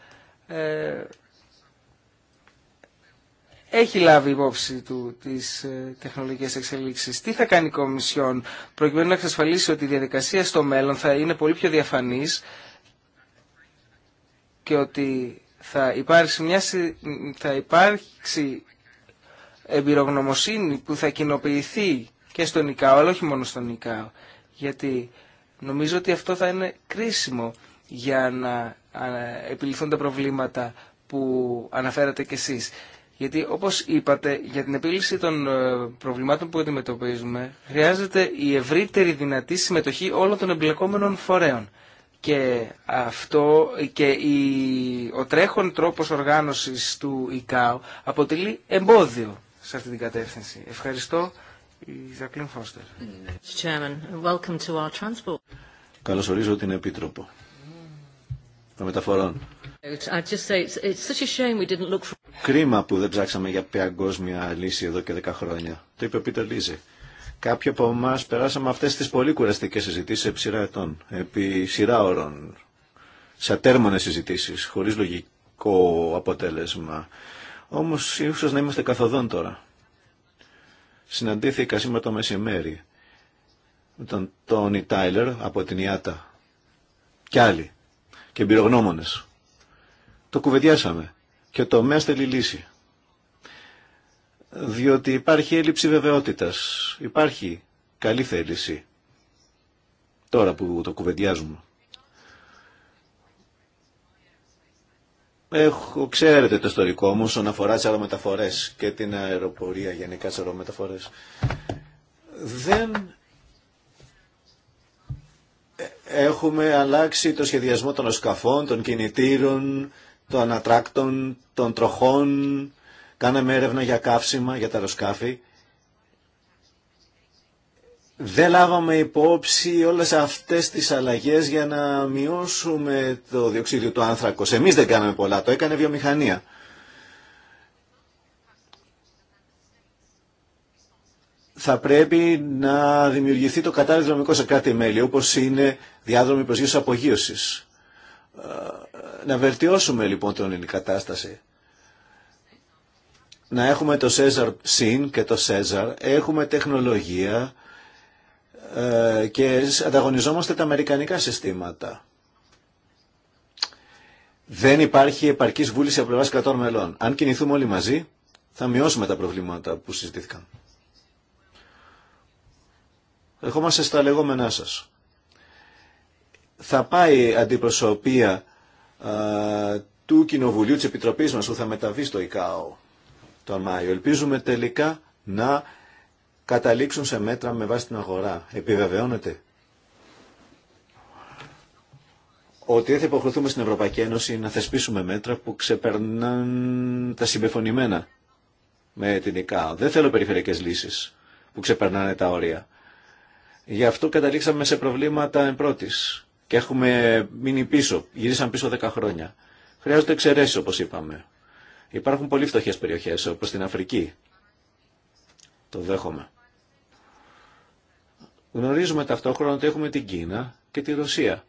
Speaker 2: έχει λάβει υπόψη του τις ε, τεχνολογικές εξελίξεις. Τι θα κάνει η Κομισιόν προκειμένου να εξασφαλίσει ότι η διαδικασία στο μέλλον θα είναι πολύ πιο διαφανής και ότι θα υπάρξει, μια, θα υπάρξει εμπειρογνωμοσύνη που θα κοινοποιηθεί και στον ΙΚΑΟ, αλλά όχι μόνο στον ΙΚΑΟ. Γιατί νομίζω ότι αυτό θα είναι κρίσιμο για να επιληθούν τα προβλήματα που αναφέρατε κι εσείς. Γιατί όπως είπατε, για την επίλυση των ε, προβλημάτων που αντιμετωπίζουμε χρειάζεται η ευρύτερη δυνατή συμμετοχή όλων των εμπλεκόμενων φορέων. Και, αυτό, και η, ο τρέχον τρόπος οργάνωσης του ΙΚΑΟ αποτελεί εμπόδιο σε αυτή την κατεύθυνση. Ευχαριστώ. Η Ζακλίν Φώστερ.
Speaker 3: Καλώς ορίζω την Επίτροπο των μεταφορών. Κρίμα που δεν ψάξαμε για παγκόσμια λύση εδώ και 10 χρόνια. Το είπε ο Πίτερ Λίζε. Κάποιοι από εμά περάσαμε αυτέ τι πολύ κουραστικέ συζητήσει επί σειρά ετών, επί σειρά ώρων, σε ατέρμονε συζητήσει, χωρί λογικό αποτέλεσμα. Όμω ίσω να είμαστε καθοδόν τώρα. Συναντήθηκα σήμερα το μεσημέρι με τον Τόνι Τάιλερ από την Ιάτα Κι άλλοι και εμπειρογνώμονε. Το κουβεντιάσαμε και το μέστε θέλει λύση. Διότι υπάρχει έλλειψη βεβαιότητας, υπάρχει καλή θέληση τώρα που το κουβεντιάζουμε. Έχω, ξέρετε το ιστορικό μου όσον αφορά τι αερομεταφορέ και την αεροπορία γενικά σε αερομεταφορέ. Δεν Έχουμε αλλάξει το σχεδιασμό των οσκαφών, των κινητήρων, των ανατράκτων, των τροχών. Κάναμε έρευνα για καύσιμα, για τα αεροσκάφη. Δεν λάβαμε υπόψη όλες αυτές τις αλλαγές για να μειώσουμε το διοξίδιο του άνθρακος. Εμείς δεν κάναμε πολλά, το έκανε βιομηχανία. θα πρέπει να δημιουργηθεί το κατάλληλο δρομικό σε κάτι μέλη, όπως είναι διάδρομοι προσγείωσης απογείωσης. Ε, να βελτιώσουμε λοιπόν την ελληνική κατάσταση. Να έχουμε το Σέζαρ συν και το Σέζαρ, έχουμε τεχνολογία ε, και ανταγωνιζόμαστε τα αμερικανικά συστήματα. Δεν υπάρχει επαρκής βούληση από πλευράς κρατών μελών. Αν κινηθούμε όλοι μαζί, θα μειώσουμε τα προβλήματα που συζητήθηκαν ερχόμαστε στα λεγόμενά σας. Θα πάει αντιπροσωπεία α, του Κοινοβουλίου της Επιτροπής μας που θα μεταβεί στο ΙΚΑΟ τον Μάιο. Ελπίζουμε τελικά να καταλήξουν σε μέτρα με βάση την αγορά. Επιβεβαιώνεται ότι δεν θα υποχρεωθούμε στην Ευρωπαϊκή Ένωση να θεσπίσουμε μέτρα που ξεπερνάν τα συμπεφωνημένα με την ΙΚΑΟ. Δεν θέλω περιφερειακές λύσεις που ξεπερνάνε τα όρια. Γι' αυτό καταλήξαμε σε προβλήματα πρώτη. και έχουμε μείνει πίσω, Γυρίσαν πίσω 10 χρόνια. Χρειάζονται εξαιρέσει όπω είπαμε. Υπάρχουν πολύ φτωχέ περιοχέ όπω στην Αφρική. Το δέχομαι. Γνωρίζουμε ταυτόχρονα ότι έχουμε την Κίνα και τη Ρωσία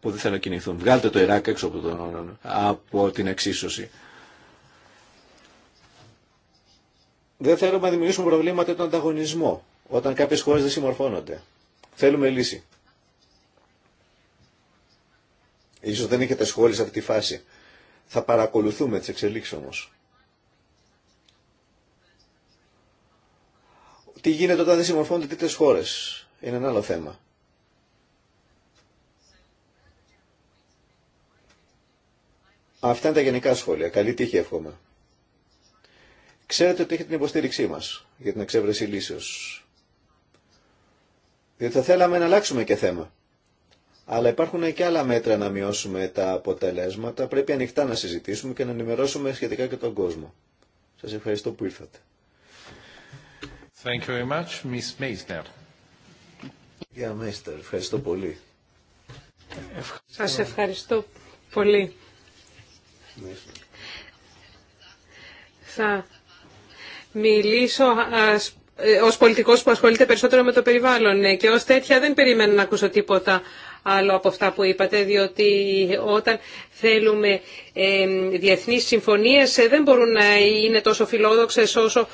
Speaker 3: που δεν θέλουν να κινηθούν. Βγάλτε το Ιράκ έξω από, τον, από την εξίσωση. Δεν θέλουμε να δημιουργήσουμε προβλήματα τον ανταγωνισμό όταν κάποιες χώρες δεν συμμορφώνονται. Θέλουμε λύση. Ίσως δεν έχετε σχόλια σε αυτή τη φάση. Θα παρακολουθούμε τις εξελίξεις όμως. Τι γίνεται όταν δεν συμμορφώνονται τρίτες χώρες. Είναι ένα άλλο θέμα. Αυτά είναι τα γενικά σχόλια. Καλή τύχη εύχομαι. Ξέρετε ότι έχετε την υποστήριξή μας για την εξέβρεση λύσεως. Διότι θα θέλαμε να αλλάξουμε και θέμα. Αλλά υπάρχουν και άλλα μέτρα να μειώσουμε τα αποτελέσματα. Πρέπει ανοιχτά να συζητήσουμε και να ενημερώσουμε σχετικά και τον κόσμο. Σας ευχαριστώ που ήρθατε. Thank you very much, Miss Ευχαριστώ πολύ.
Speaker 4: Σας ευχαριστώ πολύ. Θα μιλήσω ας ε, ω πολιτικό που ασχολείται περισσότερο με το περιβάλλον ε, και ως τέτοια δεν περιμένω να ακούσω τίποτα άλλο από αυτά που είπατε, διότι όταν θέλουμε ε, διεθνείς συμφωνίες ε, δεν μπορούν να είναι τόσο φιλόδοξες όσο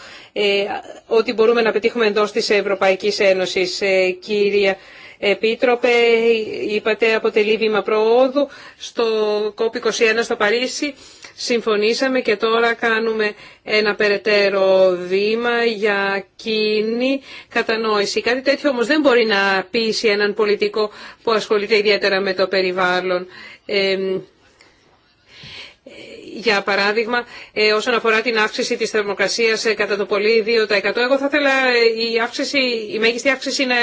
Speaker 4: ότι μπορούμε να πετύχουμε εντός της Ευρωπαϊκής Ένωσης. Κύρια Επίτροπε, είπατε αποτελεί βήμα προόδου στο COP21 στο Παρίσι συμφωνήσαμε και τώρα κάνουμε ένα περαιτέρω βήμα για κοινή κατανόηση. Κάτι τέτοιο όμως δεν μπορεί να πείσει έναν πολιτικό που ασχολείται ιδιαίτερα με το περιβάλλον. Ε, για παράδειγμα, ε, όσον αφορά την αύξηση της θερμοκρασίας ε, κατά το πολύ 2%, εγώ θα ήθελα ε, η, αύξηση, η μέγιστη αύξηση να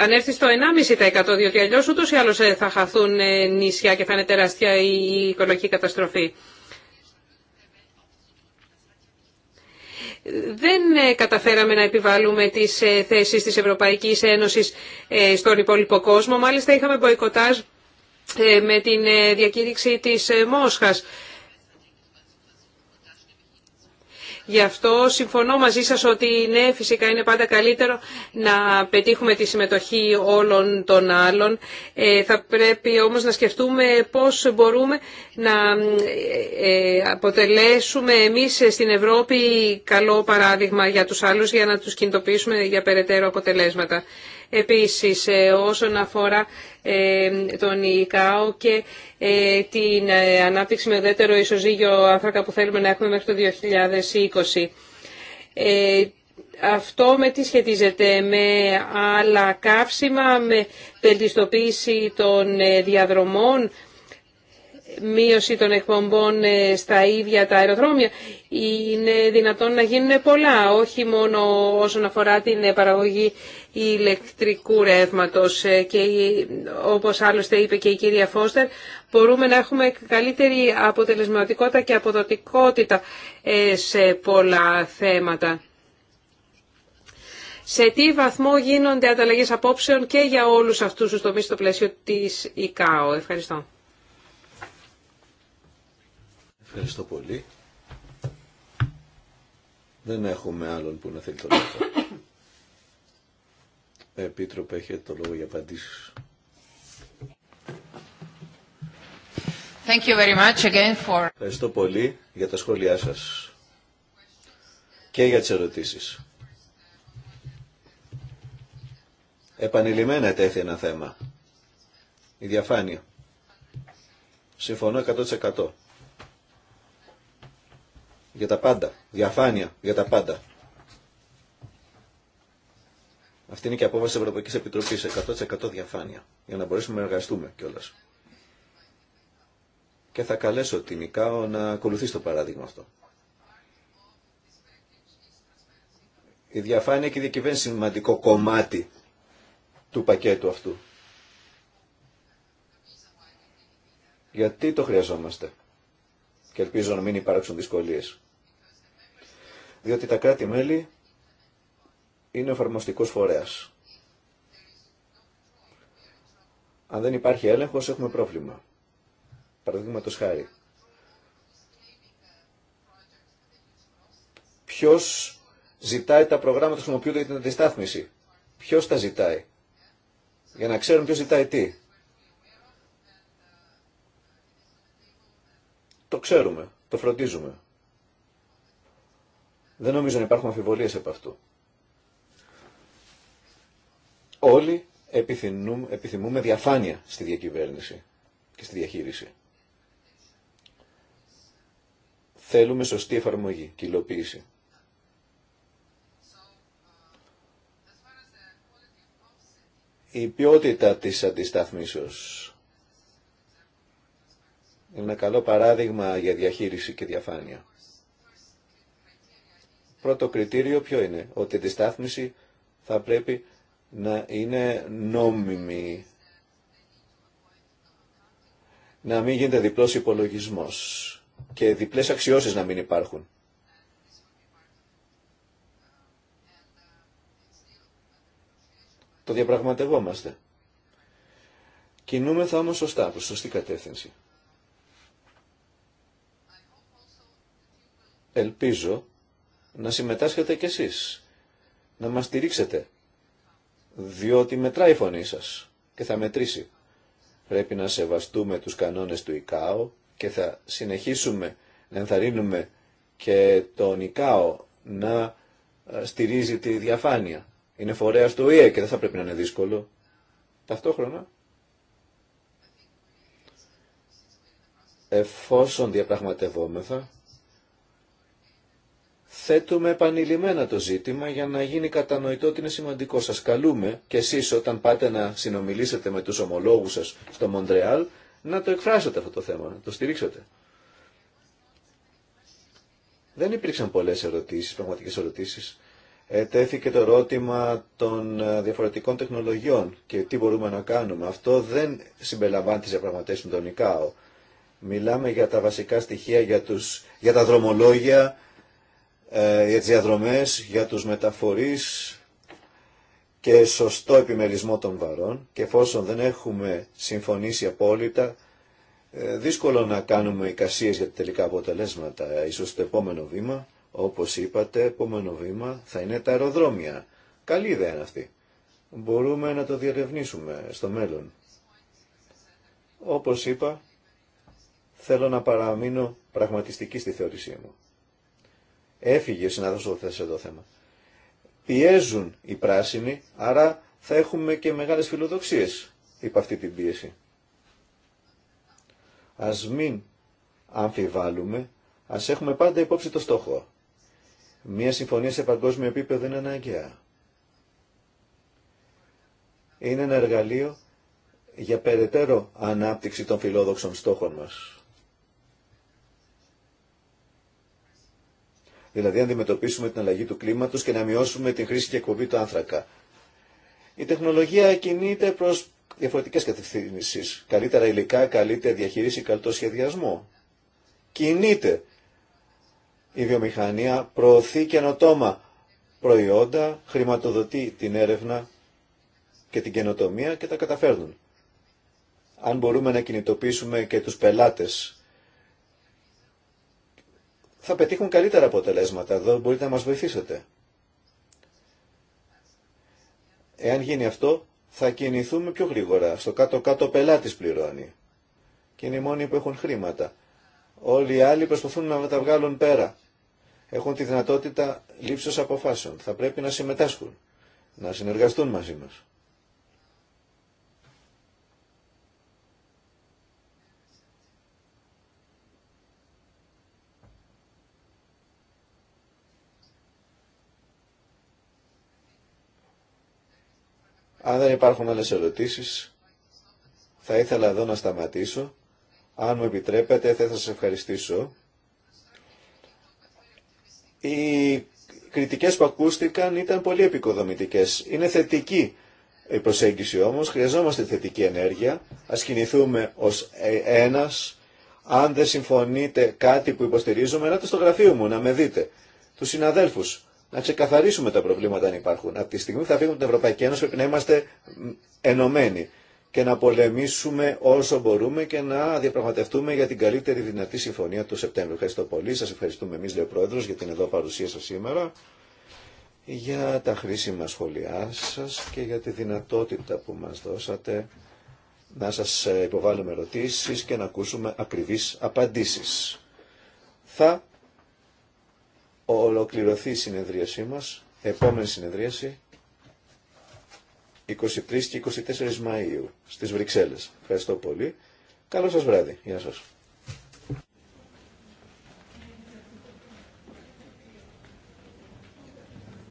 Speaker 4: ανέρθει στο 1,5% διότι αλλιώς ούτως ή άλλως θα χαθούν νησιά και θα είναι τεράστια η οικολογική καταστροφή. δεν καταφέραμε να επιβάλλουμε τις θέσεις της Ευρωπαϊκής Ένωσης στον υπόλοιπο κόσμο. Μάλιστα είχαμε μποϊκοτάζ ε, με την ε, διακήρυξη της ε, Μόσχας. Γι' αυτό συμφωνώ μαζί σας ότι ναι, φυσικά είναι πάντα καλύτερο να πετύχουμε τη συμμετοχή όλων των άλλων. θα πρέπει όμως να σκεφτούμε πώς μπορούμε να αποτελέσουμε εμείς στην Ευρώπη καλό παράδειγμα για τους άλλους για να τους κινητοποιήσουμε για περαιτέρω αποτελέσματα. Επίσης, ε, όσον αφορά ε, τον ΙΚΑΟ και ε, την ανάπτυξη με οδέτερο ισοζύγιο άνθρακα που θέλουμε να έχουμε μέχρι το 2020. Αυτό με τι σχετίζεται με άλλα καύσιμα, με πελτιστοποίηση των διαδρομών, μείωση των εκπομπών στα ίδια τα αεροδρόμια. Είναι δυνατόν να γίνουν πολλά, όχι μόνο όσον αφορά την παραγωγή ηλεκτρικού ρεύματος ε, και όπως άλλωστε είπε και η κυρία Φώστερ μπορούμε να έχουμε καλύτερη αποτελεσματικότητα και αποδοτικότητα ε, σε πολλά θέματα. Σε τι βαθμό γίνονται ανταλλαγές απόψεων και για όλους αυτούς τους τομείς στο πλαίσιο της ΙΚΑΟ. Ευχαριστώ.
Speaker 3: Ευχαριστώ πολύ. Δεν έχουμε άλλον που να θέλει το λόγο. Επίτροπε, έχετε το λόγο για απαντήσεις.
Speaker 4: Thank you very much again for...
Speaker 3: Ευχαριστώ πολύ για τα σχόλιά σας και για τις ερωτήσεις. Επανειλημμένα τέθη ένα θέμα. Η διαφάνεια. Συμφωνώ 100%. Για τα πάντα. Διαφάνεια για τα πάντα. Αυτή είναι και η απόφαση τη Ευρωπαϊκή Επιτροπή. 100% διαφάνεια. Για να μπορέσουμε να εργαστούμε κιόλα. Και θα καλέσω την ΙΚΑΟ να ακολουθήσει το παράδειγμα αυτό. Η διαφάνεια και η είναι σημαντικό κομμάτι του πακέτου αυτού. Γιατί το χρειαζόμαστε. Και ελπίζω να μην υπάρξουν δυσκολίες. Διότι τα κράτη-μέλη είναι ο εφαρμοστικός φορέας. Αν δεν υπάρχει έλεγχος έχουμε πρόβλημα. Παραδείγματο χάρη. Ποιο ζητάει τα προγράμματα που χρησιμοποιούνται για την αντιστάθμιση. Ποιο τα ζητάει. Για να ξέρουν ποιο ζητάει τι. Το ξέρουμε, το φροντίζουμε. Δεν νομίζω να υπάρχουν αμφιβολίες από αυτού. Όλοι επιθυμούμε, διαφάνεια στη διακυβέρνηση και στη διαχείριση. Θέλουμε σωστή εφαρμογή και υλοποίηση. Η ποιότητα της αντισταθμίσεως είναι ένα καλό παράδειγμα για διαχείριση και διαφάνεια. Πρώτο κριτήριο ποιο είναι, ότι η αντιστάθμιση θα πρέπει να είναι νόμιμη. Να μην γίνεται διπλός υπολογισμός και διπλές αξιώσεις να μην υπάρχουν. Το διαπραγματευόμαστε. Κινούμεθα όμως σωστά, προς σωστή κατεύθυνση. Ελπίζω να συμμετάσχετε κι εσείς, να μας στηρίξετε διότι μετράει η φωνή σας και θα μετρήσει. Πρέπει να σεβαστούμε τους κανόνες του ΙΚΑΟ και θα συνεχίσουμε να ενθαρρύνουμε και τον ΙΚΑΟ να ε, στηρίζει τη διαφάνεια. Είναι φορέα του ΙΕ και δεν θα πρέπει να είναι δύσκολο. Ταυτόχρονα, εφόσον διαπραγματευόμεθα, θέτουμε επανειλημμένα το ζήτημα για να γίνει κατανοητό ότι είναι σημαντικό. Σας καλούμε και εσείς όταν πάτε να συνομιλήσετε με τους ομολόγους σας στο Μοντρεάλ να το εκφράσετε αυτό το θέμα, να το στηρίξετε. Δεν υπήρξαν πολλές ερωτήσεις, πραγματικές ερωτήσεις. Ετέθηκε το ερώτημα των ε, διαφορετικών τεχνολογιών και τι μπορούμε να κάνουμε. Αυτό δεν συμπεριλαμβάνει τις διαπραγματεύσεις με τον ΙΚΑΟ. Μιλάμε για τα βασικά στοιχεία, για, τους, για τα δρομολόγια, ε, για τις διαδρομές, για τους μεταφορείς και σωστό επιμερισμό των βαρών και εφόσον δεν έχουμε συμφωνήσει απόλυτα, ε, δύσκολο να κάνουμε εικασίες για τα τελικά αποτελέσματα. Ίσως το επόμενο βήμα, όπως είπατε, επόμενο βήμα θα είναι τα αεροδρόμια. Καλή ιδέα είναι αυτή. Μπορούμε να το διερευνήσουμε στο μέλλον. Όπως είπα, θέλω να παραμείνω πραγματιστική στη θεώρησή μου. Έφυγε ο συνάδελφος που θέσε το θέμα. Πιέζουν οι πράσινοι, άρα θα έχουμε και μεγάλες φιλοδοξίες υπ' αυτή την πίεση. Ας μην αμφιβάλλουμε, ας έχουμε πάντα υπόψη το στόχο. Μία συμφωνία σε παγκόσμιο επίπεδο είναι αναγκαία. Είναι ένα εργαλείο για περαιτέρω ανάπτυξη των φιλόδοξων στόχων μας. Δηλαδή να αντιμετωπίσουμε την αλλαγή του κλίματος και να μειώσουμε την χρήση και εκπομπή του άνθρακα. Η τεχνολογία κινείται προς διαφορετικές κατευθύνσεις. Καλύτερα υλικά, καλύτερη διαχείριση, καλύτερο σχεδιασμό. Κινείται. Η βιομηχανία προωθεί καινοτόμα προϊόντα, χρηματοδοτεί την έρευνα και την καινοτομία και τα καταφέρνουν. Αν μπορούμε να κινητοποιήσουμε και τους πελάτες θα πετύχουν καλύτερα αποτελέσματα. Εδώ μπορείτε να μας βοηθήσετε. Εάν γίνει αυτό, θα κινηθούμε πιο γρήγορα. Στο κάτω-κάτω πελάτης πληρώνει. Και είναι οι μόνοι που έχουν χρήματα. Όλοι οι άλλοι προσπαθούν να τα βγάλουν πέρα. Έχουν τη δυνατότητα λήψης αποφάσεων. Θα πρέπει να συμμετάσχουν, να συνεργαστούν μαζί μας. Αν δεν υπάρχουν άλλες ερωτήσεις, θα ήθελα εδώ να σταματήσω. Αν μου επιτρέπετε, θα σας ευχαριστήσω. Οι κριτικές που ακούστηκαν ήταν πολύ επικοδομητικές. Είναι θετική η προσέγγιση όμως, χρειαζόμαστε θετική ενέργεια. Ας κινηθούμε ως ένας. Αν δεν συμφωνείτε κάτι που υποστηρίζουμε, να το στο γραφείο μου, να με δείτε. Τους συναδέλφους, να ξεκαθαρίσουμε τα προβλήματα αν υπάρχουν. Από τη στιγμή που θα φύγουμε την Ευρωπαϊκή Ένωση πρέπει να είμαστε ενωμένοι και να πολεμήσουμε όσο μπορούμε και να διαπραγματευτούμε για την καλύτερη δυνατή συμφωνία του Σεπτέμβριου. Ευχαριστώ πολύ. Σας ευχαριστούμε εμείς, λέει ο Πρόεδρος, για την εδώ παρουσία σας σήμερα, για τα χρήσιμα σχόλιά σας και για τη δυνατότητα που μας δώσατε να σας υποβάλουμε ερωτήσεις και να ακούσουμε ακριβείς απαντήσεις. Θα ολοκληρωθεί η συνεδρίασή μας, επόμενη συνεδρίαση, 23 και 24 Μαΐου στις Βρυξέλλες. Ευχαριστώ πολύ.
Speaker 4: Καλό σας βράδυ.
Speaker 3: Γεια σας.